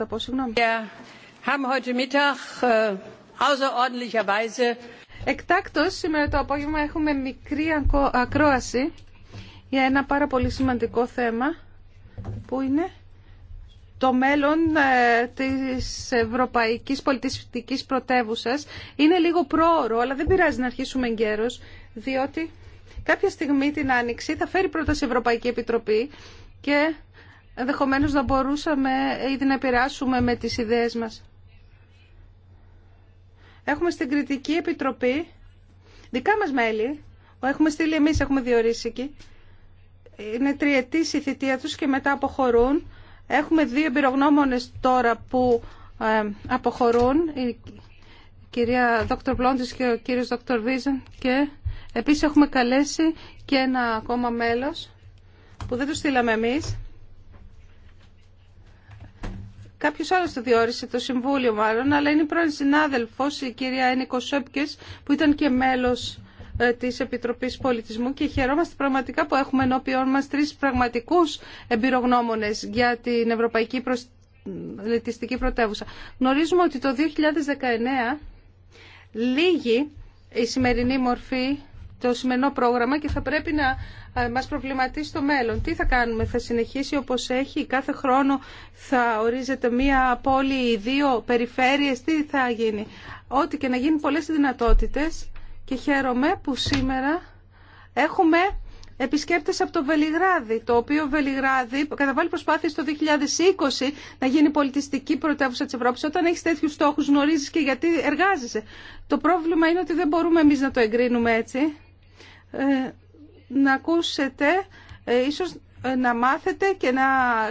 Äh, Εκτάκτο, σήμερα το απόγευμα έχουμε μικρή ακρόαση για ένα πάρα πολύ σημαντικό θέμα που είναι το μέλλον ε, της ευρωπαϊκής πολιτιστικής πρωτεύουσας. Είναι λίγο πρόωρο, αλλά δεν πειράζει να αρχίσουμε εγκαίρως, διότι κάποια στιγμή την Άνοιξη θα φέρει πρώτα πρόταση Ευρωπαϊκή Επιτροπή και ενδεχομένως να μπορούσαμε ήδη να επηρεάσουμε με τις ιδέες μας. Έχουμε στην Κριτική Επιτροπή δικά μας μέλη, έχουμε στείλει εμείς, έχουμε διορίσει εκεί, είναι τριετής η θητεία τους και μετά αποχωρούν. Έχουμε δύο εμπειρογνώμονες τώρα που ε, αποχωρούν, η κυρία Δόκτωρ Πλόντης και ο κύριος Δόκτωρ Βίζαν και επίσης έχουμε καλέσει και ένα ακόμα μέλος που δεν το στείλαμε εμείς Κάποιο άλλο το διόρισε, το Συμβούλιο μάλλον, αλλά είναι η πρώην συνάδελφο, η κυρία Ένικο Σόπκε, που ήταν και μέλο ε, τη Επιτροπή Πολιτισμού και χαιρόμαστε πραγματικά που έχουμε ενώπιον μα τρει πραγματικού εμπειρογνώμονε για την Ευρωπαϊκή Προσ... Πρωτεύουσα. Γνωρίζουμε ότι το 2019 λίγη η σημερινή μορφή το σημερινό πρόγραμμα και θα πρέπει να ε, μας προβληματίσει το μέλλον. Τι θα κάνουμε, θα συνεχίσει όπως έχει, κάθε χρόνο θα ορίζεται μία πόλη ή δύο περιφέρειες, τι θα γίνει. Ό,τι και να γίνει πολλές δυνατότητες και χαίρομαι που σήμερα έχουμε επισκέπτες από το Βελιγράδι, το οποίο Βελιγράδι καταβάλει προσπάθειες το 2020 να γίνει πολιτιστική πρωτεύουσα της Ευρώπης. Όταν έχεις τέτοιους στόχους γνωρίζεις και γιατί εργάζεσαι. Το πρόβλημα είναι ότι δεν μπορούμε εμείς να το εγκρίνουμε έτσι. Ε, να ακούσετε, ε, ίσως να μάθετε και να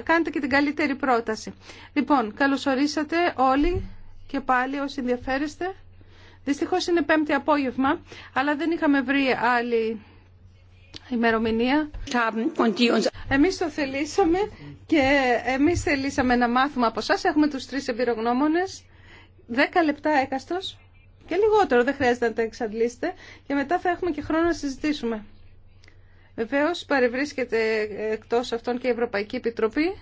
κάνετε και την καλύτερη πρόταση. Λοιπόν, καλωσορίσατε όλοι και πάλι όσοι ενδιαφέρεστε. Δυστυχώς είναι πέμπτη απόγευμα, αλλά δεν είχαμε βρει άλλη ημερομηνία. Εμείς το θελήσαμε και εμείς θελήσαμε να μάθουμε από σας. Έχουμε τους τρεις εμπειρογνώμονες. Δέκα λεπτά έκαστος και λιγότερο, δεν χρειάζεται να τα εξαντλήσετε και μετά θα έχουμε και χρόνο να συζητήσουμε. Βεβαίω παρευρίσκεται εκτός αυτών και η Ευρωπαϊκή Επιτροπή,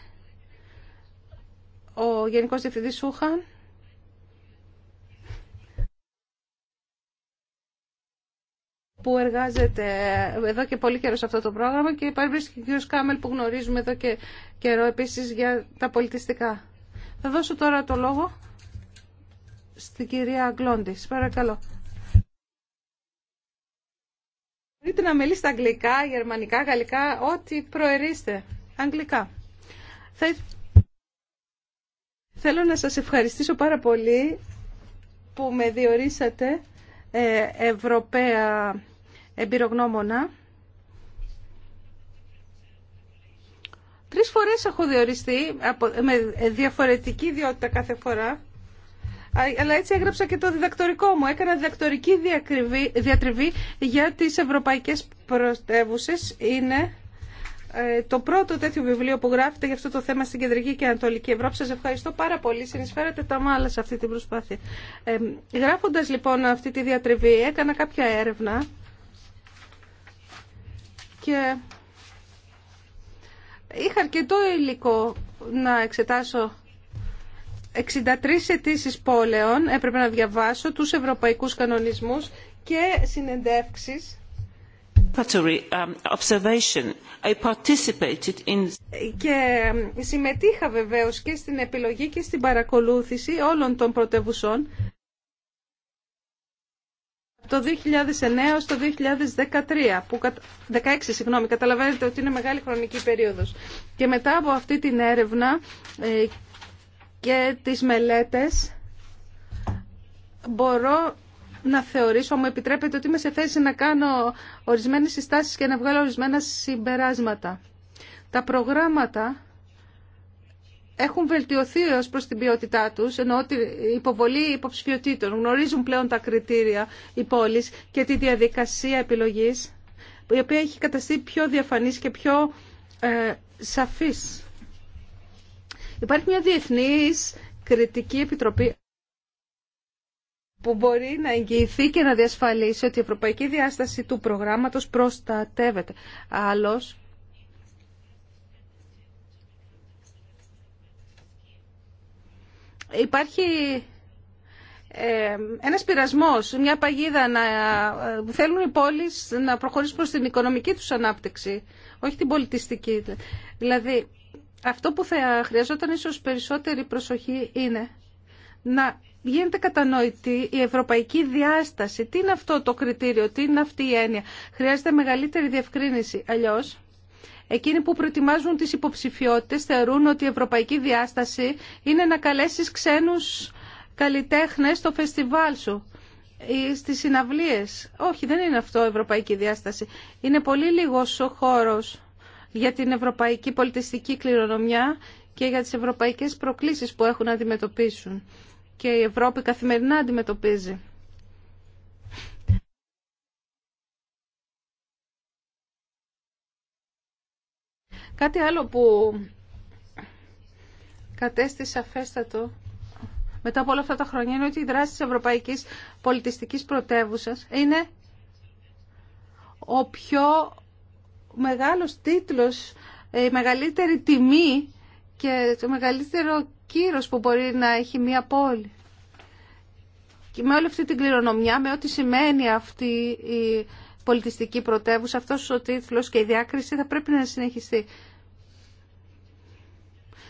ο Γενικός Διευθυντής Σούχαν. που εργάζεται εδώ και πολύ καιρό σε αυτό το πρόγραμμα και παρευρίσκεται και ο κ. Κάμελ που γνωρίζουμε εδώ και καιρό επίσης για τα πολιτιστικά. Θα δώσω τώρα το λόγο στην κυρία Αγκλόντης. Παρακαλώ. Μπορείτε να μιλήσετε αγγλικά, γερμανικά, γαλλικά, ό,τι προερίστε. Αγγλικά. Θέλω να σας ευχαριστήσω πάρα πολύ που με διορίσατε ε, Ευρωπαία εμπειρογνώμονα. Τρεις φορές έχω διοριστεί με διαφορετική ιδιότητα κάθε φορά αλλά έτσι έγραψα και το διδακτορικό μου. Έκανα διδακτορική διατριβή για τις ευρωπαϊκές πρωτεύουσε. Είναι ε, το πρώτο τέτοιο βιβλίο που γράφεται για αυτό το θέμα στην Κεντρική και Ανατολική Ευρώπη. Σας ευχαριστώ πάρα πολύ. Συνεισφέρατε τα μάλα σε αυτή την προσπάθεια. Ε, γράφοντας λοιπόν αυτή τη διατριβή έκανα κάποια έρευνα και είχα αρκετό υλικό να εξετάσω 63 αιτήσει πόλεων έπρεπε να διαβάσω τους ευρωπαϊκούς κανονισμούς και συνεντεύξεις. Um, και συμμετείχα βεβαίως και στην επιλογή και στην παρακολούθηση όλων των πρωτεύουσών το 2009 στο το 2013, που, 16 συγγνώμη, καταλαβαίνετε ότι είναι μεγάλη χρονική περίοδος. Και μετά από αυτή την έρευνα ε, και τις μελέτες μπορώ να θεωρήσω, μου επιτρέπετε ότι είμαι σε θέση να κάνω ορισμένες συστάσεις και να βγάλω ορισμένα συμπεράσματα. Τα προγράμματα έχουν βελτιωθεί ως προς την ποιότητά τους, ενώ ότι υποβολή υποψηφιωτήτων γνωρίζουν πλέον τα κριτήρια η πόλη και τη διαδικασία επιλογής, η οποία έχει καταστεί πιο διαφανής και πιο ε, σαφής. Υπάρχει μια διεθνής κριτική επιτροπή που μπορεί να εγγυηθεί και να διασφαλίσει ότι η ευρωπαϊκή διάσταση του προγράμματος προστατεύεται. Άλλος, υπάρχει ε, ένας πειρασμός, μια παγίδα να ε, θέλουν οι πόλεις να προχωρήσουν προς την οικονομική τους ανάπτυξη, όχι την πολιτιστική. Δηλαδή, αυτό που θα χρειαζόταν ίσως περισσότερη προσοχή είναι να γίνεται κατανοητή η ευρωπαϊκή διάσταση. Τι είναι αυτό το κριτήριο, τι είναι αυτή η έννοια. Χρειάζεται μεγαλύτερη διευκρίνηση. Αλλιώς, εκείνοι που προετοιμάζουν τις υποψηφιότητες θεωρούν ότι η ευρωπαϊκή διάσταση είναι να καλέσεις ξένους καλλιτέχνες στο φεστιβάλ σου ή στις συναυλίες. Όχι, δεν είναι αυτό η ευρωπαϊκή διάσταση. Είναι πολύ λίγος ο χώρος για την ευρωπαϊκή πολιτιστική κληρονομιά και για τις ευρωπαϊκές προκλήσεις που έχουν να αντιμετωπίσουν. Και η Ευρώπη καθημερινά αντιμετωπίζει. Κάτι άλλο που κατέστη σαφέστατο μετά από όλα αυτά τα χρόνια είναι ότι η δράση της Ευρωπαϊκής Πολιτιστικής Πρωτεύουσας είναι ο πιο μεγάλος τίτλος, ε, η μεγαλύτερη τιμή και το μεγαλύτερο κύρος που μπορεί να έχει μια πόλη. Και με όλη αυτή την κληρονομιά, με ό,τι σημαίνει αυτή η πολιτιστική πρωτεύουσα, αυτός ο τίτλος και η διάκριση θα πρέπει να συνεχιστεί.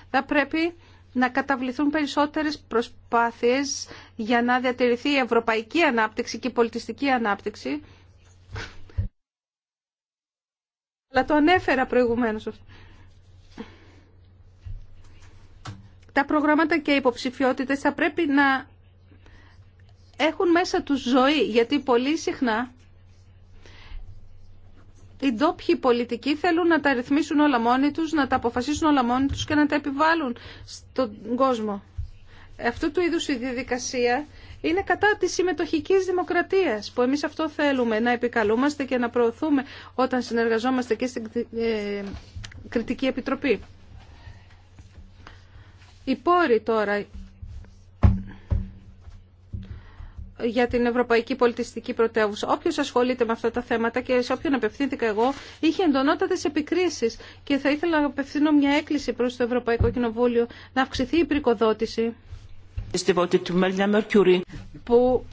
Θα πρέπει να καταβληθούν περισσότερες προσπάθειες για να διατηρηθεί η ευρωπαϊκή ανάπτυξη και η πολιτιστική ανάπτυξη αλλά το ανέφερα προηγουμένως αυτό. Τα προγράμματα και οι υποψηφιότητες θα πρέπει να έχουν μέσα τους ζωή, γιατί πολύ συχνά οι ντόπιοι πολιτικοί θέλουν να τα ρυθμίσουν όλα μόνοι τους, να τα αποφασίσουν όλα μόνοι τους και να τα επιβάλλουν στον κόσμο. Αυτού του είδους η διαδικασία είναι κατά της συμμετοχικής δημοκρατίας που εμείς αυτό θέλουμε να επικαλούμαστε και να προωθούμε όταν συνεργαζόμαστε και στην ε, Κριτική Επιτροπή. Η πόροι τώρα για την Ευρωπαϊκή Πολιτιστική Πρωτεύουσα. Όποιο ασχολείται με αυτά τα θέματα και σε όποιον απευθύνθηκα εγώ, είχε εντονότατε επικρίσει. Και θα ήθελα να απευθύνω μια έκκληση προ το Ευρωπαϊκό Κοινοβούλιο να αυξηθεί η πρικοδότηση που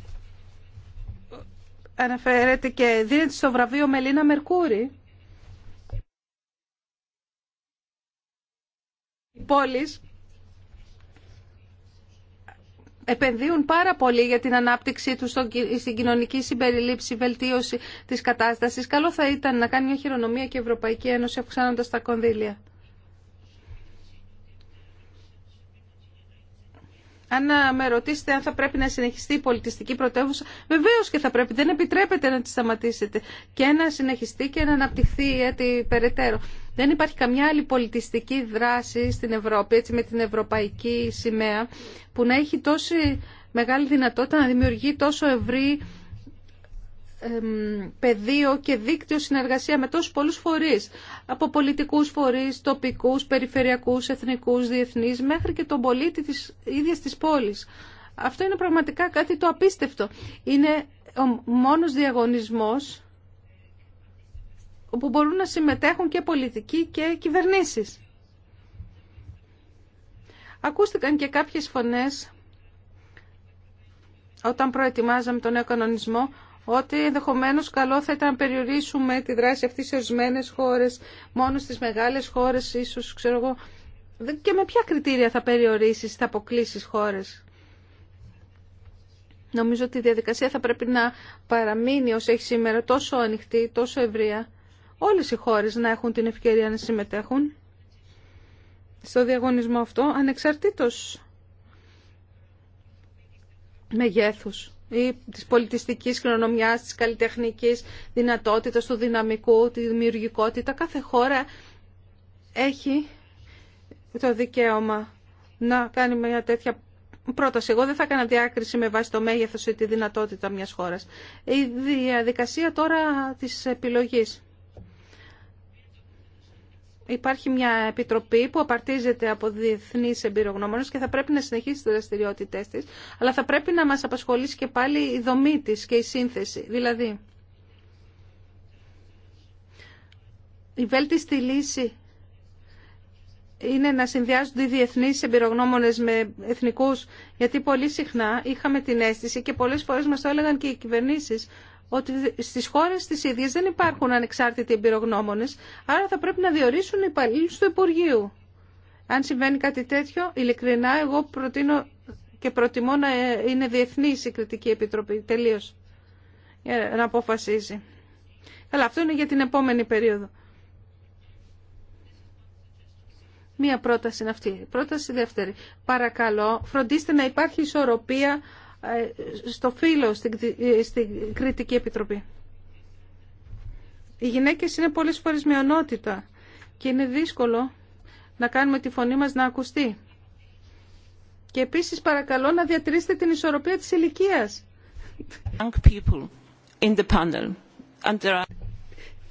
αναφέρεται και δίνεται στο βραβείο Μελίνα Μερκούρη. Οι πόλεις επενδύουν πάρα πολύ για την ανάπτυξή τους στην κοινωνική συμπεριλήψη, βελτίωση της κατάστασης. Καλό θα ήταν να κάνει μια χειρονομία και η Ευρωπαϊκή Ένωση αυξάνοντας τα κονδύλια. Αν με ρωτήσετε αν θα πρέπει να συνεχιστεί η πολιτιστική πρωτεύουσα, βεβαίω και θα πρέπει. Δεν επιτρέπεται να τη σταματήσετε και να συνεχιστεί και να αναπτυχθεί έτσι περαιτέρω. Δεν υπάρχει καμιά άλλη πολιτιστική δράση στην Ευρώπη, έτσι με την ευρωπαϊκή σημαία, που να έχει τόση μεγάλη δυνατότητα να δημιουργεί τόσο ευρύ πεδίο και δίκτυο συνεργασία με τόσους πολλούς φορείς, από πολιτικούς φορείς, τοπικούς, περιφερειακούς, εθνικούς, διεθνείς, μέχρι και τον πολίτη της ίδιας της πόλης. Αυτό είναι πραγματικά κάτι το απίστευτο. Είναι ο μόνος διαγωνισμός όπου μπορούν να συμμετέχουν και πολιτικοί και κυβερνήσεις. Ακούστηκαν και κάποιες φωνές όταν προετοιμάζαμε τον νέο κανονισμό ότι ενδεχομένω καλό θα ήταν να περιορίσουμε τη δράση αυτή σε ορισμένε χώρε, μόνο στι μεγάλε χώρε, ίσω ξέρω εγώ. Και με ποια κριτήρια θα περιορίσει, θα αποκλείσει χώρε. Νομίζω ότι η διαδικασία θα πρέπει να παραμείνει όσο έχει σήμερα τόσο ανοιχτή, τόσο ευρεία. Όλες οι χώρες να έχουν την ευκαιρία να συμμετέχουν στο διαγωνισμό αυτό, ανεξαρτήτως μεγέθους ή της πολιτιστικής κληρονομιάς, της καλλιτεχνικής δυνατότητας, του δυναμικού, τη δημιουργικότητα. Κάθε χώρα έχει το δικαίωμα να κάνει μια τέτοια πρόταση. Εγώ δεν θα έκανα διάκριση με βάση το μέγεθος ή τη δυνατότητα μιας χώρας. Η διαδικασία τώρα της επιλογής. Υπάρχει μια επιτροπή που απαρτίζεται από διεθνεί εμπειρογνώμονε και θα πρέπει να συνεχίσει τι δραστηριότητέ τη, αλλά θα πρέπει να μα απασχολήσει και πάλι η δομή τη και η σύνθεση. Δηλαδή, η βέλτιστη λύση είναι να συνδυάζονται οι διεθνεί εμπειρογνώμονε με εθνικού, γιατί πολύ συχνά είχαμε την αίσθηση και πολλέ φορέ μα το έλεγαν και οι κυβερνήσει ότι στις χώρες τι ίδιε δεν υπάρχουν ανεξάρτητοι εμπειρογνώμονε. άρα θα πρέπει να διορίσουν οι υπαλλήλου του Υπουργείου. Αν συμβαίνει κάτι τέτοιο, ειλικρινά εγώ προτείνω και προτιμώ να είναι διεθνής η Κριτική Επιτροπή, τελείω να αποφασίζει. Αλλά αυτό είναι για την επόμενη περίοδο. Μία πρόταση είναι αυτή. Πρόταση δεύτερη. Παρακαλώ, φροντίστε να υπάρχει ισορροπία στο φύλλο στην κριτική Επιτροπή. Οι γυναίκες είναι πολλές φορές μειονότητα και είναι δύσκολο να κάνουμε τη φωνή μας να ακουστεί. Και επίσης παρακαλώ να διατηρήσετε την ισορροπία της ηλικία.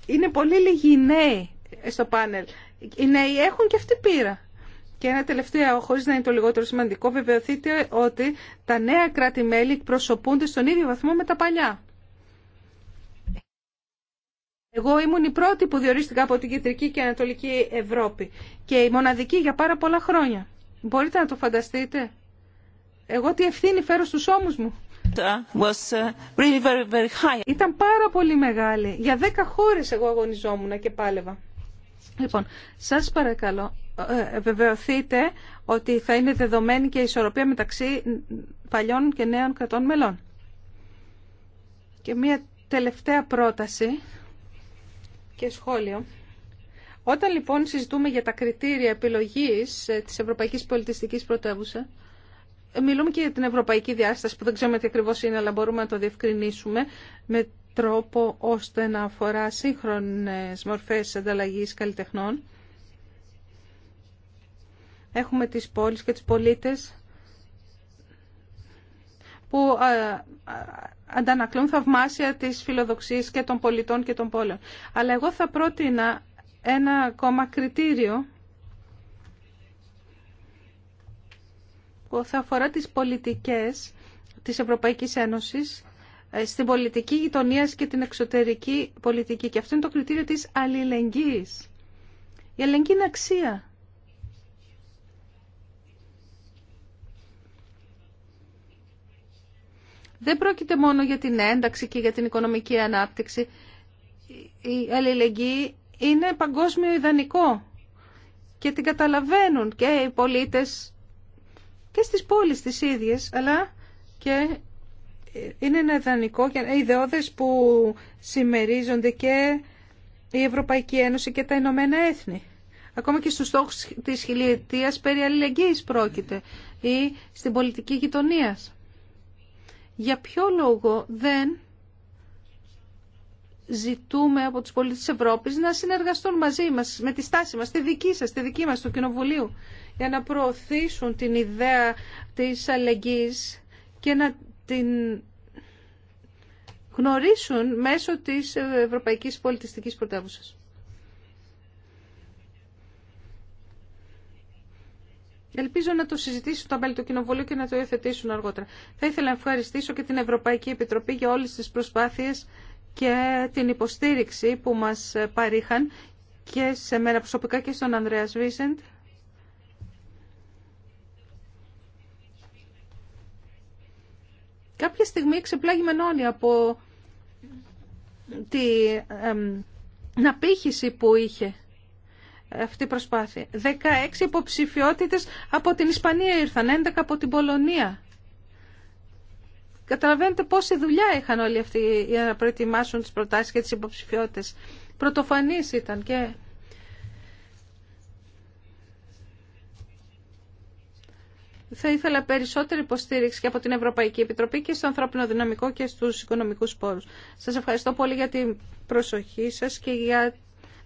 Είναι πολύ λίγοι νέοι στο πάνελ. Οι νέοι έχουν και αυτή πείρα. Και ένα τελευταίο, χωρί να είναι το λιγότερο σημαντικό, βεβαιωθείτε ότι τα νέα κράτη-μέλη εκπροσωπούνται στον ίδιο βαθμό με τα παλιά. Εγώ ήμουν η πρώτη που διορίστηκα από την Κεντρική και Ανατολική Ευρώπη και η μοναδική για πάρα πολλά χρόνια. Μπορείτε να το φανταστείτε. Εγώ τι ευθύνη φέρω στους ώμους μου. Was ε, very, very high. Ήταν πάρα πολύ μεγάλη. Για δέκα χώρες εγώ αγωνιζόμουν και πάλευα. Λοιπόν, σας παρακαλώ, ε, ε, βεβαιωθείτε ότι θα είναι δεδομένη και ισορροπία μεταξύ παλιών και νέων κρατών μελών. Και μία τελευταία πρόταση και σχόλιο. Όταν λοιπόν συζητούμε για τα κριτήρια επιλογής ε, της Ευρωπαϊκής Πολιτιστικής Πρωτεύουσα, μιλούμε και για την ευρωπαϊκή διάσταση που δεν ξέρουμε τι ακριβώς είναι, αλλά μπορούμε να το διευκρινίσουμε με τρόπο ώστε να αφορά σύγχρονες μορφές ανταλλαγής καλλιτεχνών Έχουμε τις πόλεις και τις πολίτες που αντανακλούν θαυμάσια τις φιλοδοξίες και των πολιτών και των πόλεων. Αλλά εγώ θα πρότεινα ένα ακόμα κριτήριο που θα αφορά τις πολιτικές της Ευρωπαϊκής Ένωσης ε, στην πολιτική γειτονία και την εξωτερική πολιτική. Και αυτό είναι το κριτήριο της αλληλεγγύης. Η αλληλεγγύη είναι αξία. Δεν πρόκειται μόνο για την ένταξη και για την οικονομική ανάπτυξη. Η αλληλεγγύη είναι παγκόσμιο ιδανικό και την καταλαβαίνουν και οι πολίτες και στις πόλεις τις ίδιες, αλλά και είναι ένα ιδανικό και ιδεώδες που συμμερίζονται και η Ευρωπαϊκή Ένωση και τα Ηνωμένα Έθνη. Ακόμα και στους στόχους της χιλιετίας περί αλληλεγγύης πρόκειται ή στην πολιτική γειτονίας για ποιο λόγο δεν ζητούμε από τους πολίτες της Ευρώπης να συνεργαστούν μαζί μας, με τη στάση μας, τη δική σας, τη δική μας, του Κοινοβουλίου, για να προωθήσουν την ιδέα της αλληλεγγύης και να την γνωρίσουν μέσω της Ευρωπαϊκής Πολιτιστικής Πρωτεύουσας. Ελπίζω να το συζητήσουν τα μέλη του Κοινοβουλίου και να το υιοθετήσουν αργότερα. Θα ήθελα να ευχαριστήσω και την Ευρωπαϊκή Επιτροπή για όλες τις προσπάθειες και την υποστήριξη που μας παρήχαν και σε μένα προσωπικά και στον Ανδρέα Βίσεντ. Κάποια στιγμή ξεπλάγει όλοι από την απήχηση που είχε αυτή η προσπάθεια. 16 υποψηφιότητε από την Ισπανία ήρθαν, 11 από την Πολωνία. Καταλαβαίνετε πόση δουλειά είχαν όλοι αυτοί για να προετοιμάσουν τις προτάσεις και τι υποψηφιότητες. Πρωτοφανής ήταν και... Θα ήθελα περισσότερη υποστήριξη και από την Ευρωπαϊκή Επιτροπή και στο ανθρώπινο δυναμικό και στους οικονομικούς πόρους. Σας ευχαριστώ πολύ για την προσοχή σας και για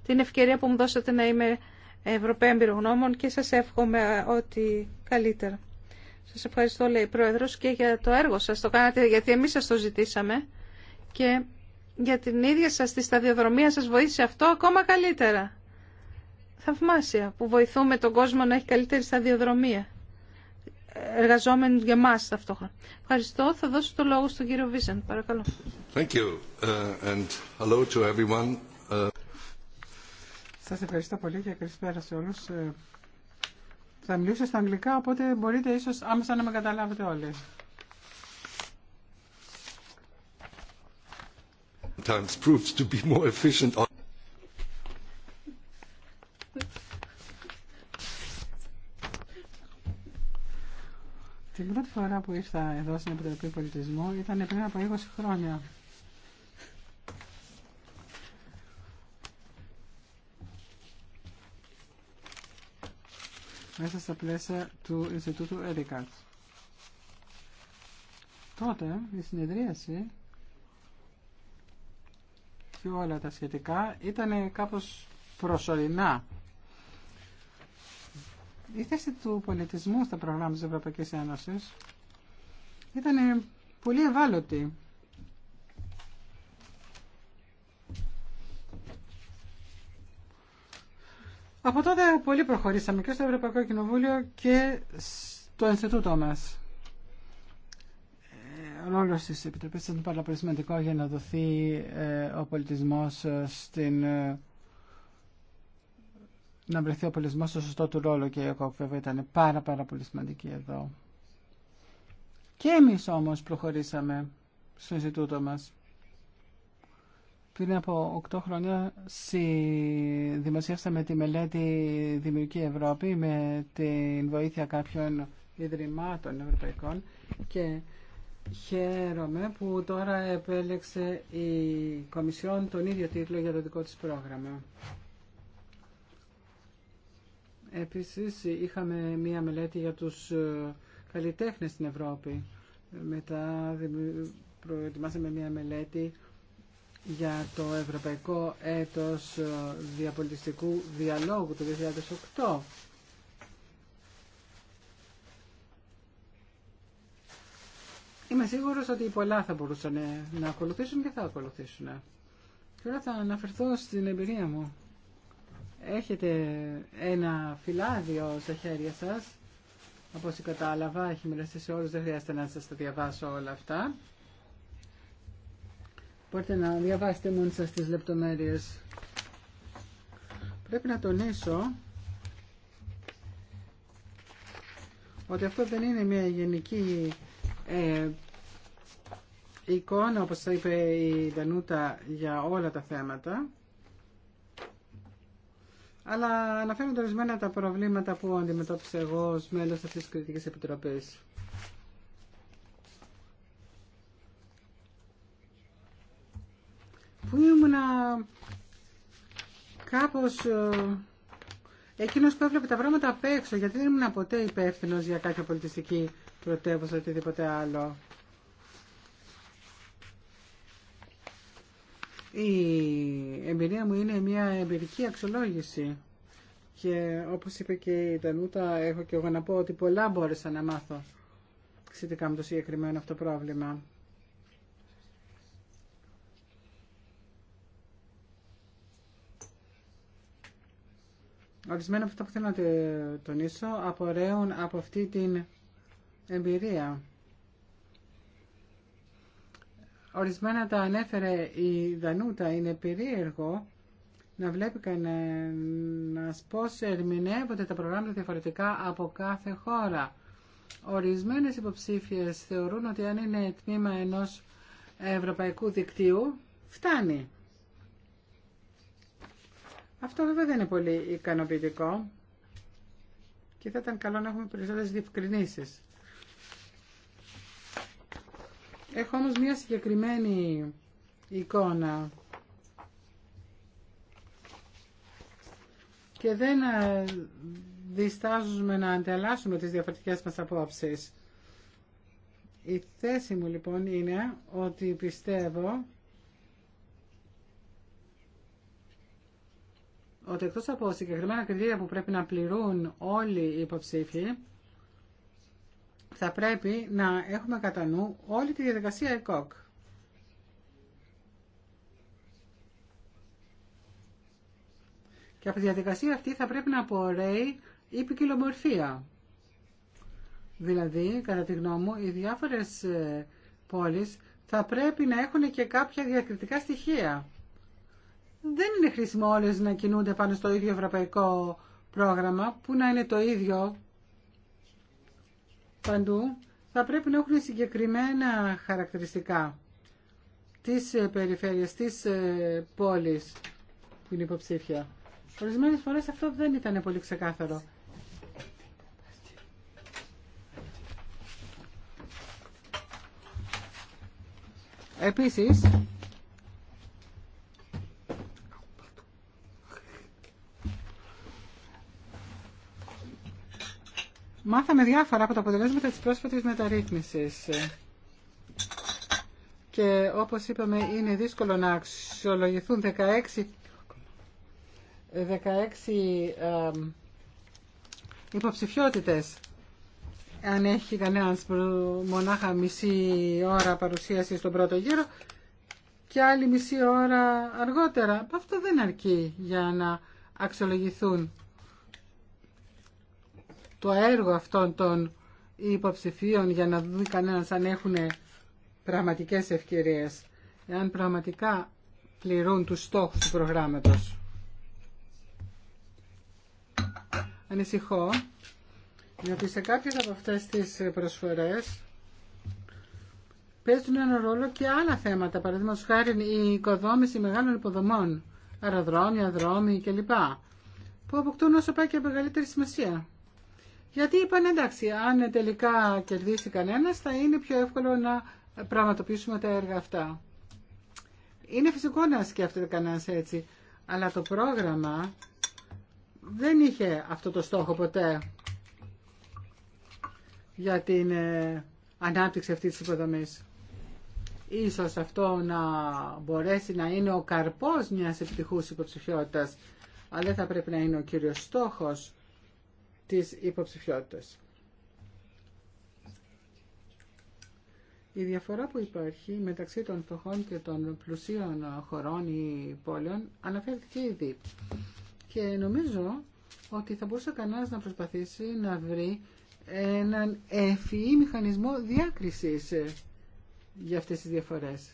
την ευκαιρία που μου δώσατε να είμαι Ευρωπαίοι εμπειρογνώμων και σας εύχομαι ότι καλύτερα. Σας ευχαριστώ, λέει η Πρόεδρος, και για το έργο σας. Το κάνατε γιατί εμείς σας το ζητήσαμε και για την ίδια σας τη σταδιοδρομία σας βοήθησε αυτό ακόμα καλύτερα. Θαυμάσια που βοηθούμε τον κόσμο να έχει καλύτερη σταδιοδρομία. Εργαζόμενοι για μας ταυτόχρονα. Ευχαριστώ. Θα δώσω το λόγο στον κύριο Βίσεν. Παρακαλώ. Uh, Σα ευχαριστώ πολύ και καλησπέρα σε όλου. Ε, θα μιλήσω στα αγγλικά, οπότε μπορείτε ίσω άμεσα να με καταλάβετε όλοι. Proves Την πρώτη φορά που ήρθα εδώ στην Επιτροπή Πολιτισμού ήταν πριν από 20 χρόνια. μέσα στα πλαίσια του Ινστιτούτου ΕΡΙΚΑΤ. Τότε η συνεδρίαση και όλα τα σχετικά ήταν κάπως προσωρινά. Η θέση του πολιτισμού στα προγράμματα της Ευρωπαϊκής Ένωσης ήταν πολύ ευάλωτη Από τότε πολύ προχωρήσαμε και στο Ευρωπαϊκό Κοινοβούλιο και στο Ινστιτούτο μας. Ο ε, ρόλος της Επιτροπής ήταν πάρα πολύ σημαντικό για να δοθεί ε, ο πολιτισμός ε, στην... να βρεθεί ο πολιτισμός στο σωστό του ρόλο και η ΕΚΟΚ βέβαια ήταν πάρα πάρα πολύ σημαντική εδώ. Και εμείς όμως προχωρήσαμε στο Ινστιτούτο μας. Πριν από 8 χρόνια δημοσίευσαμε τη μελέτη Δημιουργική Ευρώπη με την βοήθεια κάποιων ιδρυμάτων ευρωπαϊκών και χαίρομαι που τώρα επέλεξε η Κομισιόν τον ίδιο τίτλο για το δικό της πρόγραμμα. Επίσης είχαμε μία μελέτη για τους ε, καλλιτέχνες στην Ευρώπη. Μετά προετοιμάσαμε μία μελέτη για το Ευρωπαϊκό Έτος ε, Διαπολιτιστικού Διαλόγου του 2008. Είμαι σίγουρος ότι πολλά θα μπορούσαν ε, να ακολουθήσουν και θα ακολουθήσουν. Τώρα θα αναφερθώ στην εμπειρία μου. Έχετε ένα φυλάδιο στα χέρια σας. Από όσοι κατάλαβα, έχει μοιραστεί σε όλους, δεν χρειάζεται να σας τα διαβάσω όλα αυτά. Μπορείτε να διαβάσετε μόνοι σας τις λεπτομέρειες. Πρέπει να τονίσω ότι αυτό δεν είναι μια γενική ε, εικόνα, όπως είπε η Δανούτα, για όλα τα θέματα, αλλά αναφέρονται ορισμένα τα προβλήματα που αντιμετώπισα εγώ ως μέλος αυτής της Κριτικής Επιτροπής. που ήμουνα κάπως ε, εκείνος που έβλεπε τα πράγματα απ' έξω, γιατί δεν ήμουν ποτέ υπεύθυνο για κάποια πολιτιστική πρωτεύουσα ή οτιδήποτε άλλο. Η εμπειρία μου είναι μια εμπειρική αξιολόγηση και όπως είπε και η Τανούτα έχω και εγώ να πω ότι πολλά μπόρεσα να μάθω σχετικά με το συγκεκριμένο αυτό πρόβλημα. Ορισμένα από αυτά που θέλω να τονίσω απορρέουν από αυτή την εμπειρία. Ορισμένα τα ανέφερε η Δανούτα. Είναι περίεργο να βλέπει κανένα πώ ερμηνεύονται τα προγράμματα διαφορετικά από κάθε χώρα. Ορισμένες υποψήφιες θεωρούν ότι αν είναι τμήμα ενός ευρωπαϊκού δικτύου, φτάνει. Αυτό βέβαια δεν είναι πολύ ικανοποιητικό και θα ήταν καλό να έχουμε περισσότερες διευκρινήσεις. Έχω όμως μια συγκεκριμένη εικόνα και δεν ε, διστάζουμε να ανταλλάσσουμε τις διαφορετικές μας απόψεις. Η θέση μου λοιπόν είναι ότι πιστεύω ότι εκτό από συγκεκριμένα κριτήρια που πρέπει να πληρούν όλοι οι υποψήφοι, θα πρέπει να έχουμε κατά νου όλη τη διαδικασία ΕΚΟΚ. Και από τη διαδικασία αυτή θα πρέπει να απορρέει η ποικιλομορφία. Δηλαδή, κατά τη γνώμη μου, οι διάφορες ε, πόλεις θα πρέπει να έχουν και κάποια διακριτικά στοιχεία δεν είναι χρήσιμο όλες να κινούνται πάνω στο ίδιο ευρωπαϊκό πρόγραμμα που να είναι το ίδιο παντού. Θα πρέπει να έχουν συγκεκριμένα χαρακτηριστικά της ε, περιφέρειας, της ε, πόλης που είναι υποψήφια. Ορισμένες φορές αυτό δεν ήταν πολύ ξεκάθαρο. Επίσης, Μάθαμε διάφορα από τα αποτελέσματα της πρόσφατης μεταρρύθμισης. Και όπως είπαμε είναι δύσκολο να αξιολογηθούν 16, 16 υποψηφιότητες αν έχει κανένα μονάχα μισή ώρα παρουσίαση στον πρώτο γύρο και άλλη μισή ώρα αργότερα. Αυτό δεν αρκεί για να αξιολογηθούν το έργο αυτών των υποψηφίων για να δουν κανένα αν έχουν πραγματικές ευκαιρίες, εάν πραγματικά πληρούν τους στόχους του προγράμματος. Ανησυχώ, γιατί σε κάποιες από αυτές τις προσφορές παίζουν ένα ρόλο και άλλα θέματα, παραδείγματος χάρη η οικοδόμηση μεγάλων υποδομών, αεροδρόμια, δρόμοι κλπ. που αποκτούν όσο πάει και μεγαλύτερη σημασία. Γιατί είπαν εντάξει, αν τελικά κερδίσει κανένα, θα είναι πιο εύκολο να πραγματοποιήσουμε τα έργα αυτά. Είναι φυσικό να σκέφτεται κανένα έτσι, αλλά το πρόγραμμα δεν είχε αυτό το στόχο ποτέ για την ε, ανάπτυξη αυτής της υποδομής. Ίσως αυτό να μπορέσει να είναι ο καρπός μιας επιτυχούς υποψηφιότητας, αλλά δεν θα πρέπει να είναι ο κύριος στόχος της υποψηφιότητας. Η διαφορά που υπάρχει μεταξύ των φτωχών και των πλουσίων χωρών ή πόλεων αναφέρθηκε ήδη. Και νομίζω ότι θα μπορούσε κανένας να προσπαθήσει να βρει έναν ευφυή μηχανισμό διάκρισης για αυτές τις διαφορές.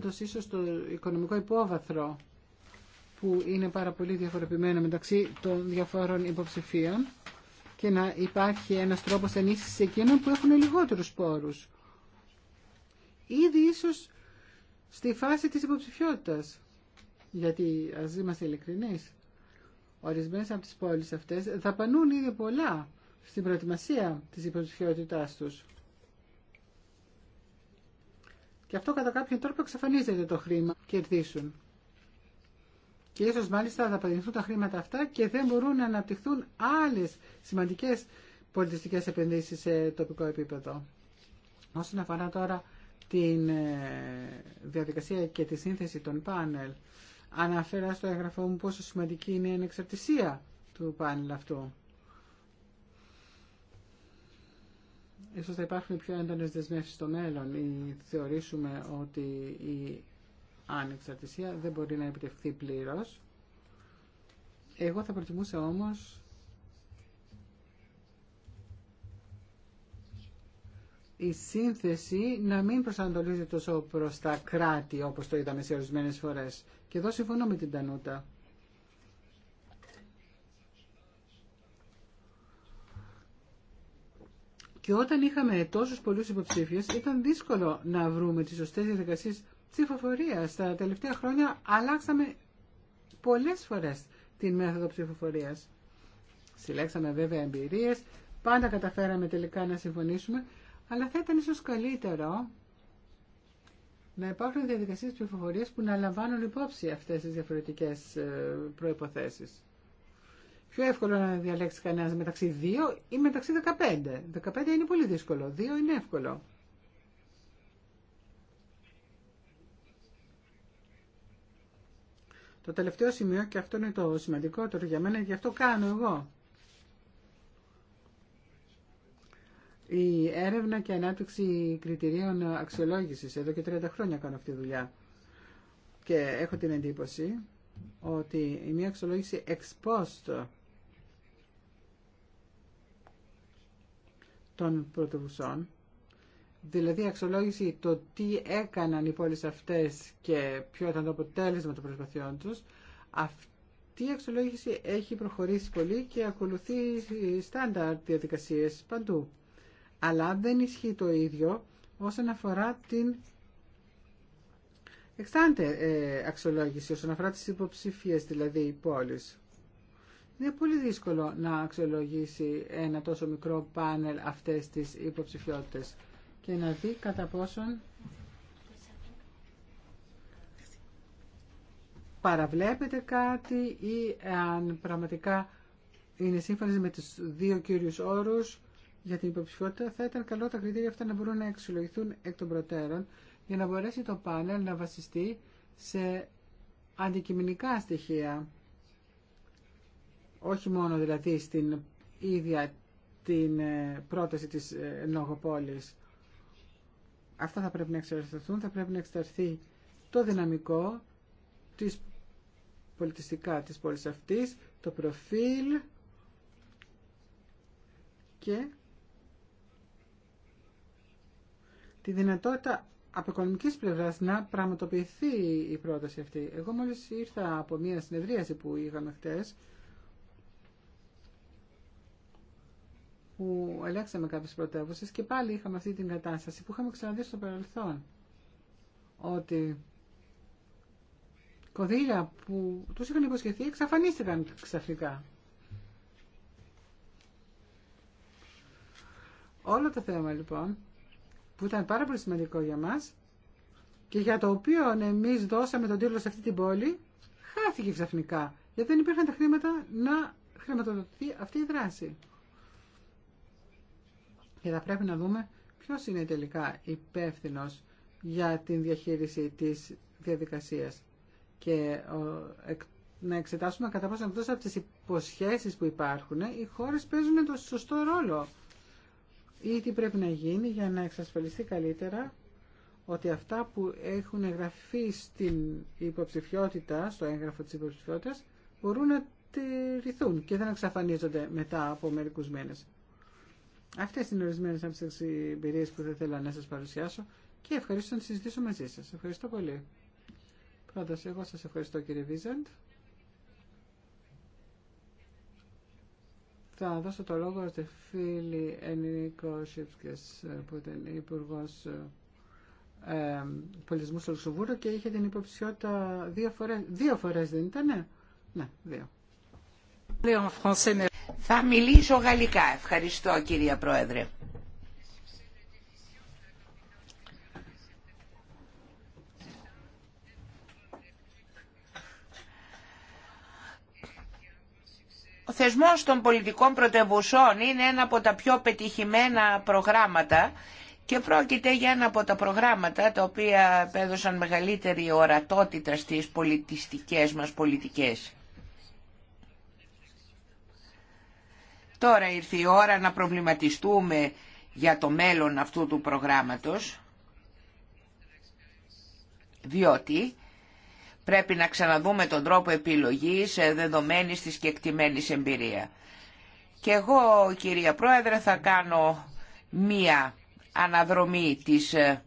το ίσως το οικονομικό υπόβαθρο που είναι πάρα πολύ διαφοροποιημένα μεταξύ των διαφόρων υποψηφίων και να υπάρχει ένας τρόπος ενίσχυσης εκείνων που έχουν λιγότερους πόρους. Ήδη ίσως στη φάση της υποψηφιότητας. Γιατί ας είμαστε ειλικρινείς, ορισμένες από τις πόλεις αυτές πανούν ήδη πολλά στην προετοιμασία της υποψηφιότητάς τους. Και αυτό κατά κάποιον τρόπο εξαφανίζεται το χρήμα, κερδίσουν και ίσως μάλιστα θα δαπανηθούν τα χρήματα αυτά και δεν μπορούν να αναπτυχθούν άλλες σημαντικές πολιτιστικές επενδύσεις σε τοπικό επίπεδο. Όσον αφορά τώρα την ε, διαδικασία και τη σύνθεση των πάνελ, αναφέρα στο έγγραφό μου πόσο σημαντική είναι η ανεξαρτησία του πάνελ αυτού. Ίσως θα υπάρχουν πιο έντονες δεσμεύσεις στο μέλλον ή θεωρήσουμε ότι η ανεξαρτησία δεν μπορεί να επιτευχθεί πλήρως. Εγώ θα προτιμούσα όμως η σύνθεση να μην προσανατολίζεται τόσο προς τα κράτη όπως το είδαμε σε ορισμένε φορές. Και εδώ συμφωνώ με την Τανούτα. Και όταν είχαμε τόσους πολλούς υποψήφιους ήταν δύσκολο να βρούμε τις σωστές διαδικασίες ψηφοφορία. Στα τελευταία χρόνια αλλάξαμε πολλές φορές την μέθοδο ψηφοφορίας. Συλλέξαμε βέβαια εμπειρίες, πάντα καταφέραμε τελικά να συμφωνήσουμε, αλλά θα ήταν ίσως καλύτερο να υπάρχουν διαδικασίες ψηφοφορίας που να λαμβάνουν υπόψη αυτές τις διαφορετικές ε, προϋποθέσεις. Πιο εύκολο να διαλέξει κανένα μεταξύ 2 ή μεταξύ 15. 15 είναι πολύ δύσκολο, 2 είναι εύκολο. Το τελευταίο σημείο, και αυτό είναι το σημαντικότερο για μένα, γι' αυτό κάνω εγώ. Η έρευνα και ανάπτυξη κριτηρίων αξιολόγησης, εδώ και 30 χρόνια κάνω αυτή τη δουλειά. Και έχω την εντύπωση ότι η μία αξιολόγηση εξ των πρωτοβουσών Δηλαδή αξιολόγηση το τι έκαναν οι πόλεις αυτές και ποιο ήταν το αποτέλεσμα των προσπαθειών τους, αυτή η αξιολόγηση έχει προχωρήσει πολύ και ακολουθεί στάνταρ διαδικασίες παντού. Αλλά δεν ισχύει το ίδιο όσον αφορά την εξάντε ε, αξιολόγηση, όσον αφορά τις υποψηφίες δηλαδή οι πόλεις. Είναι πολύ δύσκολο να αξιολογήσει ένα τόσο μικρό πάνελ αυτές τις υποψηφιότητες και να δει κατά πόσον παραβλέπετε κάτι ή αν πραγματικά είναι σύμφωνα με τους δύο κύριους όρους για την υποψηφιότητα, θα ήταν καλό τα κριτήρια αυτά να μπορούν να εξολογηθούν εκ των προτέρων για να μπορέσει το πάνελ να βασιστεί σε αντικειμενικά στοιχεία. Όχι μόνο δηλαδή στην ίδια την ε, πρόταση της ε, Νογοπόλης αυτά θα πρέπει να εξαρτηθούν, θα πρέπει να εξαρθεί το δυναμικό της πολιτιστικά της πόλης αυτής, το προφίλ και τη δυνατότητα από οικονομική πλευρά να πραγματοποιηθεί η πρόταση αυτή. Εγώ μόλι ήρθα από μια συνεδρίαση που είχαμε χτες που ελέγξαμε κάποιε πρωτεύουσε και πάλι είχαμε αυτή την κατάσταση που είχαμε ξαναδεί στο παρελθόν. Ότι κονδύλια που τους είχαν υποσχεθεί εξαφανίστηκαν ξαφνικά. Όλο το θέμα λοιπόν που ήταν πάρα πολύ σημαντικό για μας και για το οποίο εμείς δώσαμε τον τίτλο σε αυτή την πόλη χάθηκε ξαφνικά γιατί δεν υπήρχαν τα χρήματα να χρηματοδοτηθεί αυτή η δράση και θα πρέπει να δούμε ποιος είναι τελικά υπεύθυνο για την διαχείριση της διαδικασίας και να εξετάσουμε κατά πόσο εκτός από τις υποσχέσεις που υπάρχουν ε, οι χώρες παίζουν το σωστό ρόλο ή τι πρέπει να γίνει για να εξασφαλιστεί καλύτερα ότι αυτά που έχουν εγγραφεί στην υποψηφιότητα, στο έγγραφο της υποψηφιότητας, μπορούν να τηρηθούν και δεν εξαφανίζονται μετά από μερικούς μήνες. Αυτέ είναι ορισμένε από τι εμπειρίε που δεν θέλω να σα παρουσιάσω και ευχαριστώ να συζητήσω μαζί σα. Ευχαριστώ πολύ. Πρώτα εγώ σα ευχαριστώ κύριε Βίζαντ. Θα δώσω το λόγο στη φίλη Ενίκο Σίπσκε που ήταν υπουργό ε, πολιτισμού στο Λουξεμβούργο και είχε την υποψιότητα δύο φορέ. Δύο φορέ δεν ήτανε? Ναι, δύο. Θα μιλήσω γαλλικά. Ευχαριστώ κυρία Πρόεδρε. Ο θεσμός των πολιτικών πρωτευουσών είναι ένα από τα πιο πετυχημένα προγράμματα και πρόκειται για ένα από τα προγράμματα τα οποία έδωσαν μεγαλύτερη ορατότητα στις πολιτιστικές μας πολιτικές. Τώρα ήρθε η ώρα να προβληματιστούμε για το μέλλον αυτού του προγράμματος, διότι πρέπει να ξαναδούμε τον τρόπο επιλογής ε, δεδομένης της κεκτημένης εμπειρία. Και εγώ, κυρία Πρόεδρε, θα κάνω μία αναδρομή της ε,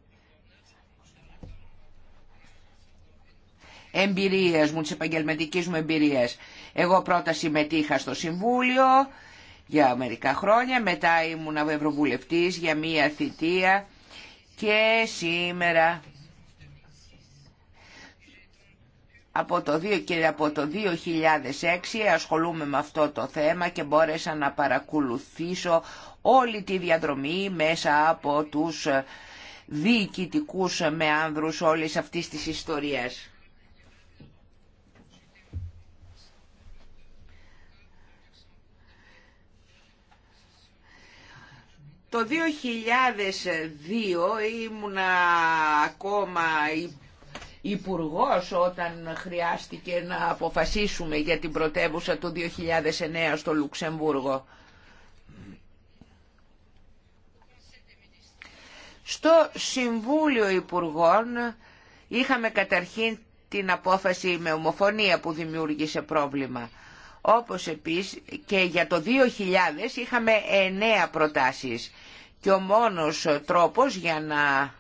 εμπειρίας μου, της επαγγελματικής μου εμπειρίας. Εγώ πρώτα συμμετείχα στο Συμβούλιο, για μερικά χρόνια, μετά ήμουν ευρωβουλευτής για μία θητεία και σήμερα από το, και από το 2006 ασχολούμαι με αυτό το θέμα και μπόρεσα να παρακολουθήσω όλη τη διαδρομή μέσα από τους διοικητικούς με άνδρους όλης αυτής της ιστορίας. Το 2002 ήμουνα ακόμα υπουργό όταν χρειάστηκε να αποφασίσουμε για την πρωτεύουσα του 2009 στο Λουξεμβούργο. Στο Συμβούλιο Υπουργών είχαμε καταρχήν την απόφαση με ομοφωνία που δημιούργησε πρόβλημα. Όπως επίσης και για το 2000 είχαμε 9 προτάσεις και ο μόνος τρόπος για να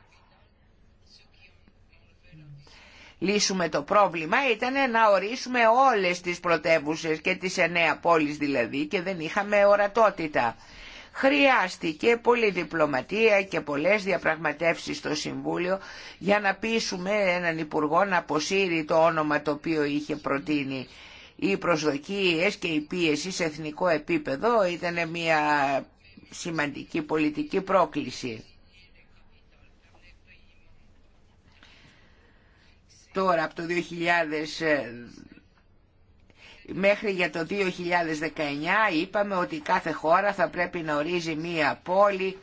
λύσουμε το πρόβλημα ήταν να ορίσουμε όλες τις πρωτεύουσε και τις εννέα πόλεις δηλαδή και δεν είχαμε ορατότητα. Χρειάστηκε πολλή διπλωματία και πολλές διαπραγματεύσεις στο Συμβούλιο για να πείσουμε έναν Υπουργό να αποσύρει το όνομα το οποίο είχε προτείνει οι προσδοκίες και η πίεση σε εθνικό επίπεδο ήταν μια σημαντική πολιτική πρόκληση. Τώρα από το 2000 μέχρι για το 2019 είπαμε ότι κάθε χώρα θα πρέπει να ορίζει μία πόλη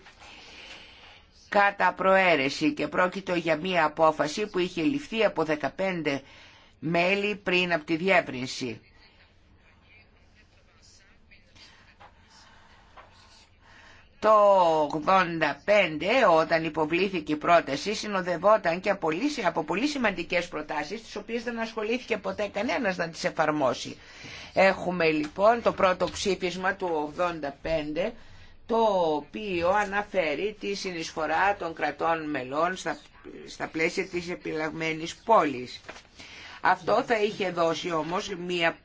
κατά προαίρεση και πρόκειται για μία απόφαση που είχε ληφθεί από 15 μέλη πριν από τη διεύρυνση. Το 85 όταν υποβλήθηκε η πρόταση συνοδευόταν και από πολύ σημαντικές προτάσεις τις οποίες δεν ασχολήθηκε ποτέ κανένας να τις εφαρμόσει. Έχουμε λοιπόν το πρώτο ψήφισμα του 85 το οποίο αναφέρει τη συνεισφορά των κρατών μελών στα, στα πλαίσια της επιλαγμένης πόλης. Αυτό θα είχε δώσει όμως μια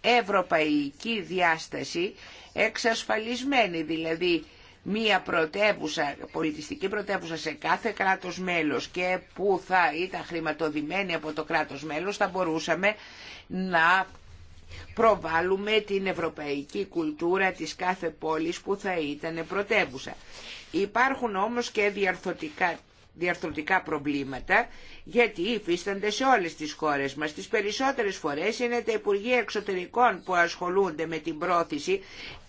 ευρωπαϊκή διάσταση εξασφαλισμένη, δηλαδή μία πρωτεύουσα, πολιτιστική πρωτεύουσα σε κάθε κράτος μέλος και που θα ήταν χρηματοδημένη από το κράτος μέλος θα μπορούσαμε να προβάλλουμε την ευρωπαϊκή κουλτούρα της κάθε πόλης που θα ήταν πρωτεύουσα. Υπάρχουν όμως και διαρθωτικά διαρθρωτικά προβλήματα, γιατί υφίστανται σε όλες τις χώρες μας. Τις περισσότερες φορές είναι τα Υπουργεία Εξωτερικών που ασχολούνται με την πρόθεση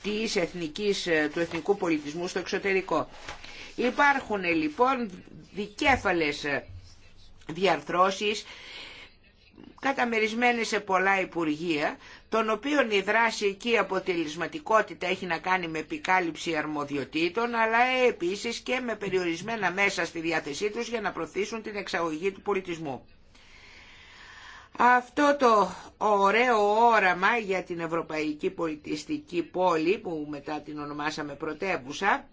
της εθνικής, ε, του εθνικού πολιτισμού στο εξωτερικό. Υπάρχουν λοιπόν δικέφαλες ε, διαρθρώσεις καταμερισμένη σε πολλά υπουργεία, των οποίων η δράση εκεί αποτελεσματικότητα έχει να κάνει με επικάλυψη αρμοδιοτήτων, αλλά επίσης και με περιορισμένα μέσα στη διάθεσή τους για να προωθήσουν την εξαγωγή του πολιτισμού. Αυτό το ωραίο όραμα για την Ευρωπαϊκή Πολιτιστική Πόλη, που μετά την ονομάσαμε πρωτεύουσα,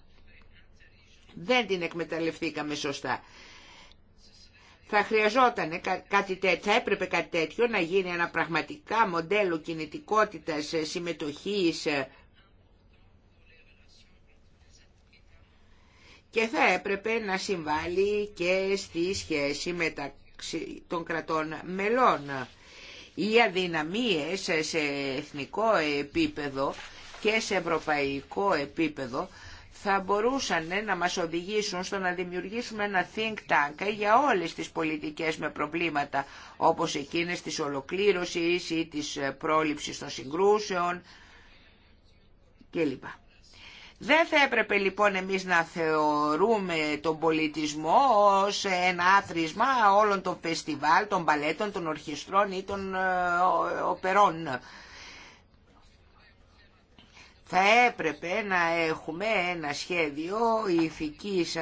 δεν την εκμεταλλευτήκαμε σωστά θα χρειαζόταν κάτι τέτοιο, θα έπρεπε κάτι τέτοιο να γίνει ένα πραγματικά μοντέλο κινητικότητας, ε, συμμετοχής ε. και θα έπρεπε να συμβάλλει και στη σχέση μεταξύ των κρατών μελών. Οι αδυναμίες ε, σε εθνικό επίπεδο και σε ευρωπαϊκό επίπεδο θα μπορούσαν να μας οδηγήσουν στο να δημιουργήσουμε ένα think tank για όλες τις πολιτικές με προβλήματα, όπως εκείνες της ολοκλήρωσης ή της πρόληψης των συγκρούσεων κλπ. Δεν θα έπρεπε λοιπόν εμείς να θεωρούμε τον πολιτισμό ως ένα άθροισμα όλων των φεστιβάλ, των παλέτων, των ορχιστρών ή των ε, οπερών θα έπρεπε να έχουμε ένα σχέδιο ηθικής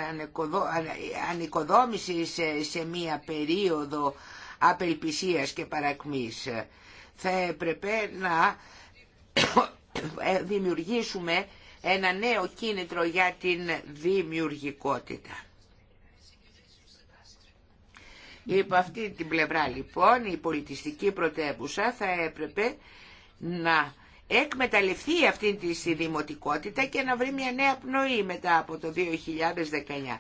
ανοικοδόμησης σε μία περίοδο απελπισίας και παρακμής. Θα έπρεπε να δημιουργήσουμε ένα νέο κίνητρο για την δημιουργικότητα. Υπό αυτή την πλευρά λοιπόν η πολιτιστική πρωτεύουσα θα έπρεπε να εκμεταλλευτεί αυτή τη δημοτικότητα και να βρει μια νέα πνοή μετά από το 2019.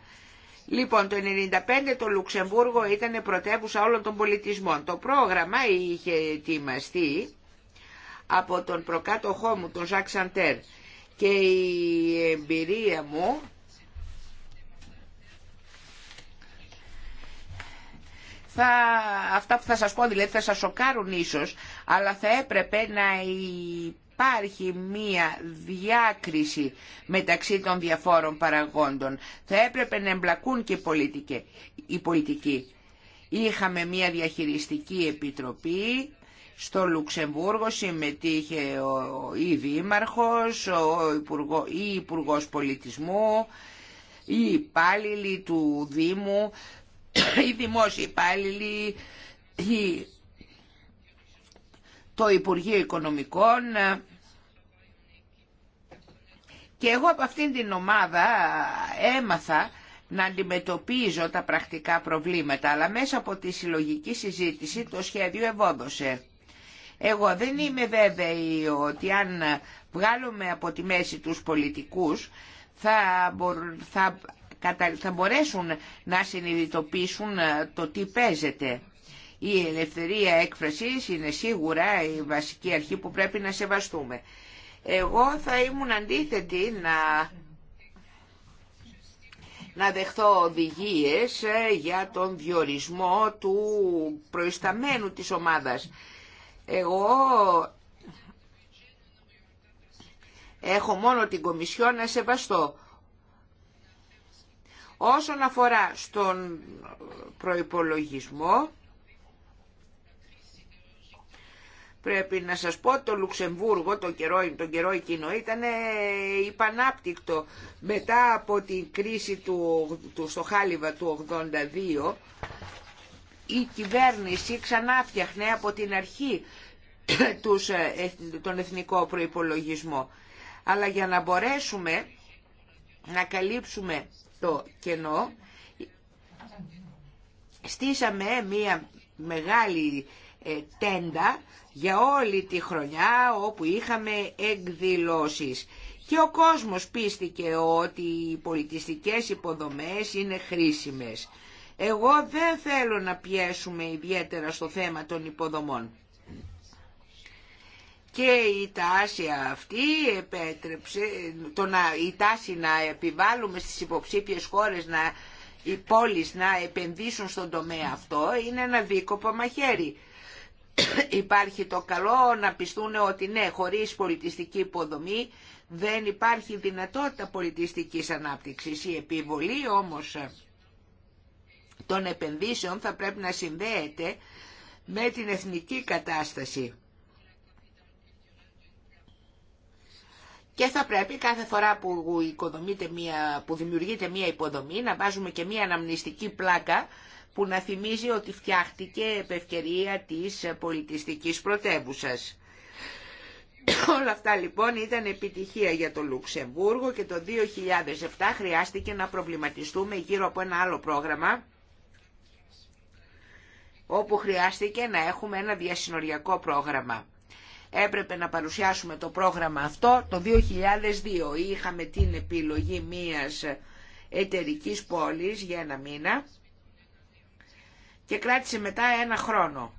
Λοιπόν, το 1995 το Λουξεμβούργο ήταν πρωτεύουσα όλων των πολιτισμών. Το πρόγραμμα είχε ετοιμαστεί από τον προκάτοχό μου, τον Ζακ Σαντέρ. Και η εμπειρία μου θα, αυτά που θα σας πω δηλαδή θα σας σοκάρουν ίσως αλλά θα έπρεπε να υπάρχει μία διάκριση μεταξύ των διαφόρων παραγόντων. Θα έπρεπε να εμπλακούν και οι πολιτικοί. Είχαμε μία διαχειριστική επιτροπή στο Λουξεμβούργο συμμετείχε ο, η Δήμαρχος, ο υπουργό, Υπουργός Πολιτισμού, οι υπάλληλοι του Δήμου, οι δημόσιοι υπάλληλοι, οι το Υπουργείο Οικονομικών και εγώ από αυτήν την ομάδα έμαθα να αντιμετωπίζω τα πρακτικά προβλήματα, αλλά μέσα από τη συλλογική συζήτηση το σχέδιο ευόδωσε. Εγώ δεν είμαι βέβαιη ότι αν βγάλουμε από τη μέση τους πολιτικούς θα, θα, θα μπορέσουν να συνειδητοποιήσουν ε, το τι παίζεται. Η ελευθερία έκφρασης είναι σίγουρα η βασική αρχή που πρέπει να σεβαστούμε. Εγώ θα ήμουν αντίθετη να, να δεχθώ οδηγίες ε, για τον διορισμό του προϊσταμένου της ομάδας. Εγώ έχω μόνο την Κομισιό να σεβαστώ. Όσον αφορά στον προϋπολογισμό, Πρέπει να σας πω το Λουξεμβούργο τον καιρό, τον καιρό εκείνο ήταν υπανάπτυκτο. Μετά από την κρίση του, του, στο Χάλιβα του 82 η κυβέρνηση ξανά φτιαχνε από την αρχή τους, ε, τον εθνικό προϋπολογισμό. Αλλά για να μπορέσουμε να καλύψουμε το κενό στήσαμε μία μεγάλη ε, τέντα για όλη τη χρονιά όπου είχαμε εκδηλώσεις. Και ο κόσμος πίστηκε ότι οι πολιτιστικές υποδομές είναι χρήσιμες. Εγώ δεν θέλω να πιέσουμε ιδιαίτερα στο θέμα των υποδομών. Και η τάση αυτή επέτρεψε, το να, η τάση να επιβάλλουμε στις υποψήφιες χώρες να οι πόλεις να επενδύσουν στον τομέα αυτό είναι ένα δίκοπο μαχαίρι υπάρχει το καλό να πιστούν ότι ναι, χωρίς πολιτιστική υποδομή δεν υπάρχει δυνατότητα πολιτιστικής ανάπτυξης. Η επιβολή όμως των επενδύσεων θα πρέπει να συνδέεται με την εθνική κατάσταση. Και θα πρέπει κάθε φορά που, μια, που δημιουργείται μια υποδομή να βάζουμε και μια αναμνηστική πλάκα που να θυμίζει ότι φτιάχτηκε επ' ευκαιρία της πολιτιστικής πρωτεύουσας. Όλα αυτά λοιπόν ήταν επιτυχία για το Λουξεμβούργο και το 2007 χρειάστηκε να προβληματιστούμε γύρω από ένα άλλο πρόγραμμα όπου χρειάστηκε να έχουμε ένα διασυνοριακό πρόγραμμα. Έπρεπε να παρουσιάσουμε το πρόγραμμα αυτό το 2002. Είχαμε την επιλογή μιας εταιρικής πόλης για ένα μήνα και κράτησε μετά ένα χρόνο.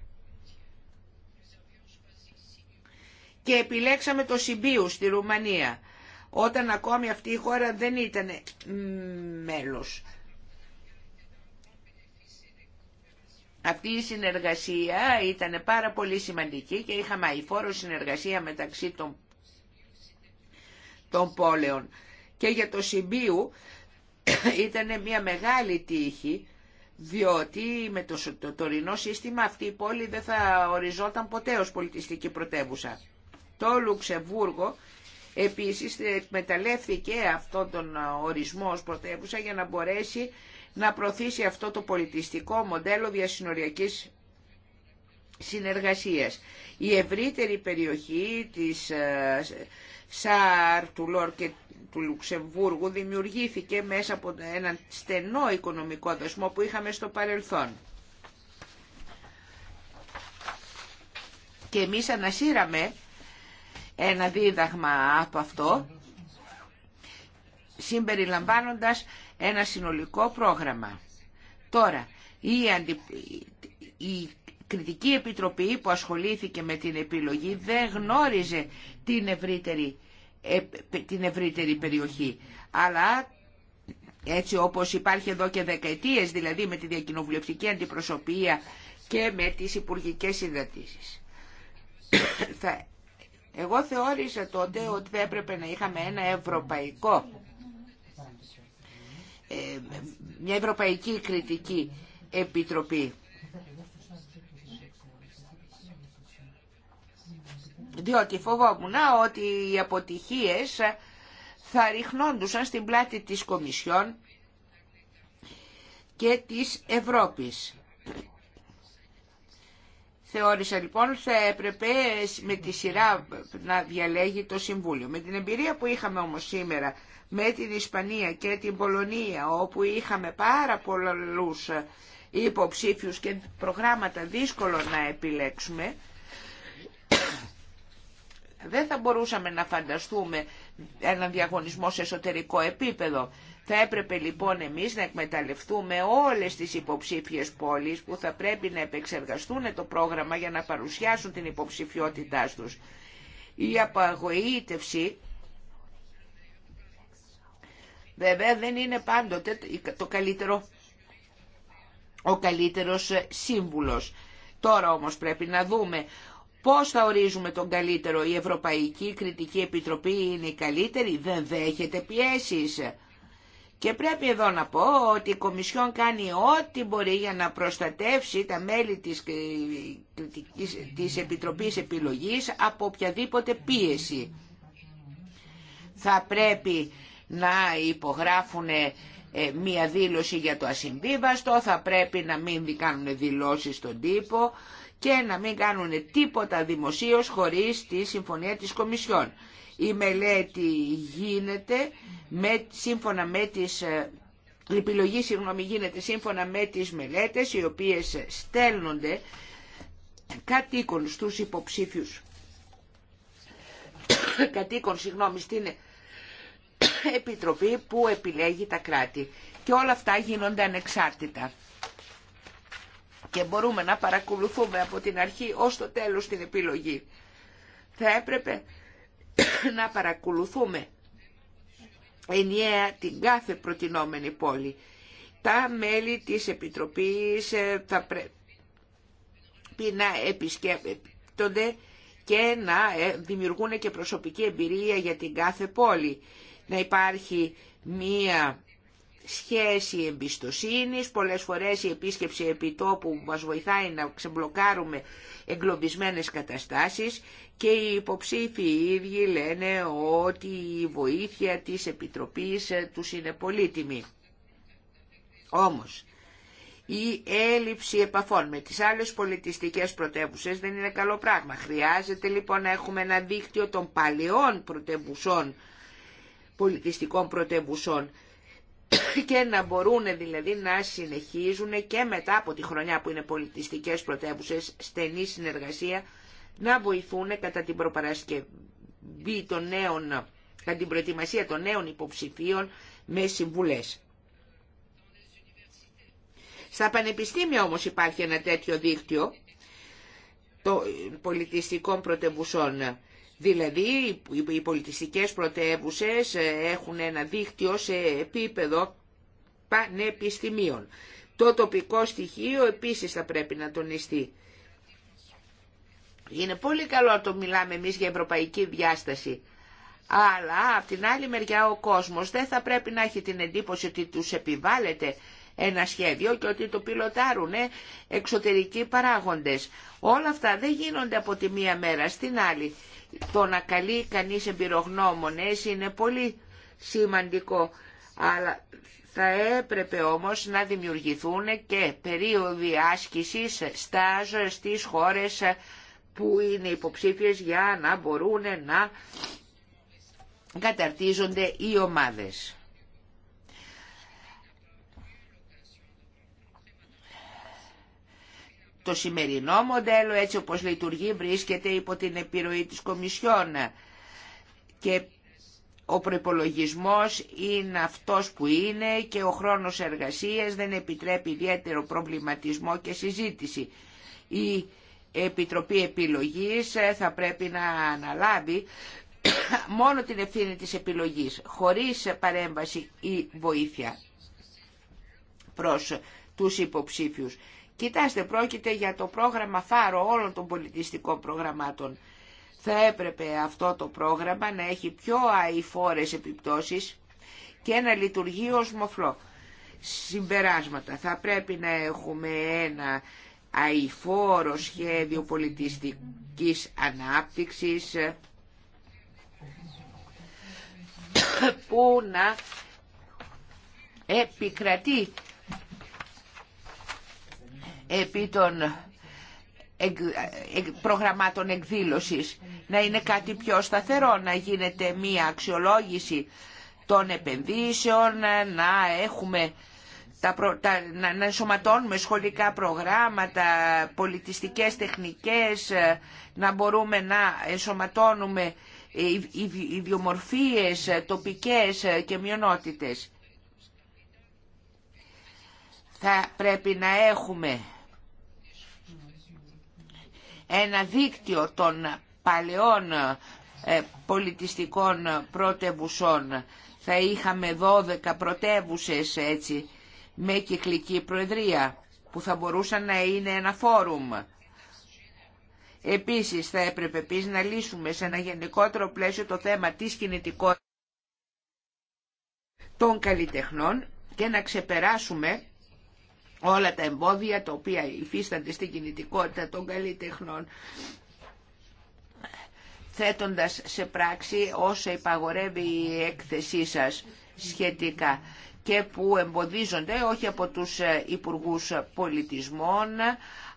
Και επιλέξαμε το Σιμπίου στη Ρουμανία, όταν ακόμη αυτή η χώρα δεν ήταν μέλος. Αυτή η συνεργασία ήταν πάρα πολύ σημαντική και είχαμε αηφόρο συνεργασία μεταξύ των, των πόλεων. Και για το Σιμπίου ήταν μια μεγάλη τύχη διότι με το, τωρινό σύστημα αυτή η πόλη δεν θα οριζόταν ποτέ ως πολιτιστική πρωτεύουσα. Το Λουξεμβούργο επίσης εκμεταλλεύθηκε αυτόν τον ορισμό ως πρωτεύουσα για να μπορέσει να προωθήσει αυτό το πολιτιστικό μοντέλο διασυνοριακής συνεργασίας. Η ευρύτερη περιοχή της ε, ΣΑΡ του ΛΟΡ και του Λουξεμβούργου δημιουργήθηκε μέσα από έναν στενό οικονομικό δεσμό που είχαμε στο παρελθόν. Και εμείς ανασύραμε ένα δίδαγμα από αυτό, συμπεριλαμβάνοντας ένα συνολικό πρόγραμμα. Τώρα, η, η κριτική επιτροπή που ασχολήθηκε με την επιλογή δεν γνώριζε την ευρύτερη, ε, την ευρύτερη περιοχή. Αλλά έτσι όπως υπάρχει εδώ και δεκαετίες, δηλαδή με τη διακοινοβουλευτική αντιπροσωπεία και με τις υπουργικές συνδετήσεις. Εγώ θεώρησα τότε ότι θα έπρεπε να είχαμε ένα ευρωπαϊκό, ε, μια ευρωπαϊκή κριτική επιτροπή. διότι φοβόμουν ότι οι αποτυχίες θα ριχνόντουσαν στην πλάτη της Κομισιόν και της Ευρώπης. Θεώρησα λοιπόν ότι θα έπρεπε με τη σειρά να διαλέγει το Συμβούλιο. Με την εμπειρία που είχαμε όμως σήμερα με την Ισπανία και την Πολωνία όπου είχαμε πάρα πολλούς υποψήφιους και προγράμματα δύσκολο να επιλέξουμε δεν θα μπορούσαμε να φανταστούμε έναν διαγωνισμό σε εσωτερικό επίπεδο. Θα έπρεπε λοιπόν εμείς να εκμεταλλευτούμε όλες τις υποψήφιες πόλεις που θα πρέπει να επεξεργαστούν το πρόγραμμα για να παρουσιάσουν την υποψηφιότητά τους. Η απαγοήτευση βέβαια δεν είναι πάντοτε το καλύτερο, ο καλύτερος σύμβουλος. Τώρα όμως πρέπει να δούμε Πώς θα ορίζουμε τον καλύτερο, η Ευρωπαϊκή Κριτική Επιτροπή είναι η καλύτερη, δεν δέχεται πιέσεις. Και πρέπει εδώ να πω ότι η Κομισιόν κάνει ό,τι μπορεί για να προστατεύσει τα μέλη της, της Επιτροπής Επιλογής από οποιαδήποτε πίεση. Θα πρέπει να υπογράφουν ε, μία δήλωση για το ασυμβίβαστο, θα πρέπει να μην κάνουν δηλώσεις στον τύπο, και να μην κάνουν τίποτα δημοσίως χωρίς τη συμφωνία της Κομισιόν. Η μελέτη γίνεται με, σύμφωνα με τις... Ε, η επιλογή συγγνώμη, γίνεται σύμφωνα με τις μελέτες οι οποίες στέλνονται κατοίκων στους υποψήφιους κατοίκων συγγνώμη στην Επιτροπή που επιλέγει τα κράτη. Και όλα αυτά γίνονται ανεξάρτητα και μπορούμε να παρακολουθούμε από την αρχή ως το τέλος την επιλογή. Θα έπρεπε να παρακολουθούμε ενιαία την κάθε προτινόμενη πόλη. Τα μέλη της Επιτροπής ε, θα πρέπει να επισκέπτονται και να ε, δημιουργούν και προσωπική εμπειρία για την κάθε πόλη. Να υπάρχει μία σχέση εμπιστοσύνης, πολλές φορές η επίσκεψη επιτόπου μας βοηθάει να ξεμπλοκάρουμε εγκλωβισμένες καταστάσεις και οι υποψήφοι ίδιοι λένε ότι η βοήθεια της Επιτροπής τους είναι πολύτιμη. Όμως, η έλλειψη επαφών με τις άλλες πολιτιστικές πρωτεύουσες δεν είναι καλό πράγμα. Χρειάζεται λοιπόν να έχουμε ένα δίκτυο των παλαιών πρωτεύουσών, πολιτιστικών πρωτεύουσών, και να μπορούν δηλαδή να συνεχίζουν και μετά από τη χρονιά που είναι πολιτιστικές πρωτεύουσες στενή συνεργασία να βοηθούν κατά την προπαρασκευή των νέων, κατά την προετοιμασία των νέων υποψηφίων με συμβουλές. Στα πανεπιστήμια όμως υπάρχει ένα τέτοιο δίκτυο των πολιτιστικών πρωτεύουσών Δηλαδή οι πολιτιστικές πρωτεύουσες ε, έχουν ένα δίκτυο σε επίπεδο πανεπιστημίων. Το τοπικό στοιχείο επίσης θα πρέπει να τονιστεί. Είναι πολύ καλό το μιλάμε εμείς για ευρωπαϊκή διάσταση. Αλλά από την άλλη μεριά ο κόσμος δεν θα πρέπει να έχει την εντύπωση ότι τους επιβάλλεται ένα σχέδιο και ότι το πιλοτάρουν εξωτερικοί παράγοντες. Όλα αυτά δεν γίνονται από τη μία μέρα στην άλλη. Το να καλεί κανείς εμπειρογνώμονες είναι πολύ σημαντικό, αλλά θα έπρεπε όμως να δημιουργηθούν και περίοδοι άσκησης στάζ στις χώρες που είναι υποψήφιες για να μπορούν να καταρτίζονται οι ομάδες. Το σημερινό μοντέλο έτσι όπως λειτουργεί βρίσκεται υπό την επιρροή της Κομισιόν και ο προϋπολογισμός είναι αυτός που είναι και ο χρόνος εργασίας δεν επιτρέπει ιδιαίτερο προβληματισμό και συζήτηση. Η Επιτροπή Επιλογής θα πρέπει να αναλάβει μόνο την ευθύνη της επιλογής, χωρίς παρέμβαση ή βοήθεια προς τους υποψήφιους. Κοιτάστε, πρόκειται για το πρόγραμμα φάρο όλων των πολιτιστικών προγραμμάτων. Θα έπρεπε αυτό το πρόγραμμα να έχει πιο αηφόρες επιπτώσεις και να λειτουργεί ως μοφλό. Συμπεράσματα. Θα πρέπει να έχουμε ένα αηφόρο σχέδιο πολιτιστικής ανάπτυξης που να επικρατεί επί των προγραμμάτων εκδήλωσης, να είναι κάτι πιο σταθερό, να γίνεται μία αξιολόγηση των επενδύσεων, να έχουμε τα να, να ενσωματώνουμε σχολικά προγράμματα, πολιτιστικές τεχνικές, να μπορούμε να ενσωματώνουμε ε, ιδιομορφίες τοπικές ε, και μειονότητες. Θα πρέπει να έχουμε ένα δίκτυο των παλαιών ε, πολιτιστικών πρωτεύουσών. Θα είχαμε 12 πρωτεύουσες έτσι με κυκλική προεδρία που θα μπορούσαν να είναι ένα φόρουμ. Επίσης θα έπρεπε επίσης να λύσουμε σε ένα γενικότερο πλαίσιο το θέμα της κινητικότητας των καλλιτεχνών και να ξεπεράσουμε όλα τα εμπόδια τα οποία υφίστανται στην κινητικότητα των καλλιτεχνών θέτοντας σε πράξη όσα υπαγορεύει η έκθεσή σας σχετικά και που εμποδίζονται όχι από τους ε, Υπουργούς Πολιτισμών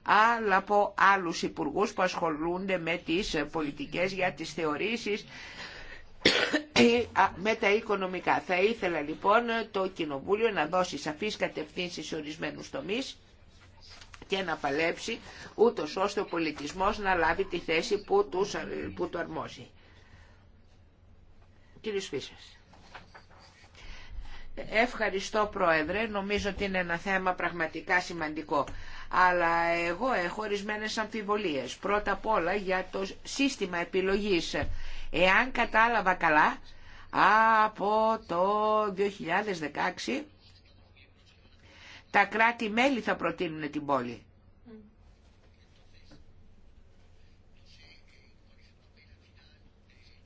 αλλά από άλλους υπουργούς που ασχολούνται με τις ε, πολιτικές για τις θεωρήσεις ε, με τα οικονομικά. Θα ήθελα λοιπόν το Κοινοβούλιο να δώσει σαφείς κατευθύνσεις σε ορισμένους τομείς και να παλέψει ούτω ώστε ο πολιτισμός να λάβει τη θέση που, ε, που του αρμόζει. Κύριε Φίσας. Ευχαριστώ Πρόεδρε, νομίζω ότι είναι ένα θέμα πραγματικά σημαντικό. Αλλά εγώ έχω ορισμένε αμφιβολίες. Πρώτα απ' όλα για το σύστημα επιλογής Εάν κατάλαβα καλά, από το 2016 τα κράτη-μέλη θα προτείνουν την πόλη.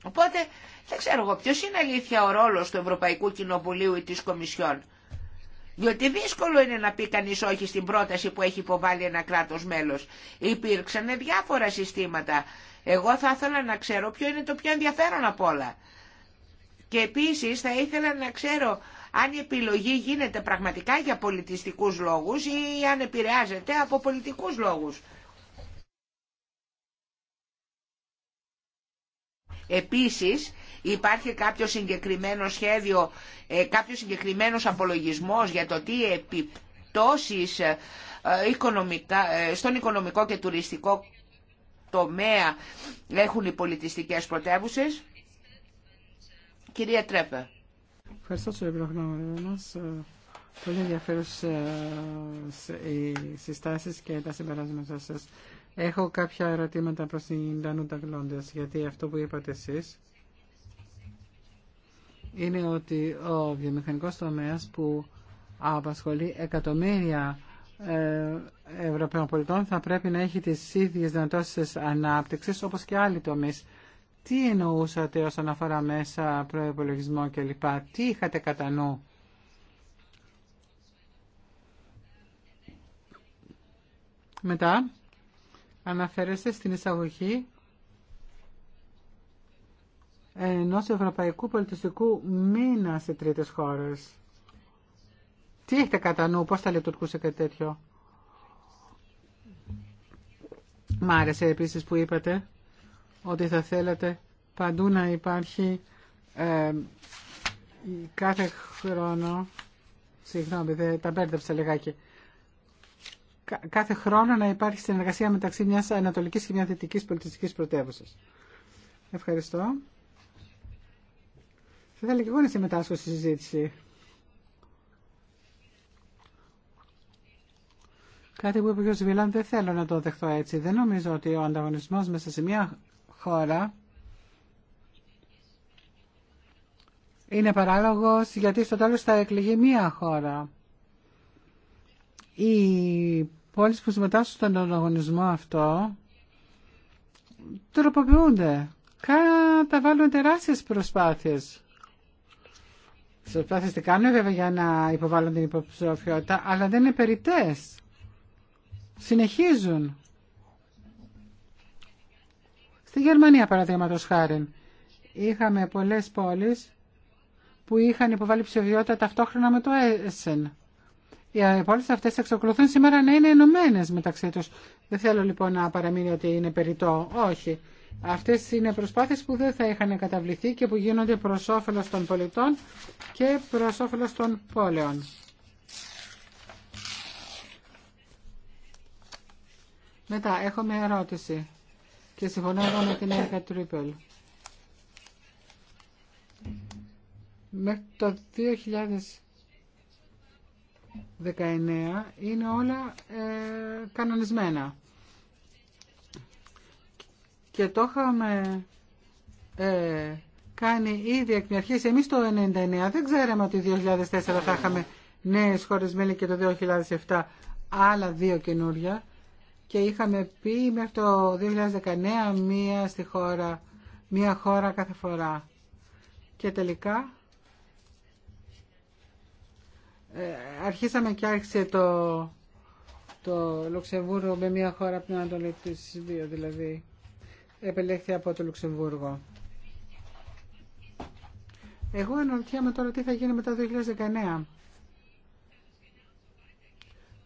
Οπότε δεν ξέρω εγώ ποιος είναι αλήθεια ο ρόλος του Ευρωπαϊκού Κοινοβουλίου ή της Κομισιόν. Διότι δύσκολο είναι να πει κανείς όχι στην πρόταση που έχει υποβάλει ένα κράτος μέλος. Υπήρξαν διάφορα συστήματα εγώ θα ήθελα να ξέρω ποιο είναι το πιο ενδιαφέρον από όλα. Και επίσης θα ήθελα να ξέρω αν η επιλογή γίνεται πραγματικά για πολιτιστικούς λόγους ή αν επηρεάζεται από πολιτικούς λόγους. Επίσης υπάρχει κάποιο συγκεκριμένο σχέδιο, ε, κάποιο συγκεκριμένος απολογισμός για το τι επιπτώσεις ε, ε, οικονομικά, στον οικονομικό και τουριστικό τομέα έχουν οι πολιτιστικές πρωτεύουσες. Κυρία Τρέπε. Ευχαριστώ τον εμπειρογνώμονα μας. Ε, πολύ ενδιαφέρουσες ε, οι συστάσεις και τα συμπεράσματα σας. Έχω κάποια ερωτήματα προς την Τανούτα Γλόντες, γιατί αυτό που είπατε εσείς είναι ότι ο βιομηχανικός τομέας που απασχολεί εκατομμύρια ε, Ευρωπαίων πολιτών θα πρέπει να έχει τις ίδιες δυνατότητες ανάπτυξης όπως και άλλοι τομείς. Τι εννοούσατε όσον αφορά μέσα προϋπολογισμό κλπ. Τι είχατε κατά νου. Μετά αναφέρεστε στην εισαγωγή ενό ευρωπαϊκού πολιτιστικού μήνα σε τρίτες χώρες. Τι έχετε κατά νου, πώς θα λειτουργούσε κάτι τέτοιο. Μ' άρεσε επίσης που είπατε ότι θα θέλατε παντού να υπάρχει ε, κάθε χρόνο συγγνώμη, δεν τα μπέρδεψα λιγάκι κάθε χρόνο να υπάρχει συνεργασία μεταξύ μιας ανατολικής και μιας δυτικής πολιτιστικής πρωτεύουσας. Ευχαριστώ. Θα ήθελα και εγώ να συμμετάσχω στη συζήτηση. Κάτι που είπε ο κ. Βίλαν δεν θέλω να το δεχτώ έτσι. Δεν νομίζω ότι ο ανταγωνισμός μέσα σε μια χώρα είναι παράλογος γιατί στο τέλο θα εκλεγεί μια χώρα. Οι πόλεις που συμμετάσχουν στον ανταγωνισμό αυτό τροποποιούνται. Καταβάλουν τεράστιες προσπάθειες. Προσπάθειες τι κάνουν βέβαια για να υποβάλουν την υποψηφιότητα, αλλά δεν είναι περιττές συνεχίζουν. Στη Γερμανία παραδείγματος χάρη είχαμε πολλές πόλεις που είχαν υποβάλει ψηφιότητα ταυτόχρονα με το ΕΣΕΝ. Οι πόλεις αυτές εξακολουθούν σήμερα να είναι ενωμένε μεταξύ τους. Δεν θέλω λοιπόν να παραμείνει ότι είναι περιττό. Όχι. Αυτές είναι προσπάθειες που δεν θα είχαν καταβληθεί και που γίνονται προς όφελος των πολιτών και προς όφελος των πόλεων. Μετά, έχω μια ερώτηση και συμφωνώ εδώ με την Έρικα Τρίπελ. Μέχρι το 2019 είναι όλα ε, κανονισμένα. Και το είχαμε ε, κάνει ήδη εκ αρχή. Εμείς το 1999 δεν ξέραμε ότι το 2004 θα είχαμε νέες χωρισμένοι και το 2007 άλλα δύο καινούρια και είχαμε πει μέχρι το 2019 μία στη χώρα, μία χώρα κάθε φορά. Και τελικά ε, αρχίσαμε και άρχισε το, το Λουξεμβούργο με μία χώρα από την Ανατολή της δύο δηλαδή. Επελέχθη από το Λουξεμβούργο. Εγώ αναρωτιέμαι τώρα τι θα γίνει μετά το 2019.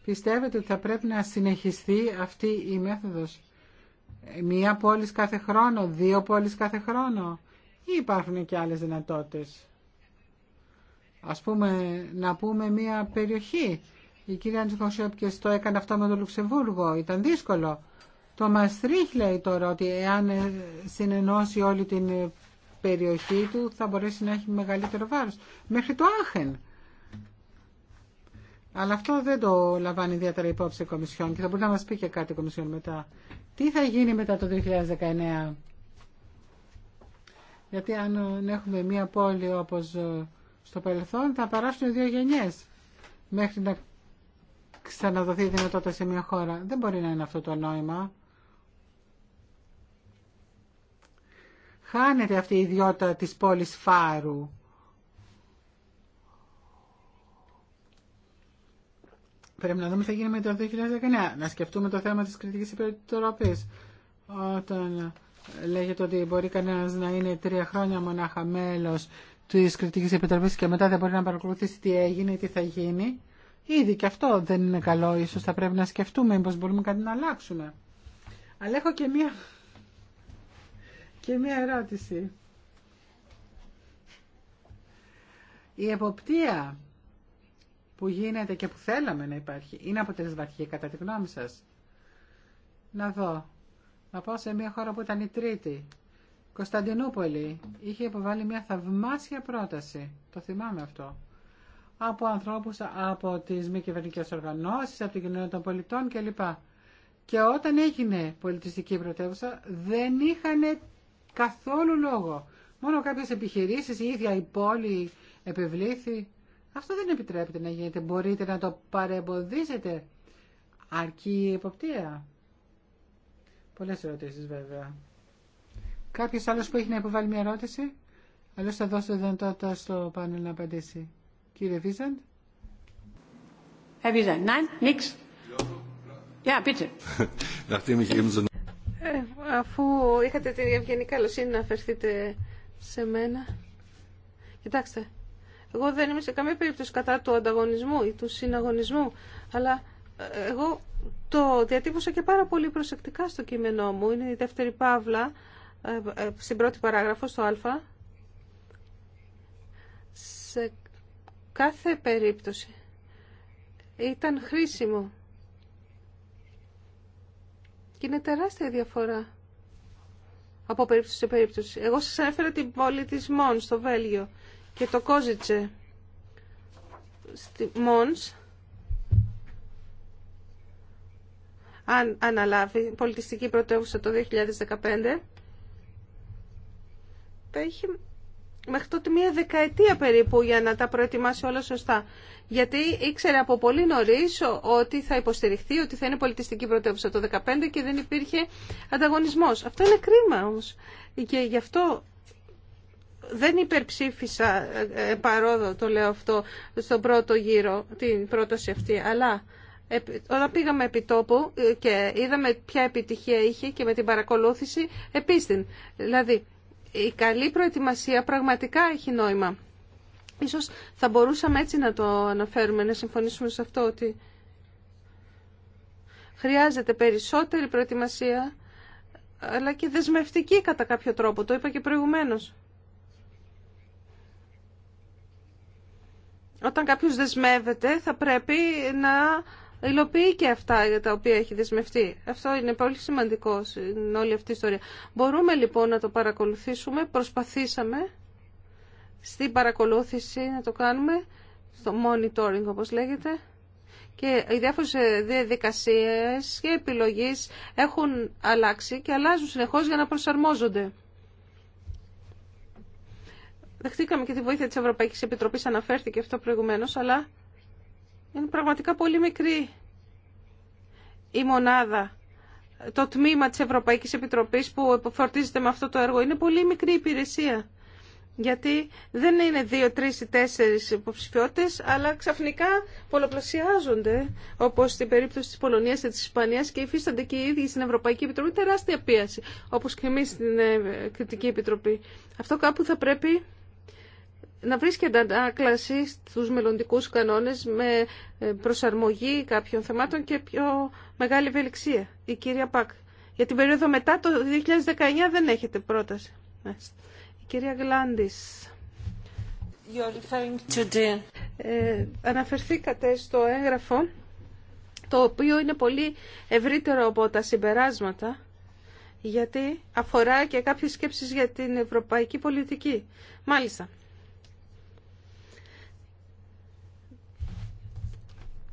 Πιστεύετε ότι θα πρέπει να συνεχιστεί αυτή η μέθοδος. Μία πόλη κάθε χρόνο, δύο πόλεις κάθε χρόνο ή υπάρχουν και άλλες δυνατότητες. Ας πούμε, να πούμε μία περιοχή. Η κυρία Αντζικοσιόπ το έκανε αυτό με το Λουξεμβούργο. Ήταν δύσκολο. Το Μαστρίχ λέει τώρα ότι εάν συνενώσει όλη την περιοχή του θα μπορέσει να έχει μεγαλύτερο βάρος. Μέχρι το Άχεν. Αλλά αυτό δεν το λαμβάνει ιδιαίτερα υπόψη η Κομισιόν και θα μπορεί να μας πει και κάτι η Κομισιόν μετά. Τι θα γίνει μετά το 2019. Γιατί ε, αν έχουμε μία πόλη όπως ε, στο παρελθόν θα παράσουν δύο γενιές μέχρι να ξαναδοθεί η δυνατότητα σε μία χώρα. Δεν μπορεί να είναι αυτό το νόημα. Χάνεται αυτή η ιδιότητα της πόλης Φάρου. πρέπει να δούμε τι θα γίνει με το 2019. Να σκεφτούμε το θέμα της κριτικής επιτροπής. Όταν λέγεται ότι μπορεί κανένα να είναι τρία χρόνια μονάχα μέλο της κριτικής επιτροπής και μετά δεν μπορεί να παρακολουθήσει τι έγινε ή τι θα γίνει. Ήδη και αυτό δεν είναι καλό. Ίσως θα πρέπει να σκεφτούμε μήπω μπορούμε κάτι να αλλάξουμε. Αλλά έχω και μία, και μία ερώτηση. Η εποπτεία που γίνεται και που θέλαμε να υπάρχει είναι αποτελεσματική κατά τη γνώμη σας. Να δω. Να πάω σε μια χώρα που ήταν η τρίτη. Κωνσταντινούπολη είχε υποβάλει μια θαυμάσια πρόταση. Το θυμάμαι αυτό. Από ανθρώπους από τις μη κυβερνικέ οργανώσεις, από την κοινωνία των πολιτών κλπ. Και όταν έγινε πολιτιστική πρωτεύουσα δεν είχαν καθόλου λόγο. Μόνο κάποιες επιχειρήσεις, η ίδια η πόλη επιβλήθη... Αυτό δεν επιτρέπεται να γίνεται. Μπορείτε να το παρεμποδίσετε. Αρκεί η υποπτία. Πολλές ερωτήσεις βέβαια. Κάποιος άλλος που έχει να υποβάλει μια ερώτηση. Αλλιώς θα δώσω δυνατότητα στο πάνελ να απαντήσει. Κύριε Βίζαντ. Herr nein, αφού είχατε την ευγενή καλοσύνη να αφαιρθείτε σε μένα. Κοιτάξτε, εγώ δεν είμαι σε καμία περίπτωση κατά του ανταγωνισμού ή του συναγωνισμού, αλλά ε, εγώ το διατύπωσα και πάρα πολύ προσεκτικά στο κείμενό μου. Είναι η δεύτερη παύλα, ε, ε, στην πρώτη παράγραφο, στο α. Σε κάθε περίπτωση ήταν χρήσιμο. Και είναι τεράστια διαφορά από περίπτωση σε περίπτωση. Εγώ σας έφερα την πολιτισμόν στο Βέλγιο και το Κόζιτσε στη Μόνς αν αναλάβει πολιτιστική πρωτεύουσα το 2015 θα έχει μέχρι τότε μία δεκαετία περίπου για να τα προετοιμάσει όλα σωστά. Γιατί ήξερε από πολύ νωρί ότι θα υποστηριχθεί, ότι θα είναι πολιτιστική πρωτεύουσα το 2015 και δεν υπήρχε ανταγωνισμός. Αυτό είναι κρίμα όμως. Και γι' αυτό δεν υπερψήφισα ε, ε, παρόδο, το λέω αυτό, στον πρώτο γύρο, την πρόταση αυτή, αλλά όταν πήγαμε επί τόπου ε, και είδαμε ποια επιτυχία είχε και με την παρακολούθηση επίστην. Δηλαδή, η καλή προετοιμασία πραγματικά έχει νόημα. Ίσως θα μπορούσαμε έτσι να το αναφέρουμε, να συμφωνήσουμε σε αυτό ότι χρειάζεται περισσότερη προετοιμασία αλλά και δεσμευτική κατά κάποιο τρόπο. Το είπα και προηγουμένως. όταν κάποιος δεσμεύεται θα πρέπει να υλοποιεί και αυτά για τα οποία έχει δεσμευτεί. Αυτό είναι πολύ σημαντικό στην όλη αυτή η ιστορία. Μπορούμε λοιπόν να το παρακολουθήσουμε, προσπαθήσαμε στην παρακολούθηση να το κάνουμε, στο monitoring όπως λέγεται, και οι διάφορες ε, διαδικασίες και επιλογές έχουν αλλάξει και αλλάζουν συνεχώς για να προσαρμόζονται. Δεχτήκαμε και τη βοήθεια της Ευρωπαϊκής Επιτροπής, αναφέρθηκε αυτό προηγουμένως, αλλά είναι πραγματικά πολύ μικρή η μονάδα. Το τμήμα της Ευρωπαϊκής Επιτροπής που φορτίζεται με αυτό το έργο είναι πολύ μικρή υπηρεσία. Γιατί δεν είναι δύο, τρεις ή τέσσερις υποψηφιότητες, αλλά ξαφνικά πολλαπλασιάζονται, όπως στην περίπτωση της Πολωνίας και της Ισπανίας και υφίστανται και οι ίδιοι στην Ευρωπαϊκή Επιτροπή τεράστια πίαση, όπως και εμείς στην ε, Κριτική Επιτροπή. Αυτό κάπου θα πρέπει να βρίσκεται ανάκλαση στους μελλοντικούς κανόνες με ε, προσαρμογή κάποιων θεμάτων και πιο μεγάλη ευελιξία. Η κυρία Πακ. Για την περίοδο μετά το 2019 δεν έχετε πρόταση. Η κυρία Γλάντης. To ε, αναφερθήκατε στο έγγραφο το οποίο είναι πολύ ευρύτερο από τα συμπεράσματα γιατί αφορά και κάποιες σκέψεις για την ευρωπαϊκή πολιτική. Μάλιστα.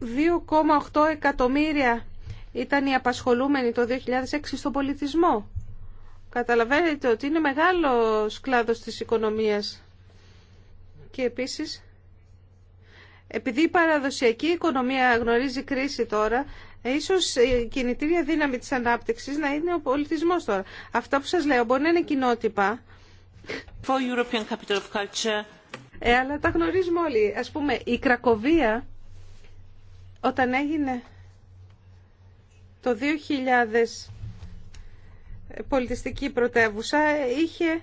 2,8 εκατομμύρια ήταν οι απασχολούμενοι το 2006 στον πολιτισμό. Καταλαβαίνετε ότι είναι μεγάλο κλάδος της οικονομίας. Και επίσης, επειδή η παραδοσιακή οικονομία γνωρίζει κρίση τώρα, ίσως η κινητήρια δύναμη της ανάπτυξης να είναι ο πολιτισμός τώρα. Αυτά που σας λέω μπορεί να είναι κοινότυπα. Ε, αλλά τα γνωρίζουμε όλοι. Ας πούμε, η Κρακοβία όταν έγινε το 2000 πολιτιστική πρωτεύουσα είχε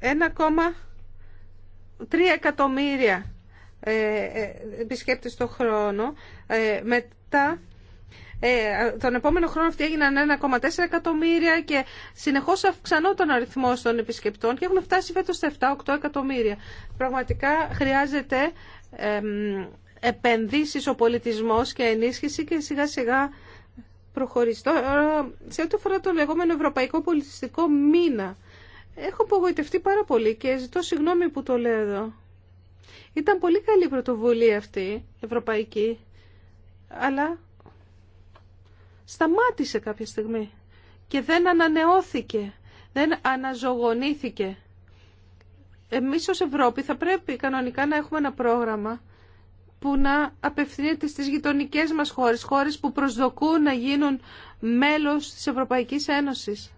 1,3 εκατομμύρια ε, ε, επισκέπτες το χρόνο. Ε, μετά τον επόμενο χρόνο αυτοί έγιναν 1,4 εκατομμύρια και συνεχώς αυξανόταν ο αριθμός των επισκεπτών και έχουν φτάσει φέτος στα 7-8 εκατομμύρια. Πραγματικά χρειάζεται επενδύσεις ο πολιτισμό και ενίσχυση και σιγά σιγά προχωρήσει. σε ό,τι αφορά το λεγόμενο Ευρωπαϊκό Πολιτιστικό Μήνα, έχω απογοητευτεί πάρα πολύ και ζητώ συγγνώμη που το λέω εδώ. Ήταν πολύ καλή πρωτοβουλία αυτή, ευρωπαϊκή, αλλά σταμάτησε κάποια στιγμή και δεν ανανεώθηκε, δεν αναζωογονήθηκε. Εμείς ως Ευρώπη θα πρέπει κανονικά να έχουμε ένα πρόγραμμα που να απευθύνεται στις γειτονικές μας χώρες, χώρες που προσδοκούν να γίνουν μέλος της Ευρωπαϊκής Ένωσης.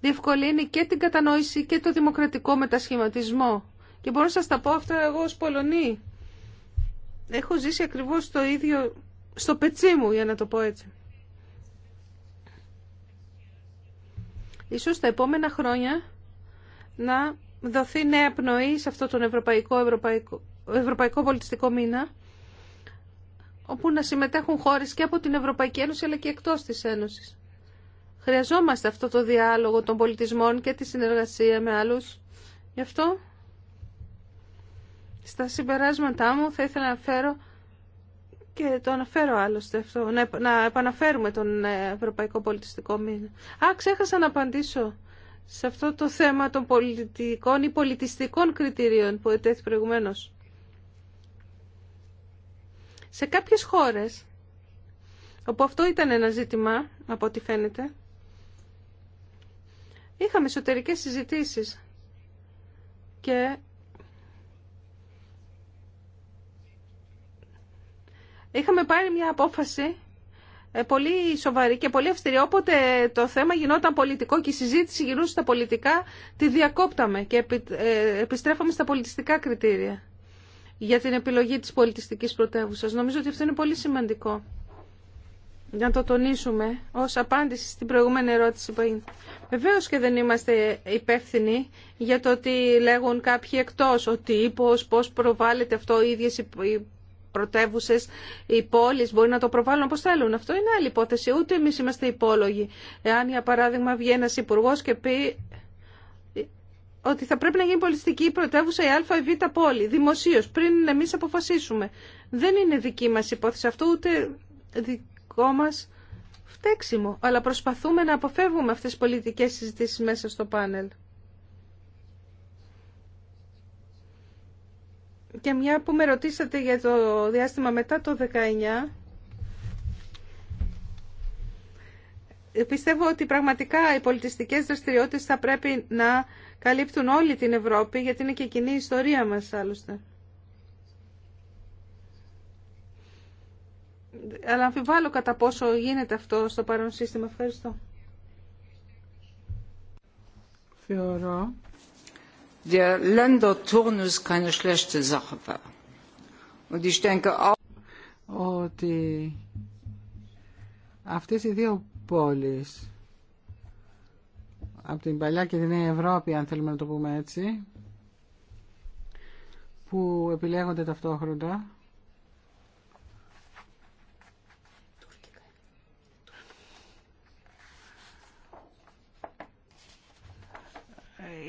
Διευκολύνει και την κατανόηση και το δημοκρατικό μετασχηματισμό. Και μπορώ να σας τα πω αυτά εγώ ως Πολωνή. Έχω ζήσει ακριβώς το ίδιο στο πετσί μου, για να το πω έτσι. Ίσως τα επόμενα χρόνια να δοθεί νέα πνοή σε αυτό τον Ευρωπαϊκό, Ευρωπαϊκό, Ευρωπαϊκό Πολιτιστικό Μήνα όπου να συμμετέχουν χώρες και από την Ευρωπαϊκή Ένωση αλλά και εκτός της Ένωσης. Χρειαζόμαστε αυτό το διάλογο των πολιτισμών και τη συνεργασία με άλλους. Γι' αυτό στα συμπεράσματά μου θα ήθελα να φέρω και το αναφέρω άλλωστε αυτό, να επαναφέρουμε τον ε, Ευρωπαϊκό Πολιτιστικό Μήνα. Α, ξέχασα να απαντήσω σε αυτό το θέμα των πολιτικών ή πολιτιστικών κριτηρίων που ετέθη προηγουμένως. Σε κάποιες χώρες, όπου αυτό ήταν ένα ζήτημα, από ό,τι φαίνεται, είχαμε εσωτερικέ συζητήσεις και είχαμε πάρει μια απόφαση ε, πολύ σοβαρή και πολύ αυστηρή. Όποτε το θέμα γινόταν πολιτικό και η συζήτηση γινούσε στα πολιτικά, τη διακόπταμε και ε, επιστρέφαμε στα πολιτιστικά κριτήρια για την επιλογή της πολιτιστικής πρωτεύουσας. Νομίζω ότι αυτό είναι πολύ σημαντικό Για να το τονίσουμε ως απάντηση στην προηγούμενη ερώτηση που Βεβαίως και δεν είμαστε υπεύθυνοι για το ότι λέγουν κάποιοι εκτός, ότι τύπος, πώς προβάλλεται αυτό οι πρωτεύουσε, οι πόλει μπορεί να το προβάλλουν όπω θέλουν. Αυτό είναι άλλη υπόθεση. Ούτε εμεί είμαστε υπόλογοι. Εάν, για παράδειγμα, βγει ένα υπουργό και πει ότι θα πρέπει να γίνει πολιτιστική πρωτεύουσα η Α ή Β πόλη, δημοσίω, πριν εμεί αποφασίσουμε. Δεν είναι δική μα υπόθεση αυτό, ούτε δικό μα φταίξιμο. Αλλά προσπαθούμε να αποφεύγουμε αυτέ τι πολιτικέ συζητήσει μέσα στο πάνελ. Και μια που με ρωτήσατε για το διάστημα μετά το 19, πιστεύω ότι πραγματικά οι πολιτιστικές δραστηριότητες θα πρέπει να καλύπτουν όλη την Ευρώπη, γιατί είναι και κοινή η ιστορία μας άλλωστε. Αλλά αμφιβάλλω κατά πόσο γίνεται αυτό στο παρόν σύστημα. Ευχαριστώ. Θεωρώ der Länderturnus keine schlechte Sache war. ότι αυτές οι δύο πόλεις από την παλιά και την νέα Ευρώπη αν θέλουμε να το πούμε έτσι που επιλέγονται ταυτόχρονα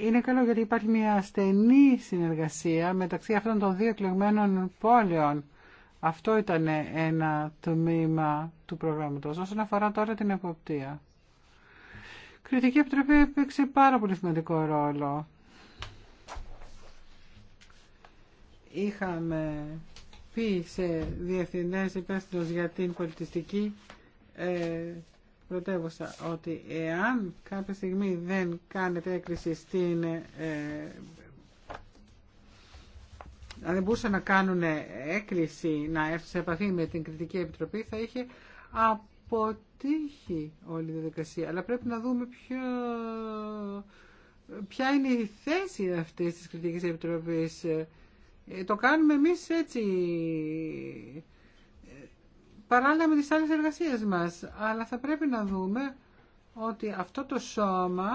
είναι καλό γιατί υπάρχει μια στενή συνεργασία μεταξύ αυτών των δύο εκλεγμένων πόλεων. Αυτό ήταν ένα τμήμα του προγράμματος. Όσον αφορά τώρα την εποπτεία. Η Κριτική Επιτροπή έπαιξε πάρα πολύ σημαντικό ρόλο. Είχαμε πει σε διευθυντές, υπέστητος για την πολιτιστική ε, πρωτεύουσα ότι εάν κάποια στιγμή δεν κάνετε έκκληση στην ε, δεν μπορούσαν να κάνουν έκκληση να έρθουν σε επαφή με την κριτική επιτροπή θα είχε αποτύχει όλη η διαδικασία αλλά πρέπει να δούμε ποια είναι η θέση αυτής της κριτικής επιτροπής ε, το κάνουμε εμείς έτσι παράλληλα με τις άλλες εργασίες μας. Αλλά θα πρέπει να δούμε ότι αυτό το σώμα,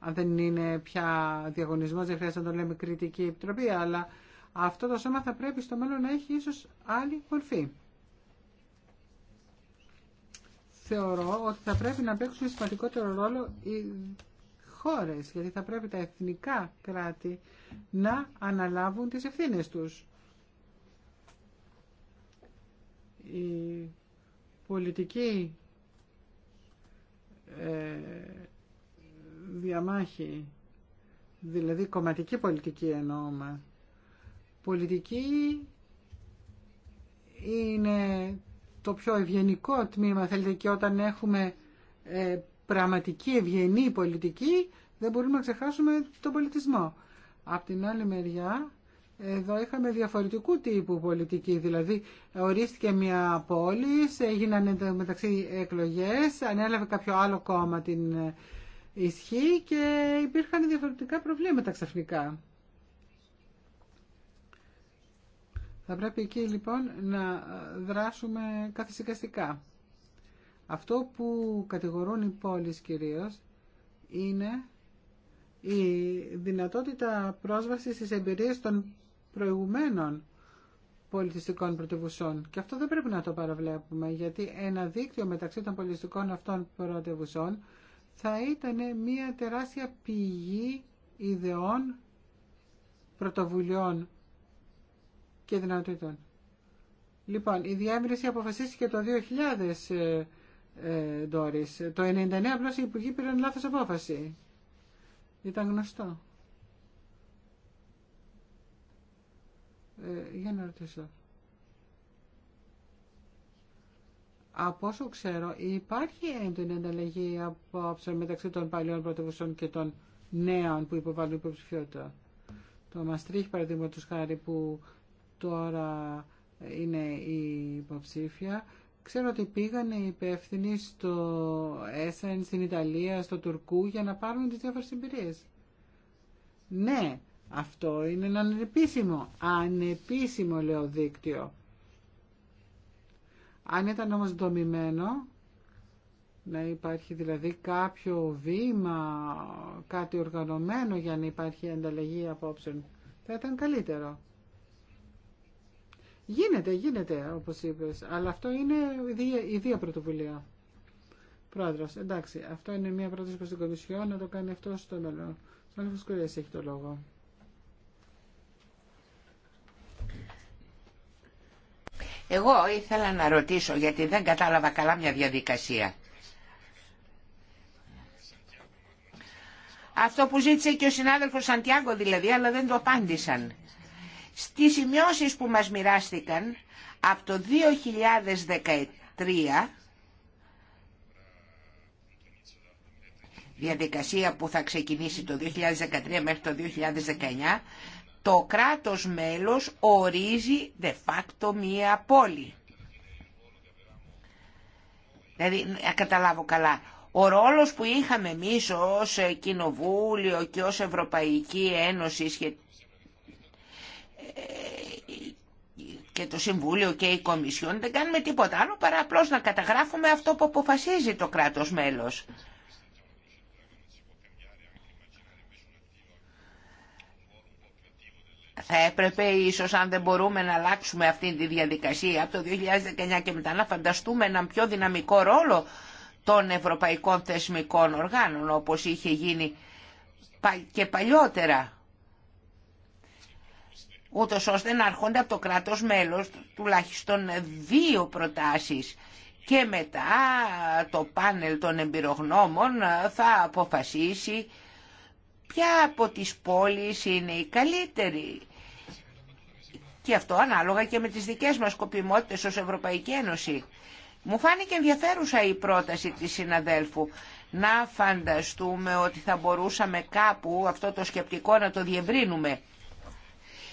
αν δεν είναι πια διαγωνισμός, δεν χρειάζεται να το λέμε κριτική επιτροπή, αλλά αυτό το σώμα θα πρέπει στο μέλλον να έχει ίσως άλλη μορφή. Θεωρώ ότι θα πρέπει να παίξουν σημαντικότερο ρόλο οι χώρες, γιατί θα πρέπει τα εθνικά κράτη να αναλάβουν τις ευθύνες τους. η πολιτική ε, διαμάχη, δηλαδή κομματική πολιτική εννοούμε, πολιτική είναι το πιο ευγενικό τμήμα, θέλετε, και όταν έχουμε ε, πραγματική ευγενή πολιτική, δεν μπορούμε να ξεχάσουμε τον πολιτισμό. Απ' την άλλη μεριά, εδώ είχαμε διαφορετικού τύπου πολιτική, δηλαδή ορίστηκε μια πόλη, έγιναν μεταξύ εκλογές, ανέλαβε κάποιο άλλο κόμμα την ε, ισχύ και υπήρχαν διαφορετικά προβλήματα ξαφνικά. Θα πρέπει εκεί λοιπόν να ε, δράσουμε καθησυχαστικά. Αυτό που κατηγορούν οι πόλεις κυρίως είναι η δυνατότητα πρόσβασης στις εμπειρίες των προηγουμένων πολιτιστικών πρωτευουσών. Και αυτό δεν πρέπει να το παραβλέπουμε, γιατί ένα δίκτυο μεταξύ των πολιτιστικών αυτών πρωτευουσών θα ήταν μια τεράστια πηγή ιδεών, πρωτοβουλειών και δυνατοτήτων. Λοιπόν, η διεύρυνση αποφασίστηκε το 2000, ε, ε Το 99 απλώς οι υπουργοί πήραν λάθος απόφαση. Ήταν γνωστό. Ε, για να ρωτήσω. Από όσο ξέρω, υπάρχει έντονη ανταλλαγή απόψε μεταξύ των παλιών πρωτεύουσων και των νέων που υποβάλλουν υποψηφιότητα. Το Μαστρίχ, παραδείγματο χάρη, που τώρα είναι η υποψήφια, ξέρω ότι πήγαν οι υπεύθυνοι στο Έσεν, στην Ιταλία, στο Τουρκού για να πάρουν τις διάφορες εμπειρίες. Ναι, αυτό είναι ένα ανεπίσημο, ανεπίσημο λέω δίκτυο. Αν ήταν όμως δομημένο, να υπάρχει δηλαδή κάποιο βήμα, κάτι οργανωμένο για να υπάρχει ανταλλαγή απόψεων, θα ήταν καλύτερο. Γίνεται, γίνεται, όπως είπες, αλλά αυτό είναι η δύο πρωτοβουλία. Πρόεδρος, εντάξει, αυτό είναι μια πρόταση προς την Κομισιό να το κάνει αυτό στο μέλλον. Στον έχει το λόγο. Εγώ ήθελα να ρωτήσω, γιατί δεν κατάλαβα καλά μια διαδικασία. Αυτό που ζήτησε και ο συνάδελφος Σαντιάγκο δηλαδή, αλλά δεν το απάντησαν. Στις σημειώσεις που μας μοιράστηκαν από το 2013, διαδικασία που θα ξεκινήσει το 2013 μέχρι το 2019, το κράτος μέλος ορίζει de facto μία πόλη. Δηλαδή, να καταλάβω καλά, ο ρόλος που είχαμε εμείς ως Κοινοβούλιο και ως Ευρωπαϊκή Ένωση και το Συμβούλιο και η Κομισιόν δεν κάνουμε τίποτα άλλο παρά απλώς να καταγράφουμε αυτό που αποφασίζει το κράτος μέλος. θα έπρεπε ίσως αν δεν μπορούμε να αλλάξουμε αυτή τη διαδικασία από το 2019 και μετά να φανταστούμε έναν πιο δυναμικό ρόλο των ευρωπαϊκών θεσμικών οργάνων όπως είχε γίνει και παλιότερα ούτως ώστε να έρχονται από το κράτος μέλος τουλάχιστον δύο προτάσεις και μετά το πάνελ των εμπειρογνώμων θα αποφασίσει ποια από τις πόλεις είναι η καλύτερη και αυτό ανάλογα και με τις δικές μας σκοπιμότητες ως Ευρωπαϊκή Ένωση. Μου φάνηκε ενδιαφέρουσα η πρόταση της συναδέλφου να φανταστούμε ότι θα μπορούσαμε κάπου αυτό το σκεπτικό να το διευρύνουμε.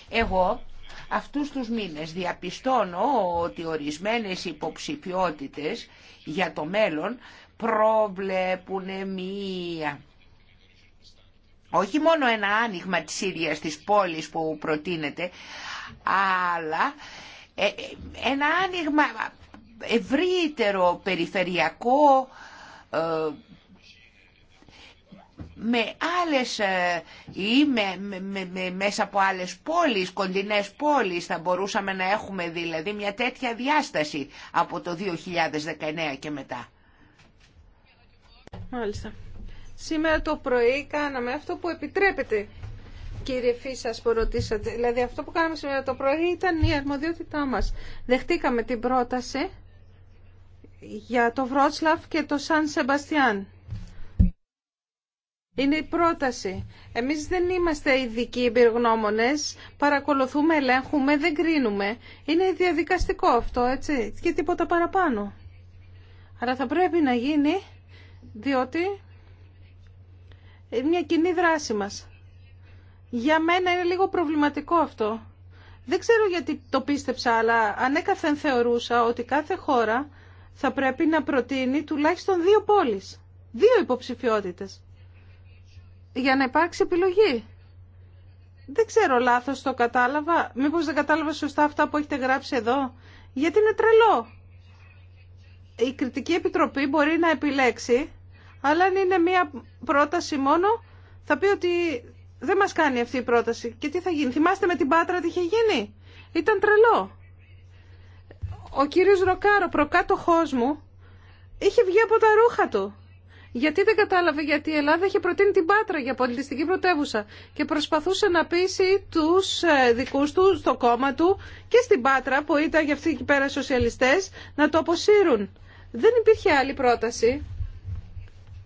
Εγώ αυτούς τους μήνες διαπιστώνω ότι ορισμένες υποψηφιότητες για το μέλλον προβλέπουν μία... Όχι μόνο ένα άνοιγμα της ίδιας της πόλης που προτείνεται, αλλά ε, ένα άνοιγμα ευρύτερο, περιφερειακό, ε, με άλλες ε, ή μέσα από άλλες πόλεις, κοντινές πόλεις θα μπορούσαμε να έχουμε δηλαδή μια τέτοια διάσταση από το 2019 και μετά. Μάλιστα. Σήμερα το πρωί κάναμε αυτό που επιτρέπεται κύριε Φίσα που ρωτήσατε. Δηλαδή αυτό που κάναμε σήμερα το πρωί ήταν η αρμοδιότητά μα. Δεχτήκαμε την πρόταση για το Βρότσλαφ και το Σαν Σεμπαστιάν. Είναι η πρόταση. Εμείς δεν είμαστε ειδικοί εμπειρογνώμονες, παρακολουθούμε, ελέγχουμε, δεν κρίνουμε. Είναι διαδικαστικό αυτό, έτσι, και τίποτα παραπάνω. Αλλά θα πρέπει να γίνει, διότι είναι μια κοινή δράση μας. Για μένα είναι λίγο προβληματικό αυτό. Δεν ξέρω γιατί το πίστεψα, αλλά ανέκαθεν θεωρούσα ότι κάθε χώρα θα πρέπει να προτείνει τουλάχιστον δύο πόλεις, δύο υποψηφιότητες, για να υπάρξει επιλογή. Δεν ξέρω, λάθος το κατάλαβα. Μήπως δεν κατάλαβα σωστά αυτά που έχετε γράψει εδώ. Γιατί είναι τρελό. Η Κριτική Επιτροπή μπορεί να επιλέξει, αλλά αν είναι μία πρόταση μόνο, θα πει ότι δεν μας κάνει αυτή η πρόταση. Και τι θα γίνει. Θυμάστε με την Πάτρα τι είχε γίνει. Ήταν τρελό. Ο κύριος Ροκάρο, προκάτοχός μου, είχε βγει από τα ρούχα του. Γιατί δεν κατάλαβε γιατί η Ελλάδα είχε προτείνει την Πάτρα για πολιτιστική πρωτεύουσα και προσπαθούσε να πείσει τους ε, δικούς του στο κόμμα του και στην Πάτρα που ήταν για αυτοί εκεί πέρα σοσιαλιστές να το αποσύρουν. Δεν υπήρχε άλλη πρόταση.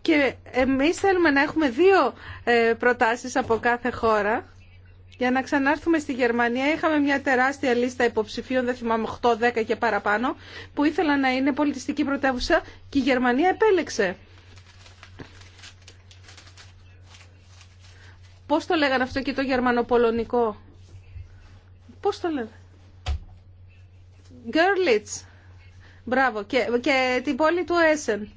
Και εμείς θέλουμε να έχουμε δύο ε, προτάσεις από κάθε χώρα. Για να ξανάρθουμε στη Γερμανία είχαμε μια τεράστια λίστα υποψηφίων, δεν θυμάμαι 8, 10 και παραπάνω, που ήθελαν να είναι πολιτιστική πρωτεύουσα και η Γερμανία επέλεξε. Πώς το λέγανε αυτό και το γερμανοπολωνικό. Πώς το λένε. Γκέρλιτς. Μπράβο. Και, και την πόλη του Έσεν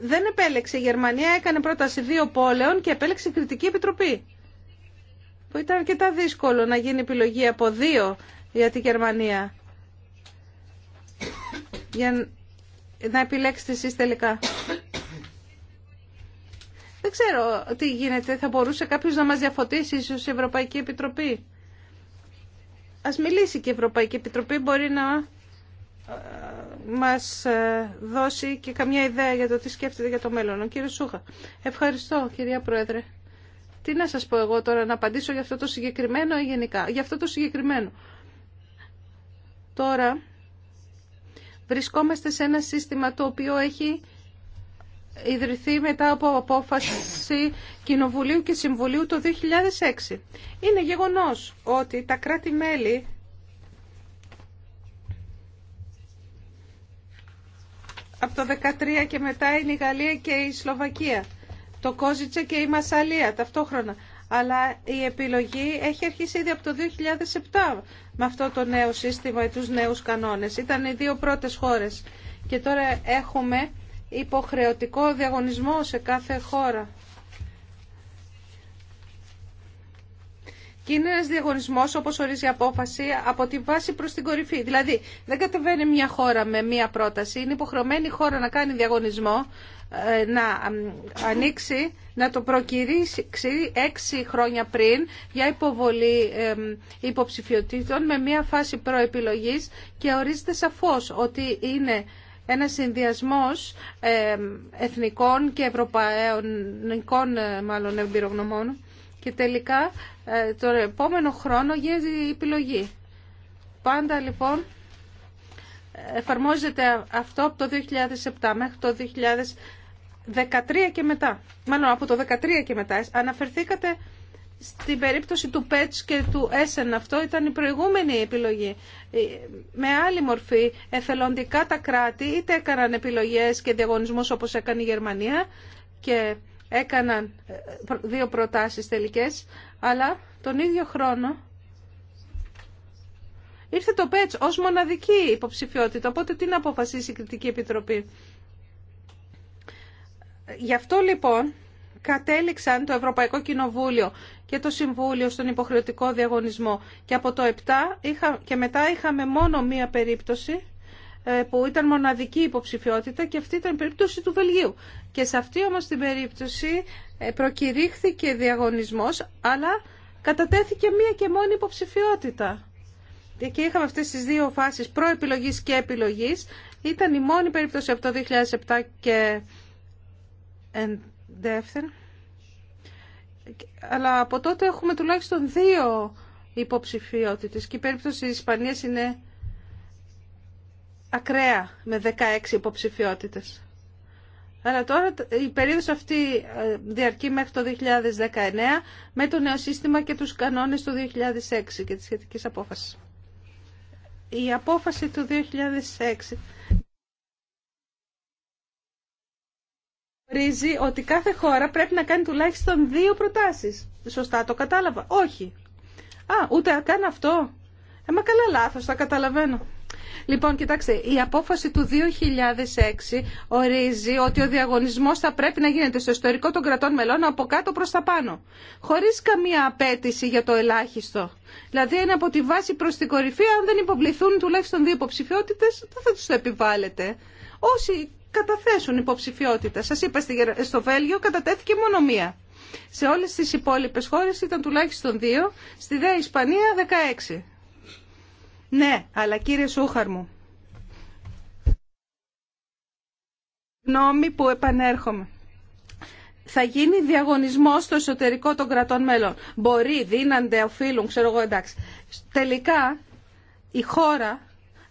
δεν επέλεξε. Η Γερμανία έκανε πρόταση δύο πόλεων και επέλεξε κριτική επιτροπή. Που ήταν αρκετά δύσκολο να γίνει επιλογή από δύο για τη Γερμανία. Για να επιλέξετε εσείς τελικά. Δεν ξέρω τι γίνεται. Θα μπορούσε κάποιος να μας διαφωτίσει ίσως η Ευρωπαϊκή Επιτροπή. Ας μιλήσει και η Ευρωπαϊκή Επιτροπή. Μπορεί να μας ε, δώσει και καμιά ιδέα για το τι σκέφτεται για το μέλλον. Ο Σούχα. Ευχαριστώ κυρία Πρόεδρε. Τι να σας πω εγώ τώρα, να απαντήσω για αυτό το συγκεκριμένο ή γενικά. Για αυτό το συγκεκριμένο. Τώρα βρισκόμαστε σε ένα σύστημα το οποίο έχει ιδρυθεί μετά από απόφαση Κοινοβουλίου και Συμβουλίου το 2006. Είναι γεγονός ότι τα κράτη-μέλη από το 2013 και μετά είναι η Γαλλία και η Σλοβακία. Το Κόζιτσε και η Μασαλία ταυτόχρονα. Αλλά η επιλογή έχει αρχίσει ήδη από το 2007 με αυτό το νέο σύστημα ή τους νέους κανόνες. Ήταν οι δύο πρώτες χώρες. Και τώρα έχουμε υποχρεωτικό διαγωνισμό σε κάθε χώρα. Και είναι ένα διαγωνισμό, όπως ορίζει η απόφαση, από τη βάση προς την κορυφή. Δηλαδή, δεν κατεβαίνει μια χώρα με μια πρόταση. Είναι υποχρεωμένη η χώρα να κάνει διαγωνισμό, ε, να ανοίξει, να το προκυρήσει έξι χρόνια πριν για υποβολή υποψηφιωτήτων με μια φάση προεπιλογη και ορίζεται σαφώ ότι είναι ένα συνδυασμός εθνικών και ευρωπαϊκών μάλλον εμπειρογνωμών και τελικά ε, το επόμενο χρόνο γίνεται η επιλογή. Πάντα λοιπόν εφαρμόζεται αυτό από το 2007 μέχρι το 2013 και μετά. Μάλλον από το 2013 και μετά. Αναφερθήκατε στην περίπτωση του ΠΕΤΣ και του ΕΣΕΝ αυτό ήταν η προηγούμενη επιλογή. Ε, με άλλη μορφή, εθελοντικά τα κράτη είτε έκαναν επιλογές και διαγωνισμούς όπως έκανε η Γερμανία έκαναν ε, δύο προτάσεις τελικές, αλλά τον ίδιο χρόνο ήρθε το ΠΕΤΣ ως μοναδική υποψηφιότητα, οπότε τι να αποφασίσει η Κριτική Επιτροπή. Γι' αυτό λοιπόν κατέληξαν το Ευρωπαϊκό Κοινοβούλιο και το Συμβούλιο στον υποχρεωτικό διαγωνισμό και από το 7 και μετά είχαμε μόνο μία περίπτωση ε, που ήταν μοναδική υποψηφιότητα και αυτή ήταν η περίπτωση του Βελγίου. Και σε αυτή όμως την περίπτωση ε, προκηρύχθηκε διαγωνισμός, αλλά κατατέθηκε μία και μόνη υποψηφιότητα. Και είχαμε αυτές τις δύο φάσεις προεπιλογής και επιλογής. Ήταν η μόνη περίπτωση από το 2007 και δεύτερον. Αλλά από τότε έχουμε τουλάχιστον δύο υποψηφιότητες και η περίπτωση της Ισπανίας είναι ακραία με 16 υποψηφιότητε. Αλλά τώρα η περίοδος αυτή ε, διαρκεί μέχρι το 2019 με το νέο σύστημα και τους κανόνες του 2006 και τη σχετική απόφαση. Η απόφαση του 2006 ορίζει ότι κάθε χώρα πρέπει να κάνει τουλάχιστον δύο προτάσεις. Σωστά το κατάλαβα. Όχι. Α, ούτε καν αυτό. Ε, μα καλά λάθος, θα καταλαβαίνω. Λοιπόν, κοιτάξτε, η απόφαση του 2006 ορίζει ότι ο διαγωνισμό θα πρέπει να γίνεται στο ιστορικό των κρατών μελών από κάτω προ τα πάνω, Χωρί καμία απέτηση για το ελάχιστο. Δηλαδή είναι από τη βάση προ την κορυφή, αν δεν υποβληθούν τουλάχιστον δύο υποψηφιότητε, δεν θα του το επιβάλλετε. Όσοι καταθέσουν υποψηφιότητα, Σα είπα στο Βέλγιο κατατέθηκε μόνο μία. Σε όλες τις υπόλοιπες χώρες ήταν τουλάχιστον δύο, στη ΔΕ Ισπανία 16. Ναι, αλλά κύριε Σούχαρ μου. Γνώμη που επανέρχομαι. Θα γίνει διαγωνισμό στο εσωτερικό των κρατών μέλων. Μπορεί, δίνανται, οφείλουν, ξέρω εγώ, εντάξει. Τελικά, η χώρα,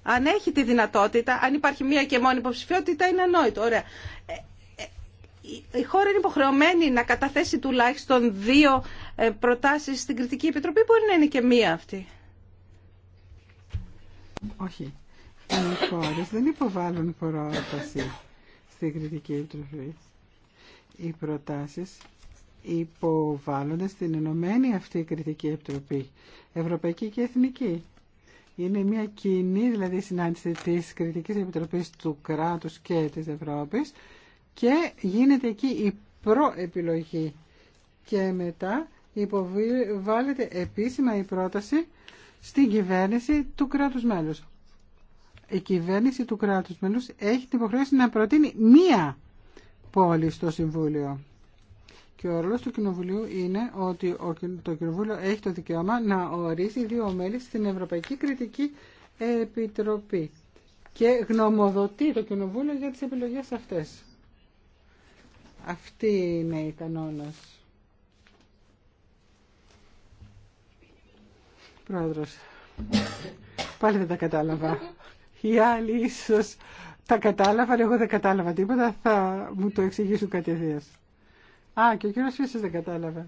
αν έχει τη δυνατότητα, αν υπάρχει μία και μόνη υποψηφιότητα, είναι ανόητο. Ωραία. Ε, ε, η χώρα είναι υποχρεωμένη να καταθέσει τουλάχιστον δύο ε, προτάσεις στην Κριτική Επιτροπή. Μπορεί να είναι και μία αυτή. Όχι. Οι χώρε δεν υποβάλλουν πρόταση στην κριτική Επιτροπή. Οι προτάσει υποβάλλονται στην ενωμένη αυτή κριτική επιτροπή, ευρωπαϊκή και εθνική. Είναι μια κοινή δηλαδή συνάντηση της Κριτικής επιτροπή του κράτου και της Ευρώπης και γίνεται εκεί η προεπιλογή και μετά υποβάλλεται επίσημα η πρόταση στην κυβέρνηση του κράτους μέλους. Η κυβέρνηση του κράτους μέλους έχει την υποχρέωση να προτείνει μία πόλη στο Συμβούλιο. Και ο ρόλος του Κοινοβουλίου είναι ότι το Κοινοβούλιο έχει το δικαίωμα να ορίσει δύο μέλη στην Ευρωπαϊκή Κριτική Επιτροπή και γνωμοδοτεί το Κοινοβούλιο για τις επιλογές αυτές. Αυτή είναι η κανόνας. Πρόεδρος, πάλι δεν τα κατάλαβα. Οι άλλοι ίσως τα κατάλαβαν, εγώ δεν κατάλαβα τίποτα, θα μου το εξηγήσουν κατευθείαν. Α, και ο κύριος Φίσης δεν κατάλαβε.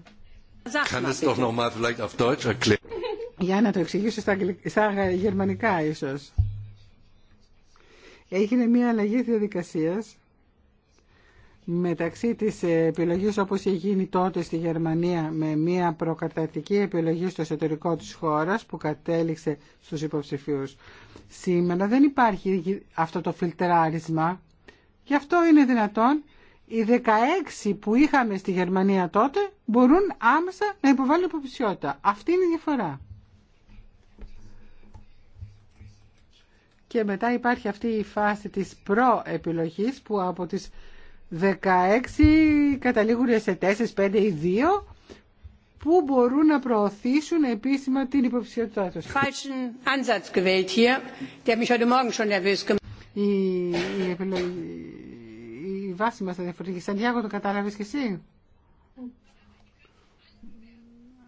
Για να το εξηγήσω στα, στα γερμανικά ίσως. Έγινε μια αλλαγή διαδικασίας μεταξύ της επιλογής όπως είχε γίνει τότε στη Γερμανία με μια προκαταρτική επιλογή στο εσωτερικό της χώρας που κατέληξε στους υποψηφίους. Σήμερα δεν υπάρχει αυτό το φιλτράρισμα. Γι' αυτό είναι δυνατόν οι 16 που είχαμε στη Γερμανία τότε μπορούν άμεσα να υποβάλουν υποψηφιότητα. Αυτή είναι η διαφορά. Και μετά υπάρχει αυτή η φάση της προεπιλογής που από τις 16 καταλήγουν σε 4, 5 ή 2 που μπορούν να προωθήσουν επίσημα την υποψηφιότητά τους. Η, η βάση μας θα διαφορετική. Σαντιάκο το κατάλαβες κι εσύ.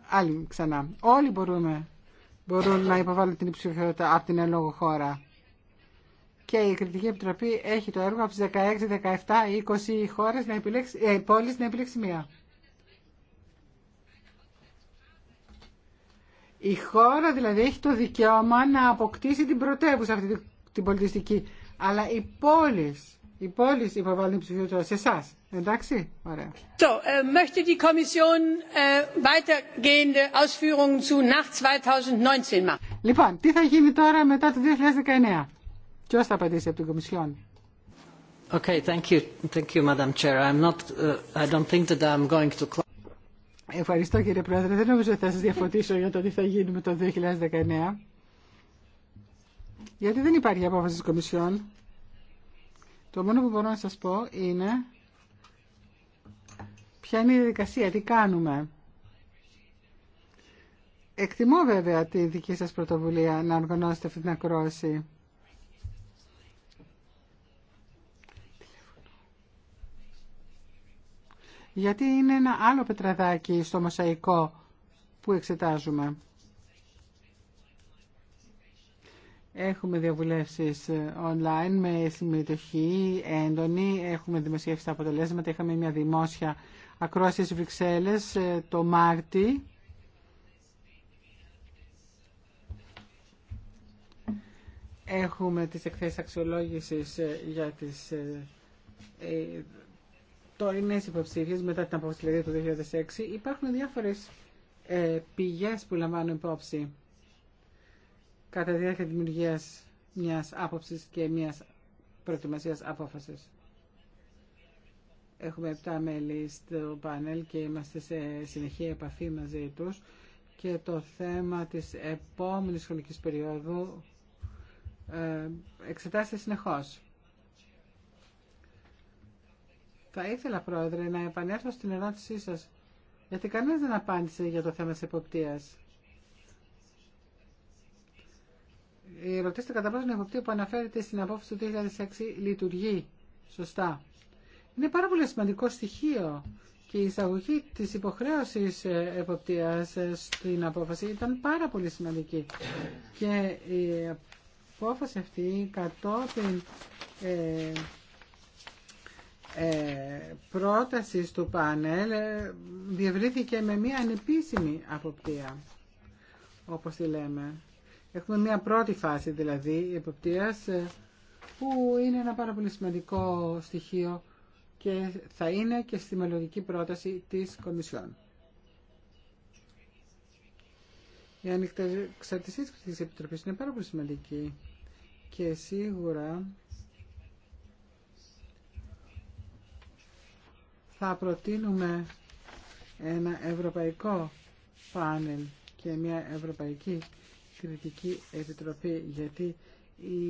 Άλλοι ξανά. Όλοι μπορούμε. Μπορούν να υποβάλουν την υποψηφιότητα από την ελόγω χώρα και η Κριτική Επιτροπή έχει το έργο από τι 16, 17, 20 χώρε να επιλέξει, ε, πόλεις να επιλέξει μία. Η χώρα δηλαδή έχει το δικαίωμα να αποκτήσει την πρωτεύουσα αυτή την πολιτιστική. Αλλά οι πόλεις, οι πόλεις υποβάλλουν την ψηφιότητα σε εσά. Εντάξει, ωραία. So, äh, möchte die Kommission äh, weitergehende Ausführungen zu nach 2019 machen. Λοιπόν, τι θα γίνει τώρα μετά το 2019. Ποιος θα απαντήσει από την Κομισιόν. Okay, thank you. Thank you, Madam Chair. I'm not, uh, I don't think that I'm going to Ευχαριστώ κύριε Πρόεδρε. Δεν νομίζω ότι θα σας διαφωτίσω για το τι θα γίνει με το 2019. Γιατί δεν υπάρχει απόφαση της Κομισιόν. Το μόνο που μπορώ να σας πω είναι ποια είναι η διαδικασία, τι κάνουμε. Εκτιμώ βέβαια τη δική σας πρωτοβουλία να οργανώσετε αυτή την ακρόαση. γιατί είναι ένα άλλο πετραδάκι στο μοσαϊκό που εξετάζουμε. Έχουμε διαβουλεύσεις online με συμμετοχή έντονη, έχουμε δημοσιεύσει τα αποτελέσματα, είχαμε μια δημόσια ακρόαση στις Βρυξέλλες ε, το Μάρτι. Έχουμε τις εκθέσεις αξιολόγησης ε, για τις ε, τώρα οι μετά την δηλαδή, του 2006 υπάρχουν διάφορες ε, πηγές που λαμβάνουν υπόψη κατά τη διάρκεια δημιουργίας μιας άποψη και μιας προετοιμασία απόφαση. Έχουμε 7 μέλη στο πάνελ και είμαστε σε συνεχή επαφή μαζί του, και το θέμα της επόμενη χρονικής περίοδου ε, εξετάζεται συνεχώς. Θα ήθελα, Πρόεδρε, να επανέλθω στην ερώτησή σας, γιατί κανένας δεν απάντησε για το θέμα της εποπτείας. Ρωτήστε κατά πόσο η εποπτεία που αναφέρεται στην απόφαση του 2006 λειτουργεί σωστά. Είναι πάρα πολύ σημαντικό στοιχείο και η εισαγωγή της υποχρέωσης ε, εποπτείας ε, στην απόφαση ήταν πάρα πολύ σημαντική. Και η απόφαση αυτή κατόπιν ε, ε, πρόταση του πάνελ ε, διευρύθηκε με μια ανεπίσημη αποπτία, όπως τη λέμε. Έχουμε μια πρώτη φάση δηλαδή εποπτείας ε, που είναι ένα πάρα πολύ σημαντικό στοιχείο και θα είναι και στη μελλοντική πρόταση της Κομισιόν. Η ανεξαρτησία της Επιτροπής είναι πάρα πολύ σημαντική και σίγουρα θα προτείνουμε ένα ευρωπαϊκό πάνελ και μια ευρωπαϊκή κριτική επιτροπή γιατί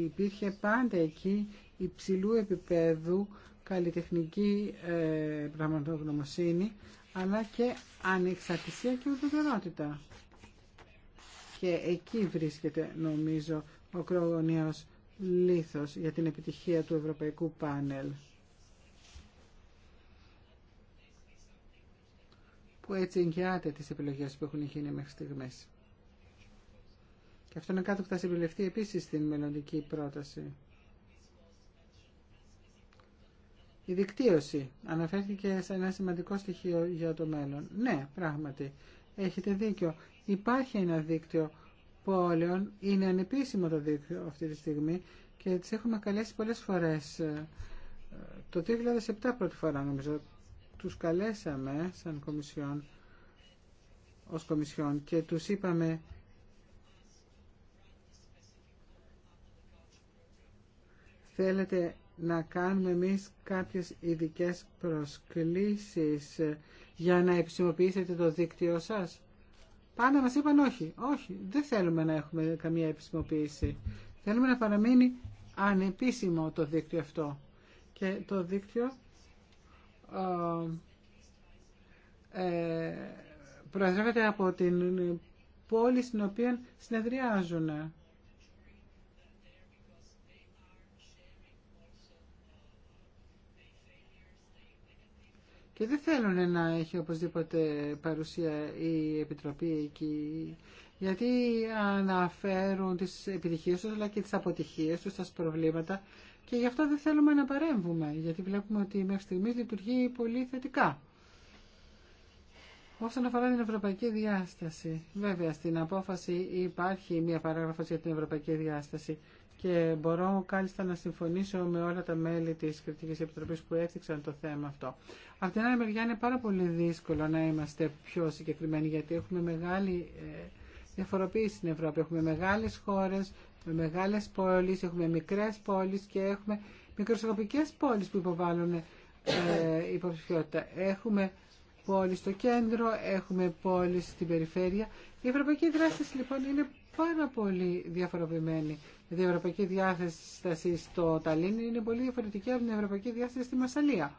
υπήρχε πάντα εκεί υψηλού επίπεδου καλλιτεχνική ε, πραγματογνωμοσύνη αλλά και ανεξαρτησία και ουδετερότητα. Και εκεί βρίσκεται νομίζω ο κρόγωνιος λήθος για την επιτυχία του ευρωπαϊκού πάνελ. που έτσι εγγυάται τις επιλογές που έχουν γίνει μέχρι στιγμές. Και αυτό είναι κάτι που θα συμπληρευτεί επίσης στην μελλοντική πρόταση. Η δικτύωση αναφέρθηκε σε ένα σημαντικό στοιχείο για το μέλλον. Ναι, πράγματι, έχετε δίκιο. Υπάρχει ένα δίκτυο πόλεων, είναι ανεπίσημο το δίκτυο αυτή τη στιγμή και τις έχουμε καλέσει πολλές φορές. Ε, ε, το 2007 πρώτη φορά νομίζω τους καλέσαμε σαν κομισιόν, ως κομισιόν και τους είπαμε θέλετε να κάνουμε εμεί κάποιες ειδικέ προσκλήσεις για να επισημοποιήσετε το δίκτυο σας. Πάντα μας είπαν όχι, όχι, δεν θέλουμε να έχουμε καμία επισημοποίηση. Θέλουμε να παραμείνει ανεπίσημο το δίκτυο αυτό. Και το δίκτυο ε, προεδρεύεται από την πόλη στην οποία συνεδριάζουν. Και δεν θέλουν να έχει οπωσδήποτε παρουσία η Επιτροπή εκεί, γιατί αναφέρουν τις επιτυχίες τους αλλά και τις αποτυχίες τους, τα προβλήματα και γι' αυτό δεν θέλουμε να παρέμβουμε, γιατί βλέπουμε ότι μέχρι στιγμή λειτουργεί πολύ θετικά. Όσον αφορά την ευρωπαϊκή διάσταση, βέβαια στην απόφαση υπάρχει μία παράγραφος για την ευρωπαϊκή διάσταση και μπορώ κάλλιστα να συμφωνήσω με όλα τα μέλη της Κριτικής Επιτροπής που έφτιαξαν το θέμα αυτό. Από την άλλη μεριά είναι πάρα πολύ δύσκολο να είμαστε πιο συγκεκριμένοι γιατί έχουμε μεγάλη ε, διαφοροποίηση στην Ευρώπη. Έχουμε μεγάλες χώρες μεγάλες πόλεις, έχουμε μικρές πόλεις και έχουμε μικροσκοπικές πόλεις που υποβάλλουν ε, υποψηφιότητα. Έχουμε πόλεις στο κέντρο, έχουμε πόλεις στην περιφέρεια. Η ευρωπαϊκή δράση λοιπόν είναι πάρα πολύ διαφοροποιημένη. Δηλαδή η ευρωπαϊκή διάθεση στο Ταλίν είναι πολύ διαφορετική από την ευρωπαϊκή διάθεση στη Μασαλία.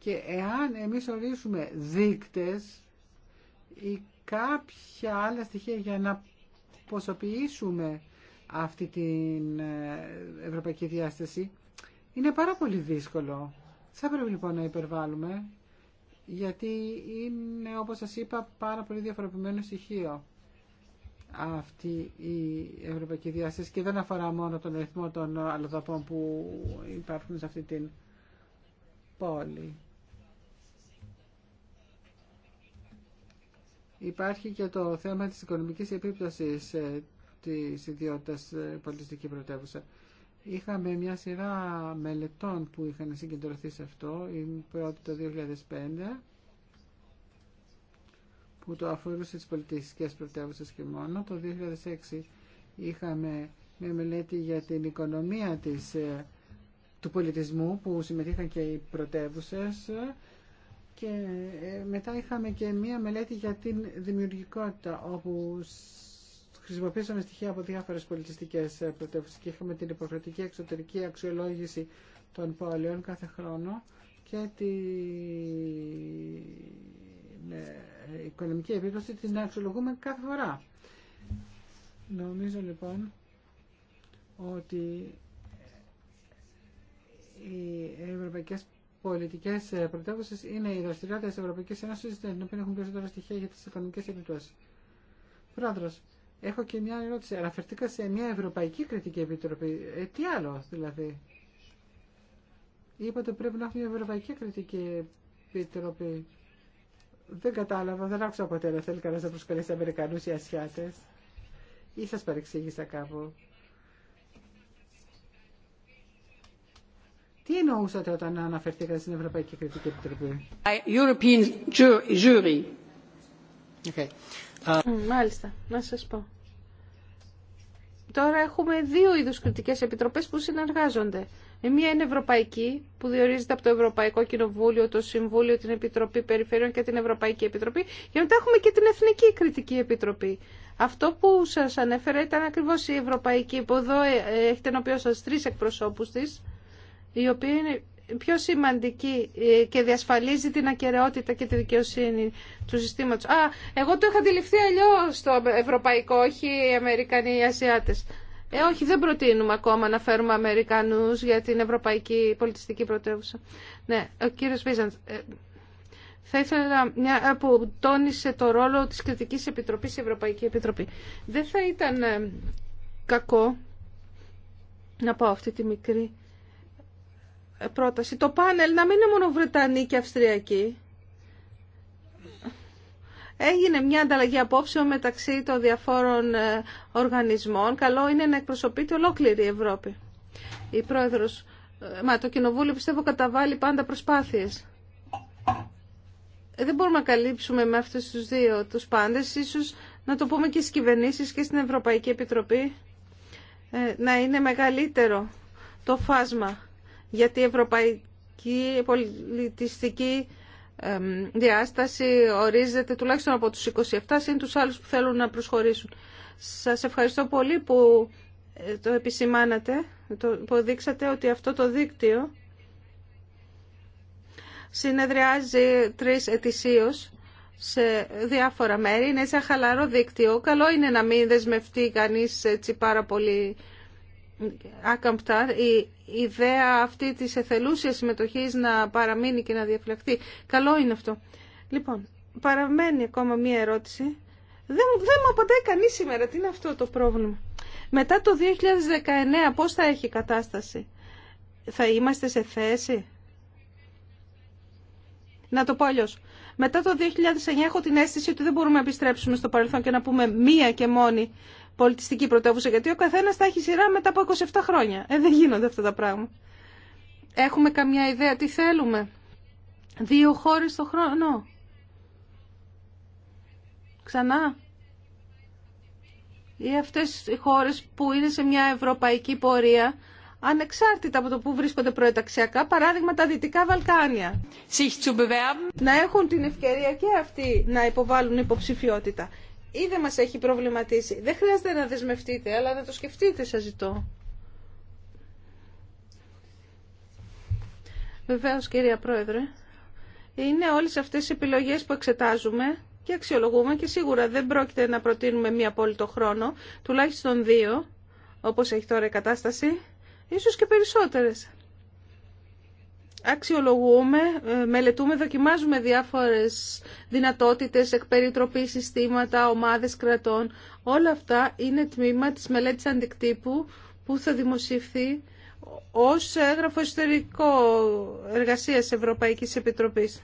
Και εάν εμείς ορίσουμε δείκτες ή κάποια άλλα στοιχεία για να ποσοποιήσουμε αυτή την ε, ευρωπαϊκή διάσταση είναι πάρα πολύ δύσκολο. Θα πρέπει λοιπόν να υπερβάλλουμε γιατί είναι όπως σας είπα πάρα πολύ διαφοροποιημένο στοιχείο αυτή η ευρωπαϊκή διάσταση και δεν αφορά μόνο τον αριθμό των αλλοδαπών που υπάρχουν σε αυτή την πόλη. Υπάρχει και το θέμα της οικονομικής επίπτωσης ε, τη ιδιότητας ε, πολιτιστική πρωτεύουσα. Είχαμε μια σειρά μελετών που είχαν συγκεντρωθεί σε αυτό, η πρώτη το 2005, που το αφορούσε τις πολιτιστικές πρωτεύουσες και μόνο. Το 2006 είχαμε μια μελέτη για την οικονομία της, ε, του πολιτισμού που συμμετείχαν και οι πρωτεύουσες και ε, μετά είχαμε και μια μελέτη για την δημιουργικότητα όπου χρησιμοποίησαμε στοιχεία από διάφορε πολιτιστικέ ε, πρωτεύουσε και είχαμε την υποχρεωτική εξωτερική αξιολόγηση των πόλεων κάθε χρόνο και την ε, οικονομική επίπτωση την αξιολογούμε κάθε φορά. Νομίζω λοιπόν ότι οι ευρωπαϊκέ πολιτικέ ε, πρωτεύουσε είναι οι δραστηριότητε τη Ευρωπαϊκή Ένωση, την οποία έχουν περισσότερα στοιχεία για τι οικονομικέ επιπτώσει. Πρόεδρο, Έχω και μια ερώτηση. Αναφερθήκα σε μια Ευρωπαϊκή Κριτική Επιτροπή. Ε, τι άλλο δηλαδή. Είπατε πρέπει να έχουμε μια Ευρωπαϊκή Κριτική Επιτροπή. Δεν κατάλαβα, δεν άκουσα ποτέ να θέλει κανένα να προσκαλέσει Αμερικανού ή Ασιάτε. Ή σα παρεξήγησα κάπου. Τι εννοούσατε όταν αναφερθήκατε στην Ευρωπαϊκή Κριτική Επιτροπή. Okay. Μάλιστα, να σας πω. Τώρα έχουμε δύο είδους κριτικές επιτροπές που συνεργάζονται. Η μία είναι ευρωπαϊκή, που διορίζεται από το Ευρωπαϊκό Κοινοβούλιο, το Συμβούλιο, την Επιτροπή Περιφέρειων και την Ευρωπαϊκή Επιτροπή. Και μετά έχουμε και την Εθνική Κριτική Επιτροπή. Αυτό που σα ανέφερα ήταν ακριβώ η Ευρωπαϊκή, που εδώ ε, ε, έχετε ενώπιον σα τρει εκπροσώπου τη, οι οποίοι είναι πιο σημαντική ε, και διασφαλίζει την ακαιρεότητα και τη δικαιοσύνη του συστήματος. Α, εγώ το είχα αντιληφθεί αλλιώ στο ευρωπαϊκό, όχι οι Αμερικανοί ή οι Ασιάτες. Ε, όχι, δεν προτείνουμε ακόμα να φέρουμε Αμερικανούς για την Ευρωπαϊκή Πολιτιστική Πρωτεύουσα. Ναι, ο κύριος Βίζαντ, ε, θα ήθελα μια που τόνισε το ρόλο της Κριτικής Επιτροπής η Ευρωπαϊκή Επιτροπή. Δεν θα ήταν ε, κακό να πάω αυτή τη μικρή πρόταση. Το πάνελ να μην είναι μόνο Βρετανή και Αυστριακή. Έγινε μια ανταλλαγή απόψεων μεταξύ των διαφόρων ε, οργανισμών. Καλό είναι να εκπροσωπείται ολόκληρη η Ευρώπη. Η πρόεδρος, ε, μα το Κοινοβούλιο πιστεύω καταβάλει πάντα προσπάθειες. Ε, δεν μπορούμε να καλύψουμε με αυτούς τους δύο τους πάντες. Ίσως να το πούμε και στις κυβερνήσεις και στην Ευρωπαϊκή Επιτροπή να είναι μεγαλύτερο το φάσμα γιατί η ευρωπαϊκή πολιτιστική διάσταση ορίζεται τουλάχιστον από τους 27 συν τους άλλους που θέλουν να προσχωρήσουν. Σας ευχαριστώ πολύ που ε, το επισημάνατε, που δείξατε ότι αυτό το δίκτυο συνεδριάζει τρεις ετησίως σε διάφορα μέρη. Είναι ένα χαλαρό δίκτυο. Καλό είναι να μην δεσμευτεί κανείς έτσι πάρα πολύ άκαμπτα. Η ιδέα αυτή της εθελούσιας συμμετοχής να παραμείνει και να διαφυλαχθεί. Καλό είναι αυτό. Λοιπόν, παραμένει ακόμα μία ερώτηση. Δεν, δεν μου απαντάει κανείς σήμερα. Τι είναι αυτό το πρόβλημα. Μετά το 2019 πώς θα έχει η κατάσταση. Θα είμαστε σε θέση. Να το πω αλλιώς. Μετά το 2009 έχω την αίσθηση ότι δεν μπορούμε να επιστρέψουμε στο παρελθόν και να πούμε μία και μόνη πολιτιστική πρωτεύουσα, γιατί ο καθένας θα έχει σειρά μετά από 27 χρόνια. Ε, δεν γίνονται αυτά τα πράγματα. Έχουμε καμιά ιδέα τι θέλουμε. Δύο χώρες το χρόνο. Ξανά. Ή αυτές οι χώρες που είναι σε μια ευρωπαϊκή πορεία, ανεξάρτητα από το που βρίσκονται προεταξιακά, παράδειγμα τα Δυτικά Βαλκάνια. Να έχουν την ευκαιρία και αυτοί να υποβάλουν υποψηφιότητα ή δεν μας έχει προβληματίσει. Δεν χρειάζεται να δεσμευτείτε, αλλά να το σκεφτείτε, σας ζητώ. Βεβαίως, κυρία Πρόεδρε, είναι όλες αυτές οι επιλογές που εξετάζουμε και αξιολογούμε και σίγουρα δεν πρόκειται να προτείνουμε μία απόλυτο χρόνο, τουλάχιστον δύο, όπως έχει τώρα η κατάσταση, ίσως και περισσότερες αξιολογούμε, ε, μελετούμε, δοκιμάζουμε διάφορες δυνατότητες, εκπεριτροπή συστήματα, ομάδες κρατών. Όλα αυτά είναι τμήμα της μελέτης αντικτύπου που θα δημοσιευθεί ως έγγραφο ιστορικό εργασίας Ευρωπαϊκής Επιτροπής.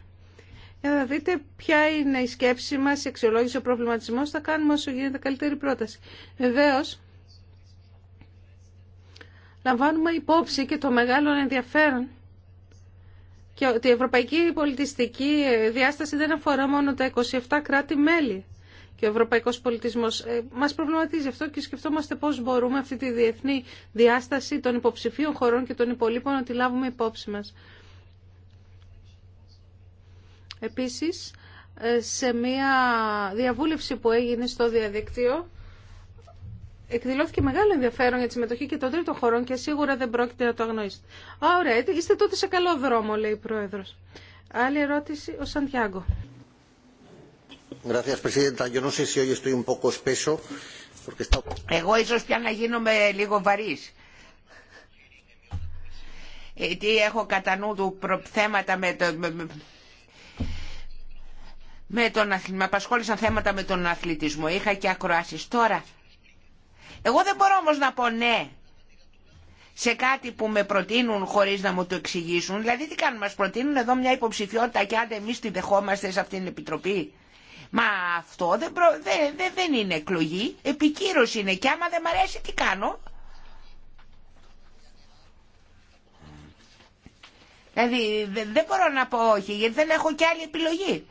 Για να δείτε ποια είναι η σκέψη μας, η αξιολόγηση, ο προβληματισμός, θα κάνουμε όσο γίνεται καλύτερη πρόταση. Βεβαίω, λαμβάνουμε υπόψη και το μεγάλο ενδιαφέρον και ότι η ευρωπαϊκή πολιτιστική διάσταση δεν αφορά μόνο τα 27 κράτη-μέλη και ο ευρωπαϊκός πολιτισμός. Ε, μας προβληματίζει αυτό και σκεφτόμαστε πώ μπορούμε αυτή τη διεθνή διάσταση των υποψηφίων χωρών και των υπολείπων να τη λάβουμε υπόψη μας. Επίσης, ε, σε μια διαβούλευση που έγινε στο διαδίκτυο, εκδηλώθηκε μεγάλο ενδιαφέρον για τη συμμετοχή και των τρίτων χωρών και σίγουρα δεν πρόκειται να το αγνοήσετε. Ωραία, είστε τότε σε καλό δρόμο, λέει η Πρόεδρο. Άλλη ερώτηση, ο Σαντιάγκο. Εγώ ίσω πια να γίνομαι λίγο βαρύ. Γιατί ε, έχω κατά νου του θέματα με το... Με τον αθλη... με απασχόλησαν θέματα με τον αθλητισμό. Είχα και ακροασει Τώρα εγώ δεν μπορώ όμως να πω ναι σε κάτι που με προτείνουν χωρίς να μου το εξηγήσουν. Δηλαδή τι κάνουν, μας προτείνουν εδώ μια υποψηφιότητα και άντε εμείς τη δεχόμαστε σε αυτήν την επιτροπή. Μα αυτό δεν, δεν, δεν, δεν είναι εκλογή, επικύρωση είναι και άμα δεν μ' αρέσει τι κάνω. Δηλαδή δεν μπορώ να πω όχι γιατί δεν έχω και άλλη επιλογή.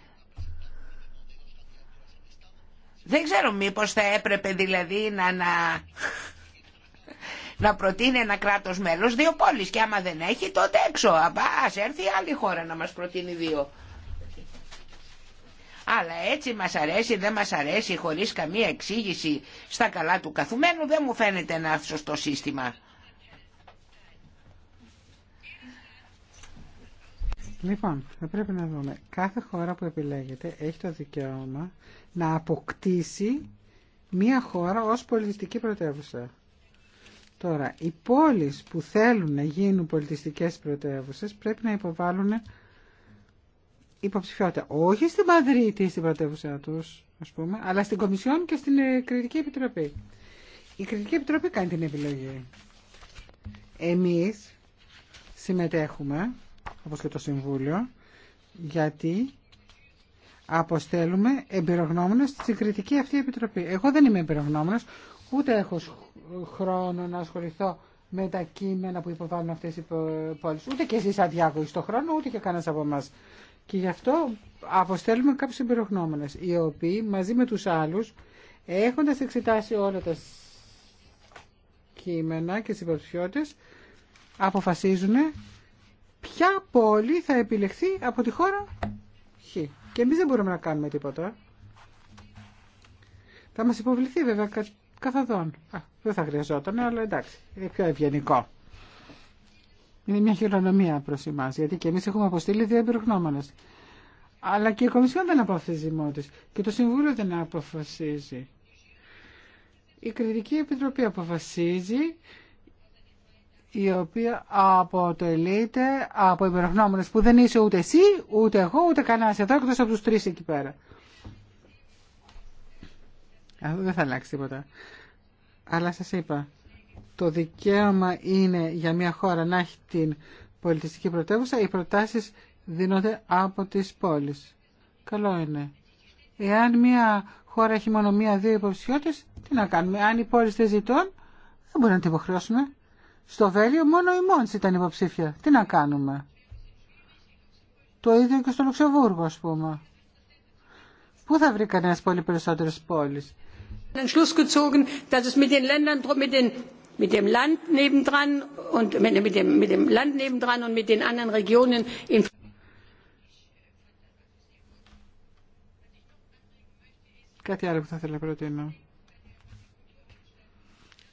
Δεν ξέρω μήπως θα έπρεπε δηλαδή να, να, να προτείνει ένα κράτος μέλος δύο πόλεις και άμα δεν έχει τότε έξω. Ας έρθει άλλη χώρα να μας προτείνει δύο. Αλλά έτσι μας αρέσει, δεν μας αρέσει, χωρίς καμία εξήγηση στα καλά του καθουμένου, δεν μου φαίνεται ένα σωστό σύστημα. Λοιπόν, θα πρέπει να δούμε. Κάθε χώρα που επιλέγεται έχει το δικαίωμα να αποκτήσει μία χώρα ως πολιτιστική πρωτεύουσα. Τώρα, οι πόλεις που θέλουν να γίνουν πολιτιστικές πρωτεύουσες πρέπει να υποβάλουν υποψηφιότητα. Όχι στη Μαδρίτη, στην πρωτεύουσα τους, ας πούμε, αλλά στην Κομισιόν και στην ε, Κριτική Επιτροπή. Η Κριτική Επιτροπή κάνει την επιλογή. Εμείς συμμετέχουμε, όπως και το Συμβούλιο, γιατί αποστέλουμε εμπειρογνώμονες στη κριτική αυτή επιτροπή. Εγώ δεν είμαι εμπειρογνώμονας, ούτε έχω χρόνο να ασχοληθώ με τα κείμενα που υποβάλλουν αυτές οι πόλεις. Ούτε και εσείς αδιάκοοι στον χρόνο, ούτε και κανένας από εμά. Και γι' αυτό αποστέλουμε κάποιους εμπειρογνώμονες, οι οποίοι μαζί με τους άλλους, έχοντας εξετάσει όλα τα κείμενα και τις υποψηφιότητες, αποφασίζουν ποια πόλη θα επιλεχθεί από τη χώρα Χ. Και εμεί δεν μπορούμε να κάνουμε τίποτα. Θα μας υποβληθεί βέβαια κα, καθοδόν. Α, δεν θα χρειαζόταν, αλλά εντάξει, είναι πιο ευγενικό. Είναι μια χειρονομία προ εμά, γιατί και εμείς έχουμε αποστείλει δύο Αλλά και η Κομισιόν δεν αποφασίζει μόνη της. Και το Συμβούλιο δεν αποφασίζει. Η Κριτική Επιτροπή αποφασίζει η οποία αποτελείται από υπερογνώμονες που δεν είσαι ούτε εσύ, ούτε εγώ, ούτε κανένας εδώ, εκτός από τους τρεις εκεί πέρα. Αυτό δεν θα αλλάξει τίποτα. Αλλά σας είπα, το δικαίωμα είναι για μια χώρα να έχει την πολιτιστική πρωτεύουσα, οι προτάσεις δίνονται από τις πόλεις. Καλό είναι. Εάν μια χώρα έχει μόνο μία-δύο υποψηφιότητες, τι να κάνουμε. Αν οι πόλεις δεν ζητούν, δεν μπορούμε να την υποχρεώσουμε. Στο Βέλιο μόνο η Μόντς ήταν υποψήφια. Τι να κάνουμε. Το ίδιο και στο Λουξεμβούργο, ας πούμε. Πού θα βρει κανένας πολύ περισσότερες πόλεις. Mit dem Land nebendran und mit dem, mit dem Land nebendran und mit den anderen Regionen in Κάτι άλλο που θα ήθελα να προτείνω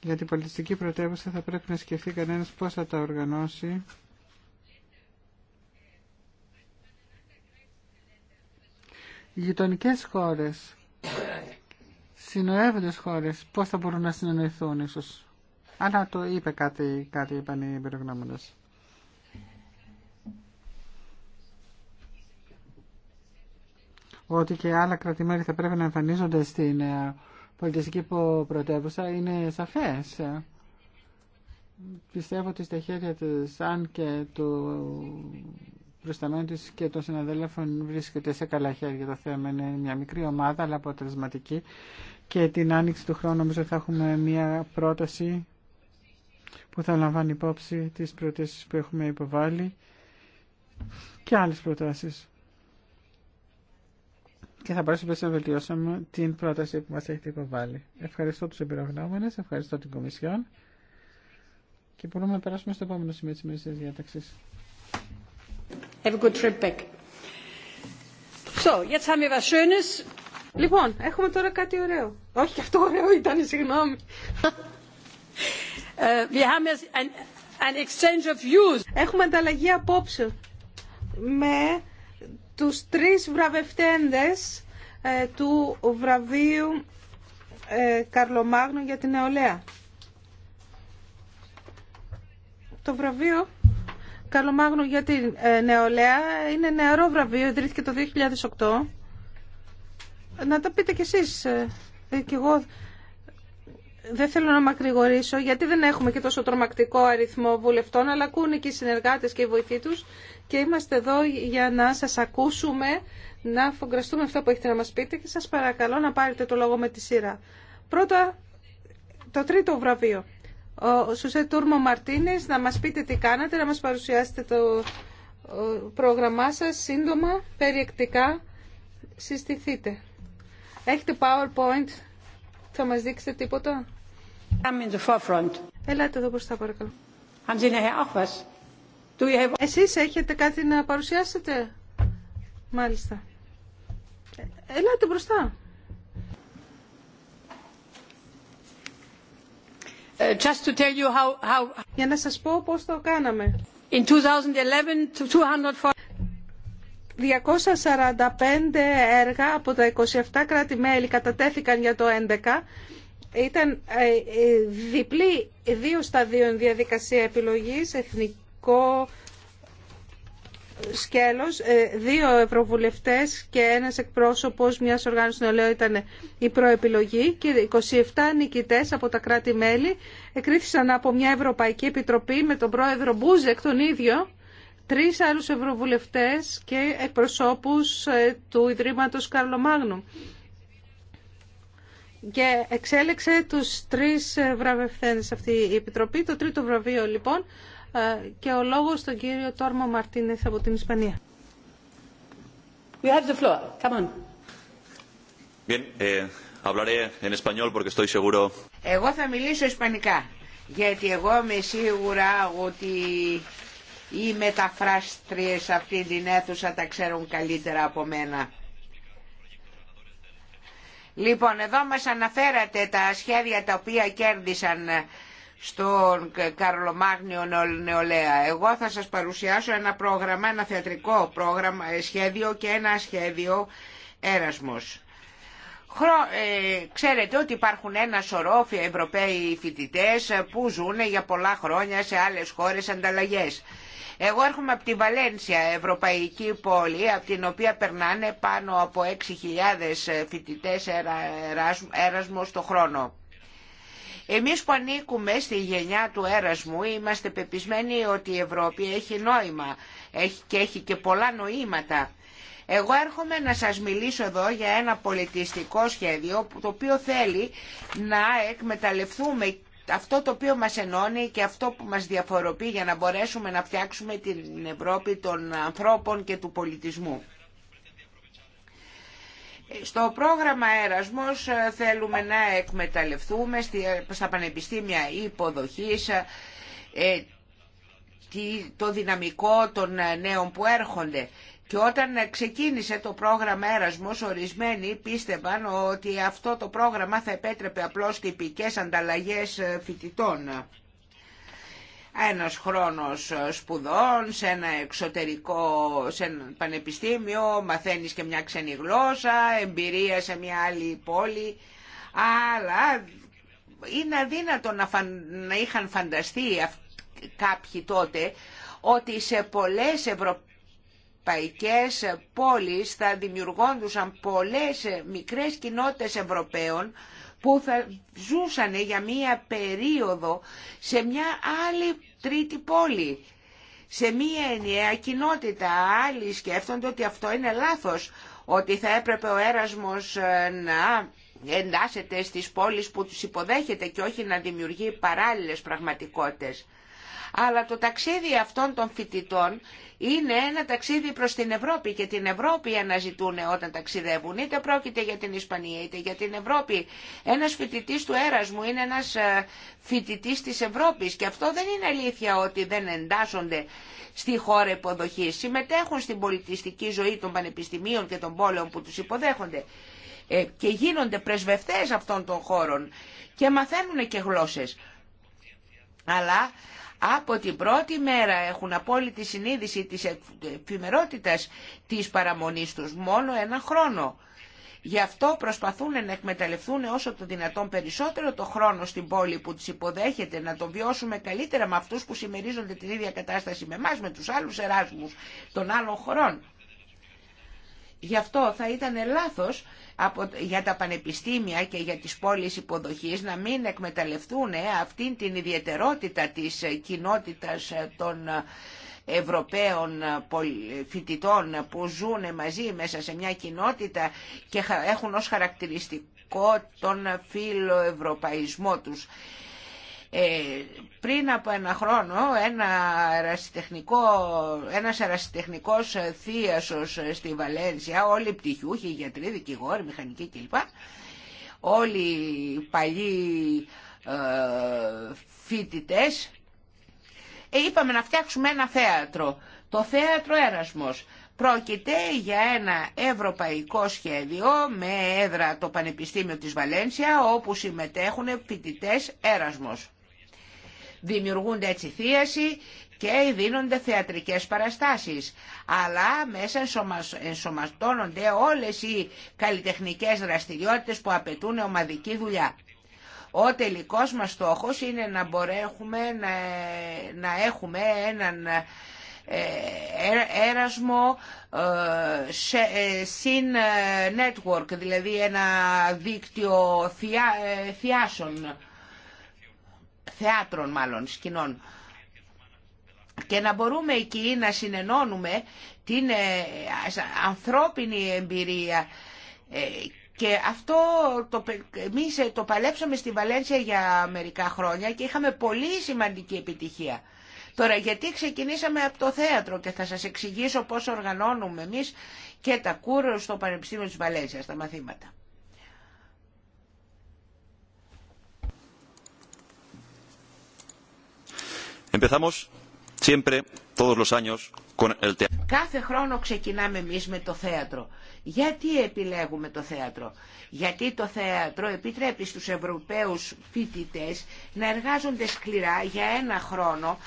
για την πολιτιστική πρωτεύουσα θα πρέπει να σκεφτεί κανένας πώς θα τα οργανώσει Οι γειτονικές χώρες, συνοεύοντες χώρες, πώς θα μπορούν να συνεννοηθούν ίσως. Αλλά το είπε κάτι, κάτι είπαν οι Ότι και άλλα κρατημέρη θα πρέπει να εμφανίζονται στην ε, πολιτιστική πρωτεύουσα είναι σαφές. Πιστεύω ότι στα χέρια της, αν και του προσταμένου και των συναδέλφων βρίσκεται σε καλά χέρια το θέμα. Είναι μια μικρή ομάδα, αλλά αποτελεσματική. Και την άνοιξη του χρόνου νομίζω θα έχουμε μια πρόταση που θα λαμβάνει υπόψη τις προτάσεις που έχουμε υποβάλει και άλλες προτάσεις και θα πρέπει να βελτιώσουμε την πρόταση που μας έχετε υποβάλει. Ευχαριστώ τους εμπειρογνώμονες, ευχαριστώ την Κομισιόν και μπορούμε να περάσουμε στο επόμενο σημείο της ημερησίας διάταξης. Have a good trip back. So, jetzt haben wir was Schönes. Λοιπόν, έχουμε τώρα κάτι ωραίο. Όχι, αυτό ωραίο ήταν, συγγνώμη. Ε, exchange of views. Έχουμε ανταλλαγή απόψε με τους τρεις βραβευτέντες ε, του βραβείου ε, Καρλομάγνου για την νεολαία. Το βραβείο Καρλομάγνου για την ε, νεολαία είναι νεαρό βραβείο, ιδρύθηκε το 2008. Να τα πείτε κι εσείς. κι εγώ δεν θέλω να μακρηγορήσω γιατί δεν έχουμε και τόσο τρομακτικό αριθμό βουλευτών αλλά ακούνε και οι συνεργάτες και οι βοηθοί τους και είμαστε εδώ για να σας ακούσουμε, να φογκραστούμε αυτό που έχετε να μας πείτε και σας παρακαλώ να πάρετε το λόγο με τη σειρά. Πρώτα, το τρίτο βραβείο. Ο Σουσέ Τούρμο Μαρτίνες, να μας πείτε τι κάνατε, να μας παρουσιάσετε το πρόγραμμά σας σύντομα, περιεκτικά, συστηθείτε. Έχετε PowerPoint θα μας δείξετε τίποτα. the forefront. Ελάτε εδώ μπροστά παρακαλώ. Εσείς έχετε κάτι να παρουσιάσετε. Μάλιστα. Ε, ελάτε μπροστά. Ε, just to tell you how, how... Για να σας πω πώς το κάναμε. In 2011, 240... 245 έργα από τα 27 κράτη-μέλη κατατέθηκαν για το 2011. Ήταν ε, ε, διπλή δύο σταδίων διαδικασία επιλογής, εθνικό σκέλος, ε, δύο ευρωβουλευτές και ένας εκπρόσωπος μιας οργάνωσης νεολαίου ήταν η προεπιλογή και 27 νικητές από τα κράτη-μέλη εκρίθησαν από μια Ευρωπαϊκή Επιτροπή με τον πρόεδρο Μπούζεκ τον ίδιο τρεις άλλους ευρωβουλευτές και εκπροσώπους ε, του Ιδρύματος Καρλομάγνου και εξέλεξε τους τρεις ε, βραβευθένες αυτή η Επιτροπή, το τρίτο βραβείο λοιπόν ε, και ο λόγος στον κύριο Τόρμο Μαρτίνεθ από την Ισπανία. We have the floor. Come on. Bien, eh, hablaré en español porque estoy seguro. Εγώ θα μιλήσω ισπανικά, γιατί εγώ είμαι σίγουρα ότι οι μεταφράστριες αυτή την αίθουσα τα ξέρουν καλύτερα από μένα. Λοιπόν, εδώ μας αναφέρατε τα σχέδια τα οποία κέρδισαν στον Καρλομάγνιο Νεολαία. Εγώ θα σας παρουσιάσω ένα πρόγραμμα, ένα θεατρικό πρόγραμμα, ε, σχέδιο και ένα σχέδιο έρασμος. Ε, ξέρετε ότι υπάρχουν ένα σωρό Ευρωπαίοι φοιτητές που ζουν για πολλά χρόνια σε άλλες χώρες ανταλλαγές. Εγώ έρχομαι από τη Βαλένσια, ευρωπαϊκή πόλη, από την οποία περνάνε πάνω από 6.000 φοιτητές έρασμου το χρόνο. Εμείς που ανήκουμε στη γενιά του έρασμου είμαστε πεπισμένοι ότι η Ευρώπη έχει νόημα έχει και έχει και πολλά νοήματα. Εγώ έρχομαι να σας μιλήσω εδώ για ένα πολιτιστικό σχέδιο το οποίο θέλει να εκμεταλλευτούμε αυτό το οποίο μας ενώνει και αυτό που μας διαφοροποιεί για να μπορέσουμε να φτιάξουμε την Ευρώπη των ανθρώπων και του πολιτισμού. Στο πρόγραμμα Έρασμος ε, θέλουμε να εκμεταλλευτούμε στα πανεπιστήμια υποδοχής ε, ε, το δυναμικό των νέων που έρχονται και όταν ξεκίνησε το πρόγραμμα Έρασμος, ορισμένοι πίστευαν ότι αυτό το πρόγραμμα θα επέτρεπε απλώς τυπικές ανταλλαγές ε, φοιτητών. Ένας χρόνος σπουδών σε ένα εξωτερικό σε ένα πανεπιστήμιο, μαθαίνεις και μια ξένη γλώσσα, εμπειρία σε μια άλλη πόλη, αλλά είναι αδύνατο να, είχαν φανταστεί κάποιοι τότε ότι σε πολλές ευρωπαϊκές ευρωπαϊκές πόλεις θα δημιουργόντουσαν πολλές μικρές κοινότητες Ευρωπαίων που θα ζούσαν για μία περίοδο σε μια άλλη τρίτη πόλη, σε μία ενιαία κοινότητα. Άλλοι σκέφτονται ότι αυτό είναι λάθος, ότι θα έπρεπε ο έρασμος ε, να εντάσσεται στις πόλεις που τους υποδέχεται και όχι να δημιουργεί παράλληλες πραγματικότητες. Αλλά το ταξίδι αυτών των φοιτητών είναι ένα ταξίδι προς την Ευρώπη και την Ευρώπη αναζητούν όταν ταξιδεύουν. Είτε πρόκειται για την Ισπανία είτε για την Ευρώπη. Ένας φοιτητής του Έρασμου είναι ένας ε, φοιτητής της Ευρώπης και αυτό δεν είναι αλήθεια ότι δεν εντάσσονται στη χώρα υποδοχή. Συμμετέχουν στην πολιτιστική ζωή των πανεπιστημίων και των πόλεων που τους υποδέχονται ε, και γίνονται πρεσβευτές αυτών των χώρων και μαθαίνουν και γλώσσες. Αλλά από την πρώτη μέρα έχουν απόλυτη συνείδηση της εφημερότητας της παραμονής τους μόνο ένα χρόνο. Γι' αυτό προσπαθούν να εκμεταλλευτούν όσο το δυνατόν περισσότερο το χρόνο στην πόλη που τους υποδέχεται, να το βιώσουμε καλύτερα με αυτούς που συμμερίζονται την ίδια κατάσταση με εμά, με τους άλλους εράσμους των άλλων χωρών. Γι' αυτό θα ήταν λάθος για τα πανεπιστήμια και για τις πόλεις υποδοχής να μην εκμεταλλευτούν ε, αυτήν την ιδιαιτερότητα της ε, κοινότητας ε, των Ευρωπαίων φοιτητών που ζουν μαζί μέσα σε μια κοινότητα και έχουν ως χαρακτηριστικό τον φιλοευρωπαϊσμό τους. Ε, πριν από ένα χρόνο ένα αερασιτεχνικό, ένας αερασιτεχνικός θείασος στη Βαλένσια, όλοι πτυχιούχοι, γιατροί, δικηγόροι, μηχανικοί κλπ. Όλοι οι παλιοί ε, φοιτητές. Ε, είπαμε να φτιάξουμε ένα θέατρο. Το θέατρο Έρασμος. Πρόκειται για ένα ευρωπαϊκό σχέδιο με έδρα το Πανεπιστήμιο της Βαλένσια όπου συμμετέχουν φοιτητές Έρασμος δημιουργούνται έτσι θίαση και δίνονται θεατρικές παραστάσεις. Αλλά μέσα ενσωματώνονται όλες οι καλλιτεχνικές δραστηριότητες που απαιτούν ομαδική δουλειά. Ο τελικός μας στόχος είναι να μπορέσουμε να, να έχουμε έναν ε, ε, έρασμο ε, συν network, δηλαδή ένα δίκτυο θειάσεων θεάτρων μάλλον, σκηνών. Και να μπορούμε εκεί να συνενώνουμε την ε, ανθρώπινη εμπειρία ε, και αυτό το, εμείς ε, το παλέψαμε στη Βαλένσια για μερικά χρόνια και είχαμε πολύ σημαντική επιτυχία. Τώρα γιατί ξεκινήσαμε από το θέατρο και θα σας εξηγήσω πώς οργανώνουμε εμείς και τα κούρ στο Πανεπιστήμιο της Βαλένσιας, τα μαθήματα. Empezamos siempre, todos los años, con el Κάθε χρόνο ξεκινάμε εμείς με το θέατρο. Γιατί επιλέγουμε το θέατρο. Γιατί το θέατρο επιτρέπει στους Ευρωπαίους φοιτητές να εργάζονται σκληρά για ένα χρόνο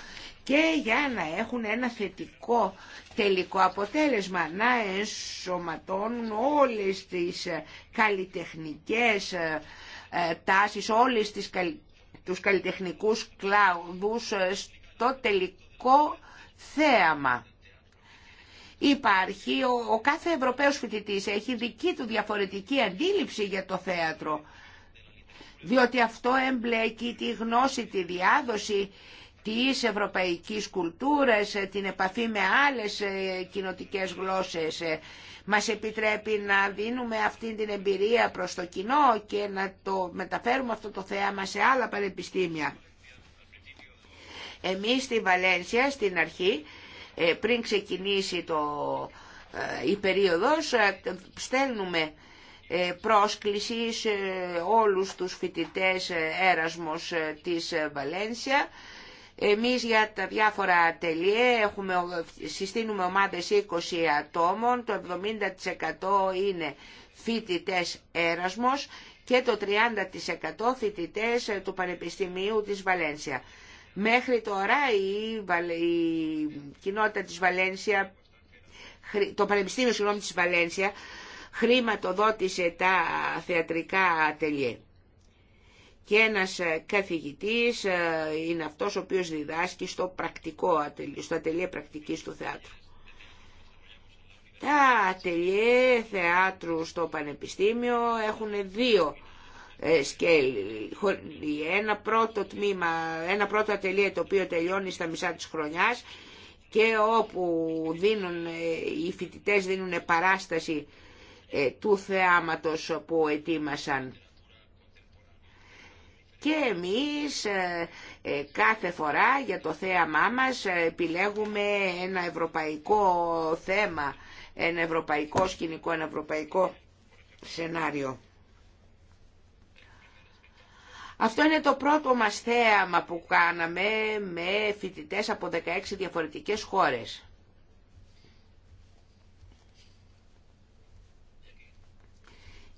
και για να έχουν ένα θετικό τελικό αποτέλεσμα, να ενσωματώνουν όλες τις καλλιτεχνικές ε, ε, τάσεις, όλες τις τους καλλιτεχνικούς κλάδους ε, στο τελικό θέαμα. Υπάρχει, ο, ο κάθε Ευρωπαίος φοιτητής έχει δική του διαφορετική αντίληψη για το θέατρο, διότι αυτό εμπλέκει τη γνώση, τη διάδοση της ευρωπαϊκής κουλτούρας, ε, την επαφή με άλλες ε, κοινοτικές γλώσσες, μας επιτρέπει να δίνουμε αυτή την εμπειρία προς το κοινό και να το μεταφέρουμε αυτό το θέαμα σε άλλα πανεπιστήμια. Εμείς στη Βαλένσια στην αρχή ε, πριν ξεκινήσει το, ε, η περίοδος ε, στέλνουμε πρόσκληση σε όλους τους φοιτητές έρασμος της Βαλένσια εμείς για τα διάφορα ατελειέ έχουμε, συστήνουμε ομάδες 20 ατόμων, το 70% είναι φοιτητές έρασμος και το 30% φοιτητές του Πανεπιστημίου της Βαλένσια. Μέχρι τώρα η, η κοινότητα της Βαλένσια, το Πανεπιστήμιο συγγνώμη, της Βαλένσια χρηματοδότησε τα θεατρικά ατελειέ και ένας ε, καθηγητής ε, είναι αυτός ο οποίος διδάσκει στο πρακτικό, στο ατελείο πρακτικής του θεάτρου. Τα ατελείο θεάτρου στο Πανεπιστήμιο έχουν δύο ε, σκέλη. Ένα πρώτο τμήμα, ένα πρώτο ατελείο το οποίο τελειώνει στα μισά της χρονιάς και όπου δίνουν, οι φοιτητές δίνουν παράσταση του θεάματος που ετοίμασαν και εμείς ε, ε, κάθε φορά για το θέαμά μας ε, επιλέγουμε ένα ευρωπαϊκό θέμα, ένα ευρωπαϊκό σκηνικό, ένα ευρωπαϊκό σενάριο. Αυτό είναι το πρώτο μας θέαμα που κάναμε με φοιτητές από 16 διαφορετικές χώρες.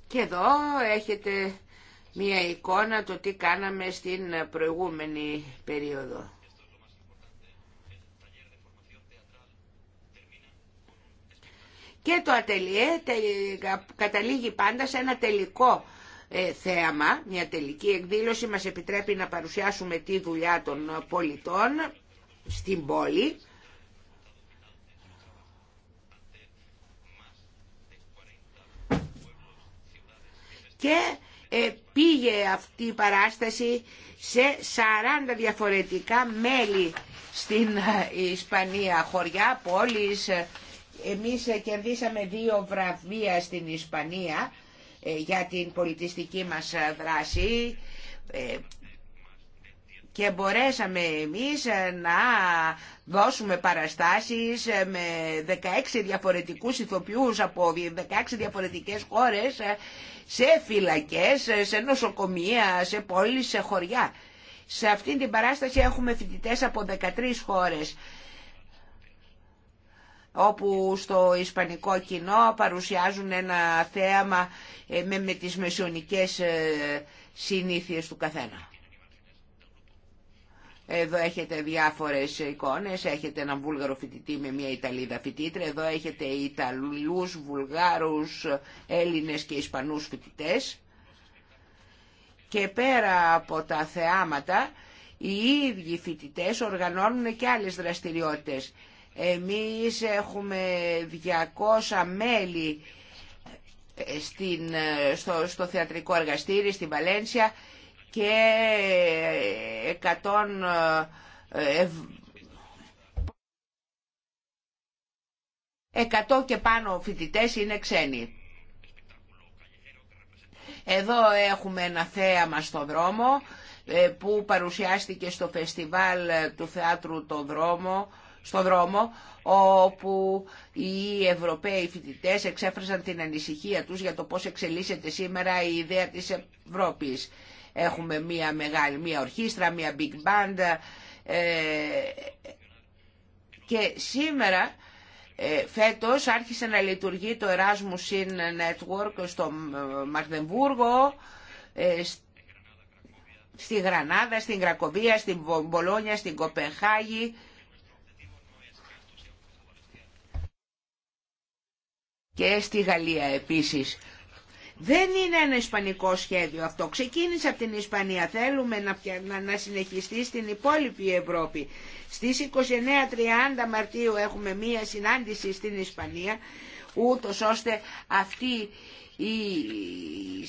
Και εδώ έχετε μία εικόνα το τι κάναμε στην προηγούμενη περίοδο. Και το ατελείε καταλήγει πάντα σε ένα τελικό ε, θέαμα, μια τελική εκδήλωση μας επιτρέπει να παρουσιάσουμε τη δουλειά των πολιτών στην πόλη. Και ε, πήγε αυτή η παράσταση σε 40 διαφορετικά μέλη στην ε, Ισπανία, χωριά, πόλεις. Ε, εμείς κερδίσαμε δύο βραβεία στην Ισπανία για την πολιτιστική μας δράση και μπορέσαμε εμείς να δώσουμε παραστάσεις με 16 διαφορετικούς ηθοποιούς από 16 διαφορετικές χώρες σε φυλακές, σε νοσοκομεία, σε πόλεις, σε χωριά. Σε αυτή την παράσταση έχουμε φοιτητές από 13 χώρες όπου στο ισπανικό κοινό παρουσιάζουν ένα θέαμα ε, με, τις συνήθειε συνήθειες του καθένα. Εδώ έχετε διάφορες εικόνες, έχετε έναν Βούλγαρο φοιτητή με μια Ιταλίδα φοιτήτρια, εδώ έχετε Ιταλούς, Βουλγάρους, Έλληνες και Ισπανούς φοιτητές. Και πέρα από τα θεάματα, οι ίδιοι φοιτητέ οργανώνουν και άλλες δραστηριότητες. Εμείς έχουμε 200 μέλη ε, στην, ε, στο, στο θεατρικό εργαστήρι, στην Βαλένσια, και 100 ε, και πάνω φοιτητές είναι ξένοι. Εδώ έχουμε ένα θέαμα στο δρόμο ε, που παρουσιάστηκε στο φεστιβάλ του θεάτρου το δρόμο, στο δρόμο όπου οι Ευρωπαίοι φοιτητές εξέφρασαν την ανησυχία τους για το πώς εξελίσσεται σήμερα η ιδέα της Ευρώπης. Έχουμε μία μεγάλη, μία ορχήστρα, μία big band ε, και σήμερα ε, φέτος άρχισε να λειτουργεί το Erasmus in Network στο ε, Μαγδεμβούργο, ε, στη Γρανάδα, στην Κρακοβία, στην Μπολόνια, στην Κοπεχάγη. και στη Γαλλία επίσης. Δεν είναι ένα ισπανικό σχέδιο αυτό. Ξεκίνησε από την Ισπανία. Θέλουμε να, να, να συνεχιστεί στην υπόλοιπη Ευρώπη. Στις 29-30 Μαρτίου έχουμε μία συνάντηση στην Ισπανία, ούτως ώστε αυτή η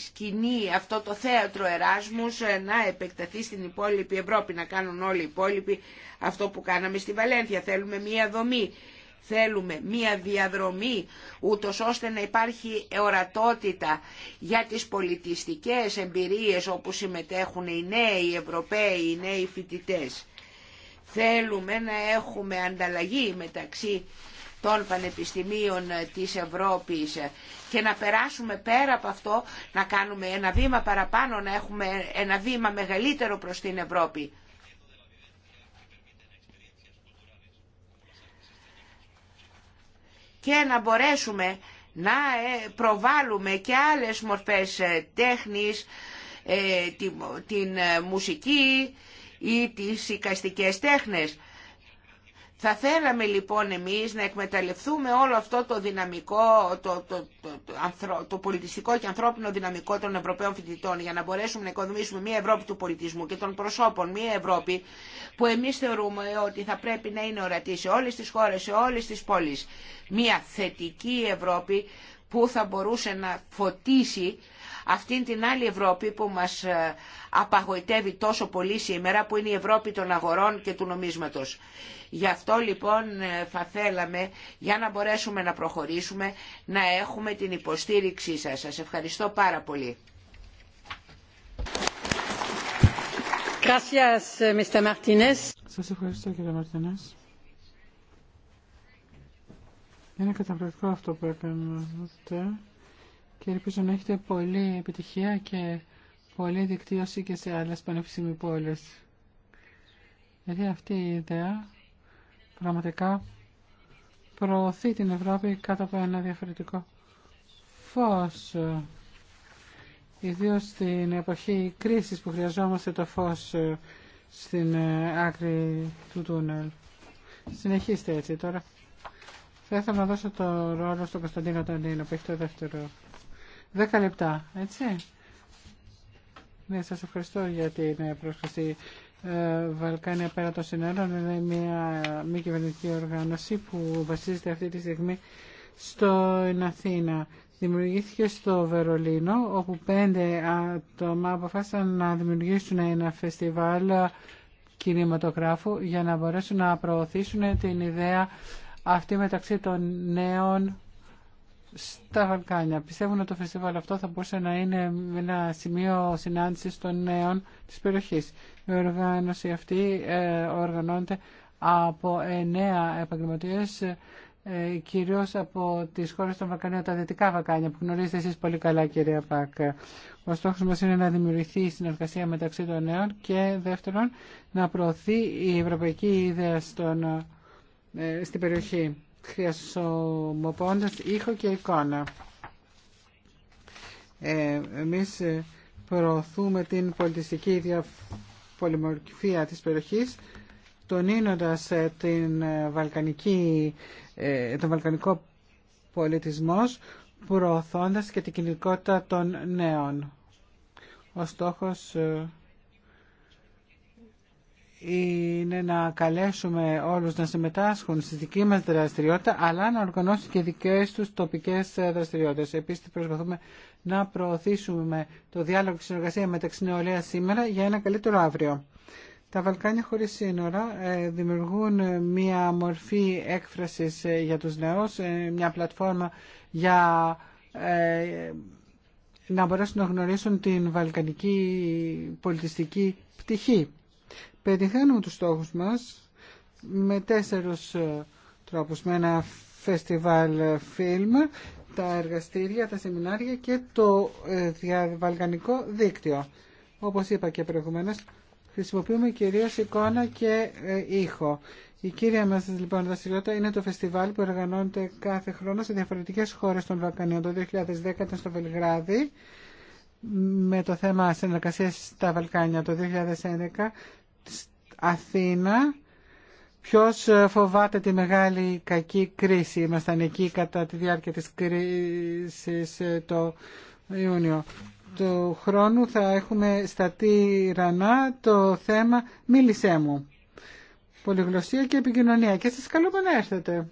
σκηνή, αυτό το θέατρο Εράσμους ε, να επεκταθεί στην υπόλοιπη Ευρώπη, να κάνουν όλοι οι υπόλοιποι αυτό που κάναμε στη Βαλένθια. Θέλουμε μία δομή Θέλουμε μία διαδρομή ούτως ώστε να υπάρχει ορατότητα για τις πολιτιστικές εμπειρίες όπου συμμετέχουν οι νέοι Ευρωπαίοι, οι νέοι φοιτητές. Θέλουμε να έχουμε ανταλλαγή μεταξύ των πανεπιστημίων της Ευρώπης και να περάσουμε πέρα από αυτό, να κάνουμε ένα βήμα παραπάνω, να έχουμε ένα βήμα μεγαλύτερο προς την Ευρώπη. και να μπορέσουμε να ε, προβάλλουμε και άλλες μορφές ε, τέχνης, ε, την μουσική ή τις οικαστικές τέχνες. Θα θέλαμε λοιπόν εμείς να εκμεταλλευτούμε όλο αυτό το δυναμικό, το, το, το, το, πολιτιστικό και ανθρώπινο δυναμικό των Ευρωπαίων φοιτητών για να μπορέσουμε να οικοδομήσουμε μια Ευρώπη του πολιτισμού και των προσώπων, μια Ευρώπη που εμείς θεωρούμε ότι θα πρέπει να είναι ορατή σε όλες τις χώρες, σε όλες τις πόλεις. Μια θετική Ευρώπη που θα μπορούσε να φωτίσει αυτήν την άλλη Ευρώπη που μας ε, απαγοητεύει τόσο πολύ σήμερα που είναι η Ευρώπη των αγορών και του νομίσματος. Γι' αυτό λοιπόν ε, θα θέλαμε για να μπορέσουμε να προχωρήσουμε να έχουμε την υποστήριξή σας. Σας ευχαριστώ πάρα πολύ. Ε, σας ευχαριστώ κύριε Μαρτινές. Είναι καταπληκτικό αυτό που έκανε και ελπίζω να έχετε πολλή επιτυχία και πολλή δικτύωση και σε άλλες πανεπιστήμιοι πόλεις. Γιατί αυτή η ιδέα πραγματικά προωθεί την Ευρώπη κάτω από ένα διαφορετικό φως. Ιδίως στην εποχή κρίσης που χρειαζόμαστε το φως στην άκρη του τούνελ. Συνεχίστε έτσι τώρα. Θα ήθελα να δώσω το ρόλο στον Κωνσταντίνο Ταντίνο που έχει το δεύτερο 10 λεπτά, έτσι. Ναι, σας ευχαριστώ για την ε, πρόσκληση. Ε, Βαλκάνια πέρα των συνόρων είναι μια μη κυβερνητική οργάνωση που βασίζεται αυτή τη στιγμή στο Αθήνα. Δημιουργήθηκε στο Βερολίνο όπου πέντε άτομα αποφάσισαν να δημιουργήσουν ένα φεστιβάλ κινηματογράφου για να μπορέσουν να προωθήσουν την ιδέα αυτή μεταξύ των νέων στα Βαλκάνια. Πιστεύουν ότι το φεστιβάλ αυτό θα μπορούσε να είναι ένα σημείο συνάντησης των νέων της περιοχής. Η οργάνωση αυτή ε, οργανώνεται από εννέα επαγγελματίες, ε, κυρίως από τις χώρες των Βαλκανίων, τα Δυτικά Βαλκάνια, που γνωρίζετε εσείς πολύ καλά κυρία Πακ. Ο στόχος μας είναι να δημιουργηθεί η συνεργασία μεταξύ των νέων και δεύτερον να προωθεί η ευρωπαϊκή ιδέα στον, ε, στην περιοχή χρησιμοποιώντας ήχο και εικόνα. Ε, εμείς ε, προωθούμε την πολιτιστική πολυμορφία της περιοχής τονίνοντας ε, την ε, τον βαλκανικό πολιτισμός προωθώντας και την κινητικότητα των νέων. Ο στόχος είναι να καλέσουμε όλους να συμμετάσχουν στη δική μας δραστηριότητα αλλά να οργανώσουν και δικές τους τοπικές δραστηριότητες. Επίσης προσπαθούμε να προωθήσουμε το διάλογο και συνεργασία μεταξύ νεολαία σήμερα για ένα καλύτερο αύριο. Τα Βαλκάνια χωρίς σύνορα ε, δημιουργούν μια μορφή έκφρασης ε, για τους νέους, ε, μια πλατφόρμα για να μπορέσουν να γνωρίσουν την βαλκανική πολιτιστική πτυχή πετυχαίνουμε τους στόχους μας με τέσσερους ε, τρόπους. Με ένα φεστιβάλ ε, φιλμ, τα εργαστήρια, τα σεμινάρια και το ε, διαβαλκανικό δίκτυο. Όπως είπα και προηγουμένως, χρησιμοποιούμε κυρίως εικόνα και ήχο. Η κύρια μας λοιπόν δραστηριότητα είναι το φεστιβάλ που οργανώνεται κάθε χρόνο σε διαφορετικές χώρες των Βαλκανίων. Το 2010 ήταν στο Βελιγράδι με το θέμα συνεργασία στα Βαλκάνια. Το 2011 Αθήνα. Ποιο ε, φοβάται τη μεγάλη κακή κρίση. Ήμασταν εκεί κατά τη διάρκεια της κρίσης ε, το Ιούνιο. Του χρόνου θα έχουμε στα τύρανά το θέμα «Μίλησέ μου». Πολυγλωσία και επικοινωνία. Και σας καλούμε να έρθετε.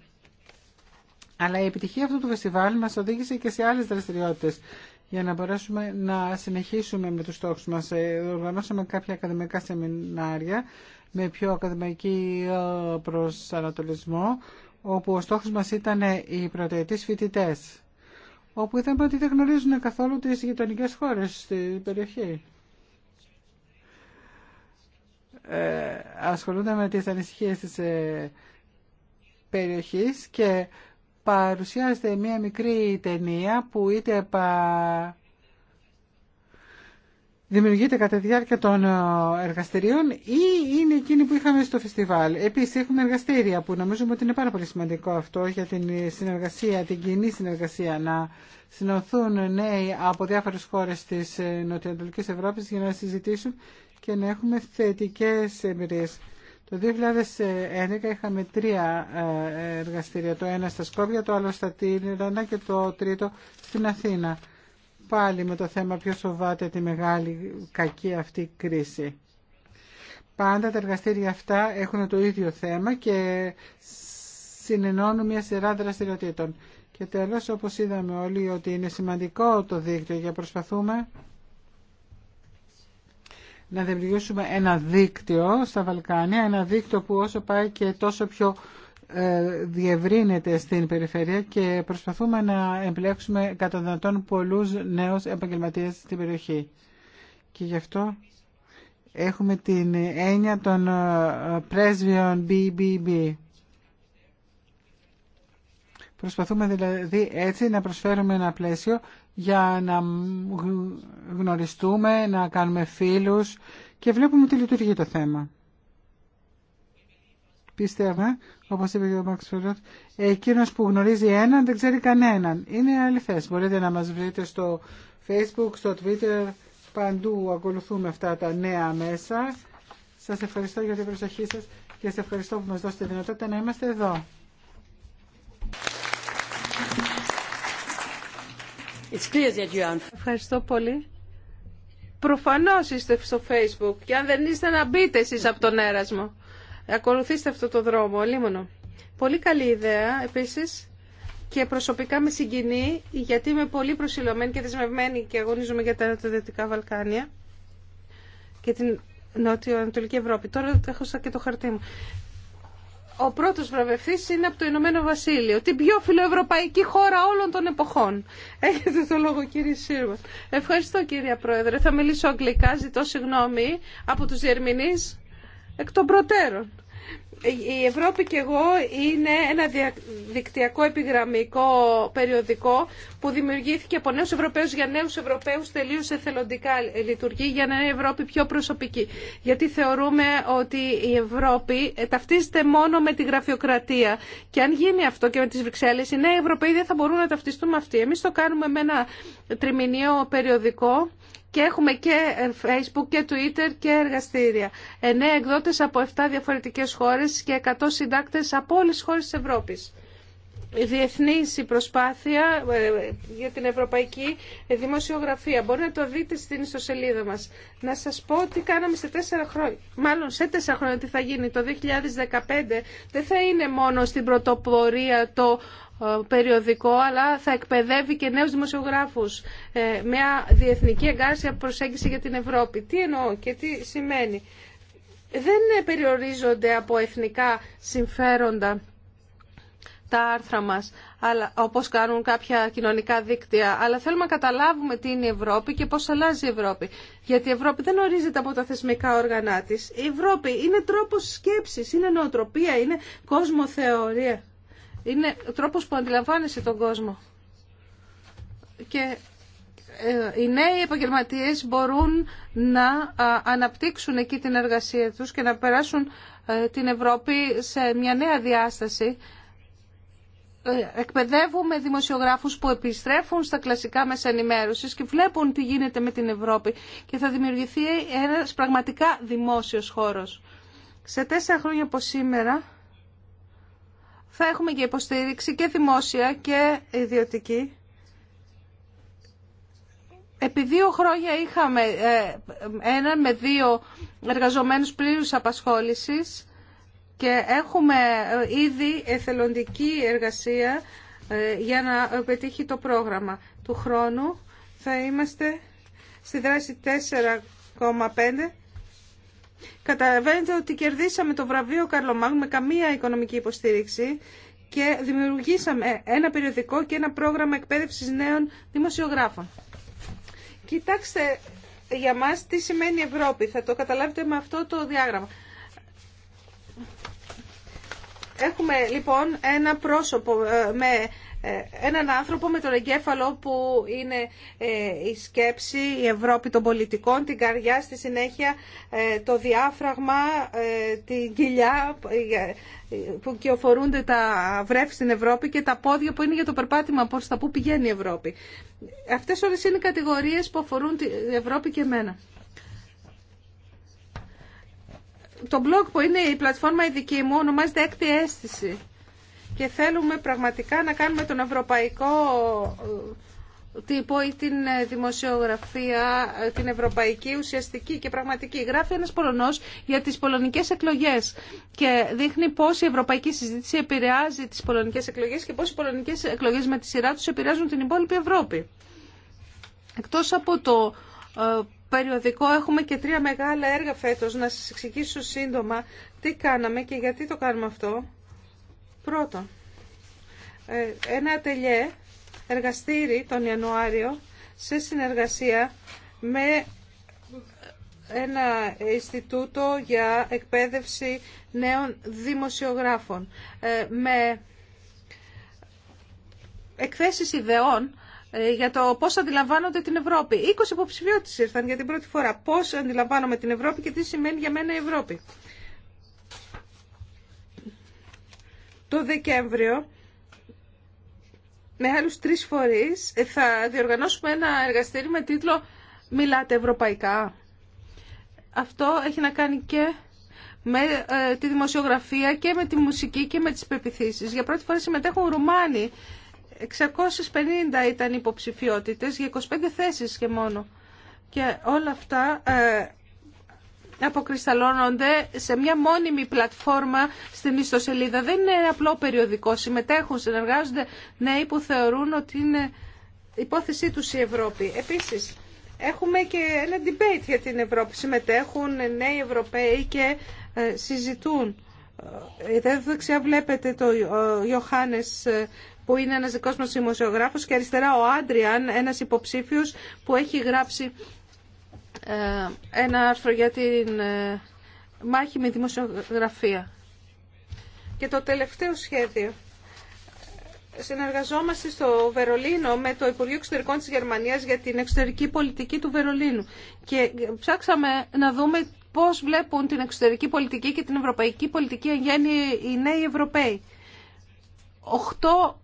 Αλλά η επιτυχία αυτού του φεστιβάλ μας οδήγησε και σε άλλες δραστηριότητες για να μπορέσουμε να συνεχίσουμε με τους στόχους μας. Ε, οργανώσαμε κάποια ακαδημαϊκά σεμινάρια με πιο ακαδημαϊκή ε, προσανατολισμό, όπου ο στόχος μας ήταν οι πρωτοετής φοιτητές, όπου είδαμε ότι δεν γνωρίζουν καθόλου τις γειτονικές χώρες στην περιοχή. Ε, ασχολούνται με τις ανησυχίες της ε, περιοχής και παρουσιάζεται μια μικρή ταινία που είτε πα, δημιουργείται κατά τη διάρκεια των ε, εργαστηρίων ή είναι εκείνη που είχαμε στο φεστιβάλ. Επίση έχουμε εργαστήρια που νομίζουμε ότι είναι πάρα πολύ σημαντικό αυτό για την συνεργασία, την κοινή συνεργασία να συνοθούν νέοι από διάφορε χώρε τη ε, Νοτιοανατολική Ευρώπη για να συζητήσουν και να έχουμε θετικέ εμπειρίες. Το 2011 είχαμε τρία ε, εργαστήρια, το ένα στα Σκόπια, το άλλο στα Τίνιρανά και το τρίτο στην Αθήνα πάλι με το θέμα ποιος φοβάται τη μεγάλη κακή αυτή κρίση. Πάντα τα εργαστήρια αυτά έχουν το ίδιο θέμα και συνενώνουν μια σειρά δραστηριοτήτων. Και τέλος, όπως είδαμε όλοι, ότι είναι σημαντικό το δίκτυο για προσπαθούμε να δημιουργήσουμε ένα δίκτυο στα Βαλκάνια, ένα δίκτυο που όσο πάει και τόσο πιο ε, διευρύνεται στην περιφέρεια και προσπαθούμε να εμπλέξουμε κατά δυνατόν πολλούς νέους επαγγελματίες στην περιοχή. Και γι' αυτό έχουμε την έννοια των ε, πρέσβειων BBB. Προσπαθούμε δηλαδή έτσι να προσφέρουμε ένα πλαίσιο για να γνωριστούμε, να κάνουμε φίλους και βλέπουμε τι λειτουργεί το θέμα. Πιστεύω, όπω είπε και ο Μαξ Φερότ, εκείνο που γνωρίζει έναν δεν ξέρει κανέναν. Είναι αληθέ. Μπορείτε να μας βρείτε στο facebook, στο twitter, παντού ακολουθούμε αυτά τα νέα μέσα. Σας ευχαριστώ για την προσοχή σα και σας ευχαριστώ που μας δώσετε τη δυνατότητα να είμαστε εδώ. It's clear that you are... Ευχαριστώ πολύ. Προφανώς είστε στο facebook και αν δεν είστε να μπείτε εσείς από τον έρασμο. Ακολουθήστε αυτό το δρόμο, λίμωνο. Πολύ καλή ιδέα επίσης και προσωπικά με συγκινεί γιατί είμαι πολύ προσιλωμένη και δεσμευμένη και αγωνίζομαι για τα Δυτικά Βαλκάνια και την Νότιο-Ανατολική Ευρώπη. Τώρα έχω και το χαρτί μου. Ο πρώτο βραβευτή είναι από το Ηνωμένο Βασίλειο, την πιο φιλοευρωπαϊκή χώρα όλων των εποχών. Έχετε το λόγο, κύριε Σύρμα. Ευχαριστώ, κύριε Πρόεδρε. Θα μιλήσω αγγλικά, ζητώ συγγνώμη από του διερμηνεί εκ των προτέρων. Η Ευρώπη και εγώ είναι ένα δικτυακό επιγραμμικό περιοδικό που δημιουργήθηκε από νέους Ευρωπαίους για νέους Ευρωπαίους τελείως εθελοντικά λειτουργεί για να είναι η Ευρώπη πιο προσωπική. Γιατί θεωρούμε ότι η Ευρώπη ε, ταυτίζεται μόνο με τη γραφειοκρατία και αν γίνει αυτό και με τις Βρυξέλλες οι νέοι Ευρωπαίοι δεν θα μπορούν να ταυτιστούν με αυτοί. Εμείς το κάνουμε με ένα τριμηνίο περιοδικό και έχουμε και ε, Facebook και Twitter και εργαστήρια. 9 εκδότες από 7 διαφορετικές χώρες και 100 συντάκτες από όλες τις χώρες της Ευρώπης. Η διεθνής η προσπάθεια ε, για την ευρωπαϊκή ε, δημοσιογραφία. Μπορείτε να το δείτε στην ιστοσελίδα μας. Να σας πω τι κάναμε σε τέσσερα χρόνια. Μάλλον σε τέσσερα χρόνια τι θα γίνει. Το 2015 δεν θα είναι μόνο στην πρωτοπορία το ε, περιοδικό, αλλά θα εκπαιδεύει και νέους δημοσιογράφους. Ε, μια διεθνική εγκάρσια προσέγγιση για την Ευρώπη. Τι εννοώ και τι σημαίνει. Δεν περιορίζονται από εθνικά συμφέροντα τα άρθρα μας, αλλά, όπως κάνουν κάποια κοινωνικά δίκτυα, αλλά θέλουμε να καταλάβουμε τι είναι η Ευρώπη και πώς αλλάζει η Ευρώπη. Γιατί η Ευρώπη δεν ορίζεται από τα θεσμικά όργανα της. Η Ευρώπη είναι τρόπος σκέψης, είναι νοοτροπία, είναι κόσμο θεωρία. Είναι ο τρόπος που αντιλαμβάνεσαι τον κόσμο. Και ε, οι νέοι επαγγελματίες μπορούν να αναπτύξουν εκεί την εργασία τους και να περάσουν ε, την Ευρώπη σε μια νέα διάσταση. Ε, εκπαιδεύουμε δημοσιογράφους που επιστρέφουν στα κλασικά μέσα ενημέρωσης και βλέπουν τι γίνεται με την Ευρώπη και θα δημιουργηθεί ένας πραγματικά δημόσιος χώρος. Σε τέσσερα χρόνια από σήμερα θα έχουμε και υποστήριξη και δημόσια και ιδιωτική. Επί δύο χρόνια είχαμε ε, ένα με δύο εργαζομένους πλήρους απασχόλησης και έχουμε ε, ήδη εθελοντική εργασία ε, για να πετύχει το πρόγραμμα του χρόνου. Θα είμαστε στη δράση 4,5 Καταλαβαίνετε ότι κερδίσαμε το βραβείο Καρλομάγ με καμία οικονομική υποστήριξη και δημιουργήσαμε ένα περιοδικό και ένα πρόγραμμα εκπαίδευσης νέων δημοσιογράφων. Κοιτάξτε για μας τι σημαίνει Ευρώπη. Θα το καταλάβετε με αυτό το διάγραμμα. Έχουμε λοιπόν ένα πρόσωπο ε, με ε, έναν άνθρωπο με τον εγκέφαλο που είναι ε, η σκέψη, η Ευρώπη των πολιτικών, την καρδιά στη συνέχεια, ε, το διάφραγμα, την κοιλιά που κυοφορούνται τα βρέφη στην Ευρώπη και τα πόδια που είναι για το περπάτημα, πώς τα πού πηγαίνει η Ευρώπη. Αυτές όλες είναι οι κατηγορίες που αφορούν την Ευρώπη και εμένα. Το blog που είναι η πλατφόρμα η δική μου ονομάζεται έκτη αίσθηση και θέλουμε πραγματικά να κάνουμε τον ευρωπαϊκό ε, τύπο ή την ε, δημοσιογραφία, ε, την ευρωπαϊκή ουσιαστική και πραγματική. Γράφει ένας Πολωνός για τις πολωνικές εκλογές και δείχνει πώς η ευρωπαϊκή συζήτηση επηρεάζει τις πολωνικές εκλογές και πώς οι πολωνικές εκλογές με τη σειρά τους επηρεάζουν την υπόλοιπη Ευρώπη. Εκτός από το περιοδικό έχουμε και τρία μεγάλα έργα φέτος. Να σας εξηγήσω σύντομα τι κάναμε και γιατί το κάνουμε αυτό. Πρώτον, ε, ένα ατελιέ εργαστήρι τον Ιανουάριο σε συνεργασία με ένα Ινστιτούτο για εκπαίδευση νέων δημοσιογράφων ε, με εκθέσεις ιδεών ε, για το πώς αντιλαμβάνονται την Ευρώπη. 20 υποψηφιότητες ήρθαν για την πρώτη φορά. Πώς αντιλαμβάνομαι την Ευρώπη και τι σημαίνει για μένα η Ευρώπη. Το Δεκέμβριο με άλλους τρεις φορείς θα διοργανώσουμε ένα εργαστήρι με τίτλο «Μιλάτε Ευρωπαϊκά». Αυτό έχει να κάνει και με ε, τη δημοσιογραφία και με τη μουσική και με τις πεπιθήσεις. Για πρώτη φορά συμμετέχουν Ρουμάνοι. 650 ήταν υποψηφιότητες για 25 θέσεις και μόνο. Και όλα αυτά ε, αποκρισταλώνονται σε μια μόνιμη πλατφόρμα στην ιστοσελίδα. Δεν είναι απλό περιοδικό. Συμμετέχουν, συνεργάζονται νέοι που θεωρούν ότι είναι υπόθεσή τους η Ευρώπη. Επίσης, έχουμε και ένα debate για την Ευρώπη. Συμμετέχουν νέοι Ευρωπαίοι και ε, συζητούν. Εδώ δεξιά βλέπετε το ε, Ιωάννης ε, που είναι ένας δικός μας και αριστερά ο Άντριαν, ένας υποψήφιος που έχει γράψει ε, ένα άρθρο για την ε, μάχη με δημοσιογραφία. Και το τελευταίο σχέδιο. Συνεργαζόμαστε στο Βερολίνο με το Υπουργείο Εξωτερικών της Γερμανίας για την εξωτερική πολιτική του Βερολίνου. Και ψάξαμε να δούμε πώς βλέπουν την εξωτερική πολιτική και την ευρωπαϊκή πολιτική εν γέννη οι νέοι Ευρωπαίοι. Οχτώ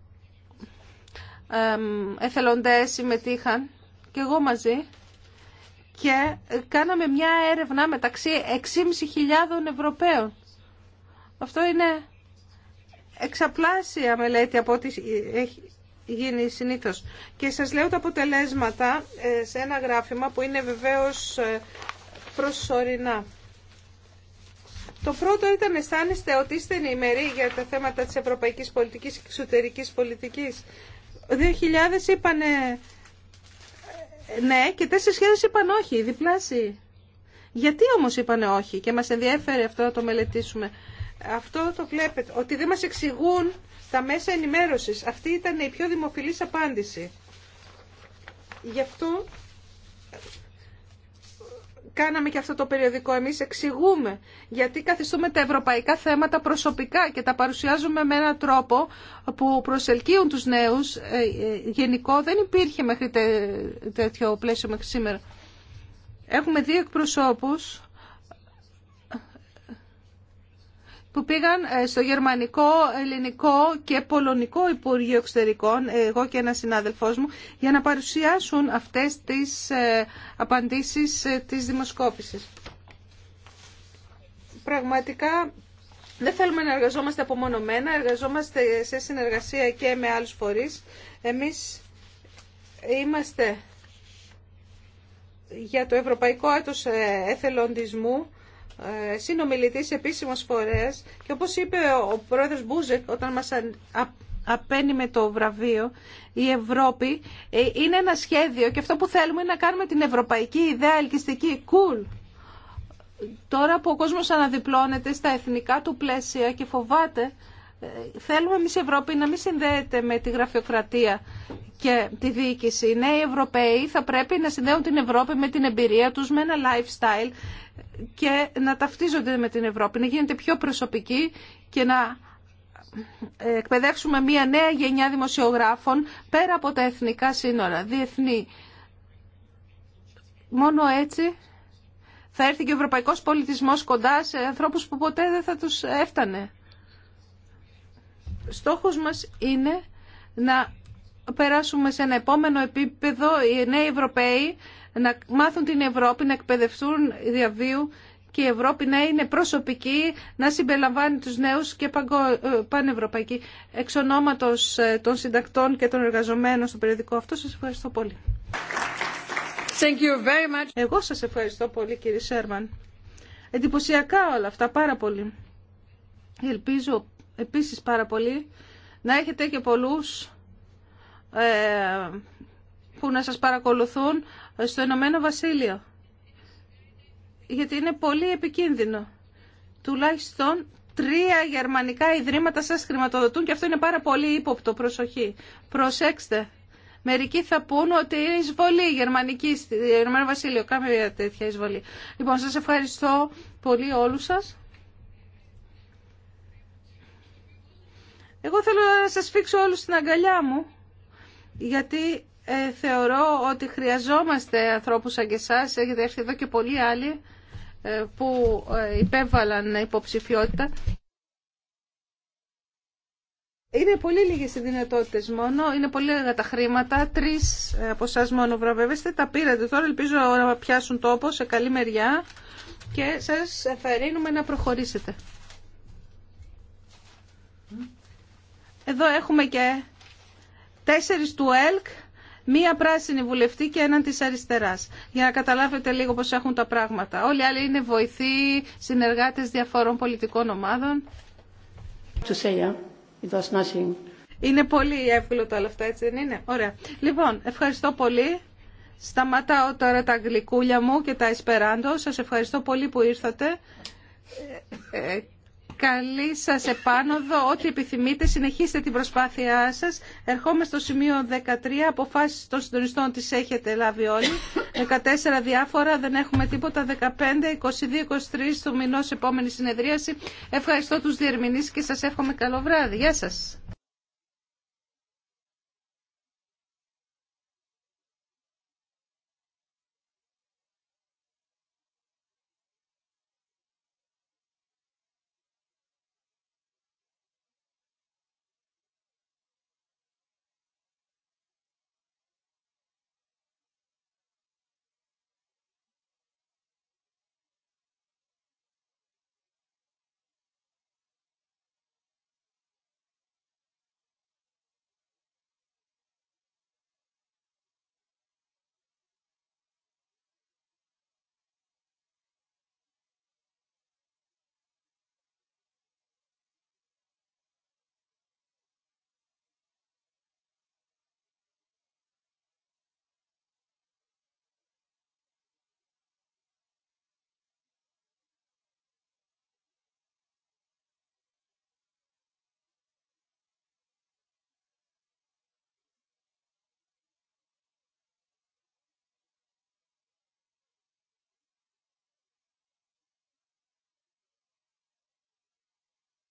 εθελοντές συμμετείχαν και εγώ μαζί και κάναμε μια έρευνα μεταξύ 6.500 Ευρωπαίων. Αυτό είναι εξαπλάσια μελέτη από ό,τι έχει γίνει συνήθως. Και σας λέω τα αποτελέσματα ε, σε ένα γράφημα που είναι βεβαίως ε, προσωρινά. Το πρώτο ήταν αισθάνεστε ότι είστε ενημεροί για τα θέματα της ευρωπαϊκής πολιτικής και εξωτερικής πολιτικής. 2.000 είπανε ναι, και 4.000 είπαν όχι, διπλάσιοι. Γιατί όμω είπαν όχι και μα ενδιαφέρει αυτό να το μελετήσουμε. Αυτό το βλέπετε, ότι δεν μα εξηγούν τα μέσα ενημέρωση. Αυτή ήταν η πιο δημοφιλή απάντηση. Γι' αυτό κάναμε και αυτό το περιοδικό. Εμείς εξηγούμε γιατί καθιστούμε τα ευρωπαϊκά θέματα προσωπικά και τα παρουσιάζουμε με έναν τρόπο που προσελκύουν τους νέους. Ε, ε, γενικό δεν υπήρχε μέχρι τέτοιο πλαίσιο μέχρι σήμερα. Έχουμε δύο εκπροσώπους που πήγαν ε, στο γερμανικό, ελληνικό και πολωνικό Υπουργείο Εξωτερικών, ε, εγώ και ένας συνάδελφός μου, για να παρουσιάσουν αυτές τις ε, απαντήσεις της δημοσκόπησης. Πραγματικά δεν θέλουμε να εργαζόμαστε απομονωμένα, εργαζόμαστε σε συνεργασία και με άλλους φορείς. Εμείς είμαστε για το Ευρωπαϊκό Έτος Εθελοντισμού ε, συνομιλητής επίσημος φορέας και όπως είπε ο πρόεδρος Μπούζεκ όταν μας απένιμε το βραβείο η Ευρώπη ε, είναι ένα σχέδιο και αυτό που θέλουμε είναι να κάνουμε την ευρωπαϊκή ιδέα ελκυστική cool τώρα που ο κόσμος αναδιπλώνεται στα εθνικά του πλαίσια και φοβάται Θέλουμε εμείς η Ευρώπη να μην συνδέεται με τη γραφειοκρατία και τη διοίκηση. Οι νέοι Ευρωπαίοι θα πρέπει να συνδέουν την Ευρώπη με την εμπειρία τους, με ένα lifestyle και να ταυτίζονται με την Ευρώπη, να γίνεται πιο προσωπική και να εκπαιδεύσουμε μια νέα γενιά δημοσιογράφων πέρα από τα εθνικά σύνορα, διεθνή. Μόνο έτσι θα έρθει και ο ευρωπαϊκός πολιτισμός κοντά σε ανθρώπους που ποτέ δεν θα τους έφτανε. Στόχος μας είναι να περάσουμε σε ένα επόμενο επίπεδο οι νέοι Ευρωπαίοι να μάθουν την Ευρώπη, να εκπαιδευτούν διαβίου και η Ευρώπη να είναι προσωπική, να συμπεριλαμβάνει τους νέους και ε, πανευρωπαϊκή. Εξ ονόματος ε, των συντακτών και των εργαζομένων στο περιοδικό αυτό, σας ευχαριστώ πολύ. Thank you very much. Εγώ σας ευχαριστώ πολύ κύριε Σέρμαν. Εντυπωσιακά όλα αυτά, πάρα πολύ. Ελπίζω επίσης πάρα πολύ να έχετε και πολλούς ε, που να σας παρακολουθούν στο Ηνωμένο Βασίλειο. Γιατί είναι πολύ επικίνδυνο. Τουλάχιστον τρία γερμανικά ιδρύματα σας χρηματοδοτούν και αυτό είναι πάρα πολύ ύποπτο. Προσοχή. Προσέξτε. Μερικοί θα πούν ότι είναι εισβολή γερμανική, Ηνωμένο Βασίλειο, κάμια τέτοια εισβολή. Λοιπόν, σας ευχαριστώ πολύ όλους σας. Εγώ θέλω να σας φίξω όλους στην αγκαλιά μου, γιατί ε, θεωρώ ότι χρειαζόμαστε ανθρώπους σαν και εσάς. Έχετε έρθει εδώ και πολλοί άλλοι ε, που ε, υπέβαλαν υποψηφιότητα. Είναι πολύ λίγες οι δυνατότητε μόνο, είναι πολύ λίγα τα χρήματα. Τρεις από εσά μόνο βραβεύεστε. Τα πήρατε τώρα, ελπίζω να πιάσουν τόπο σε καλή μεριά και σα αφαιρύνουμε να προχωρήσετε. Εδώ έχουμε και τέσσερις του ΕΛΚ, μία πράσινη βουλευτή και έναν της αριστεράς. Για να καταλάβετε λίγο πώς έχουν τα πράγματα. Όλοι οι άλλοι είναι βοηθοί, συνεργάτες διαφόρων πολιτικών ομάδων. Είναι πολύ εύκολο όλα αυτά, έτσι δεν είναι. Ωραία. Λοιπόν, ευχαριστώ πολύ. Σταματάω τώρα τα γλυκούλια μου και τα εσπεράντο. Σας ευχαριστώ πολύ που ήρθατε ε, ε, Καλή σας επάνωδο, ό,τι επιθυμείτε, συνεχίστε την προσπάθειά σας. Ερχόμαστε στο σημείο 13, αποφάσεις των συντονιστών τις έχετε λάβει όλοι. 14 διάφορα, δεν έχουμε τίποτα, 15, 22, 23 του μηνός επόμενη συνεδρίαση. Ευχαριστώ τους διερμηνείς και σας εύχομαι καλό βράδυ. Γεια σας.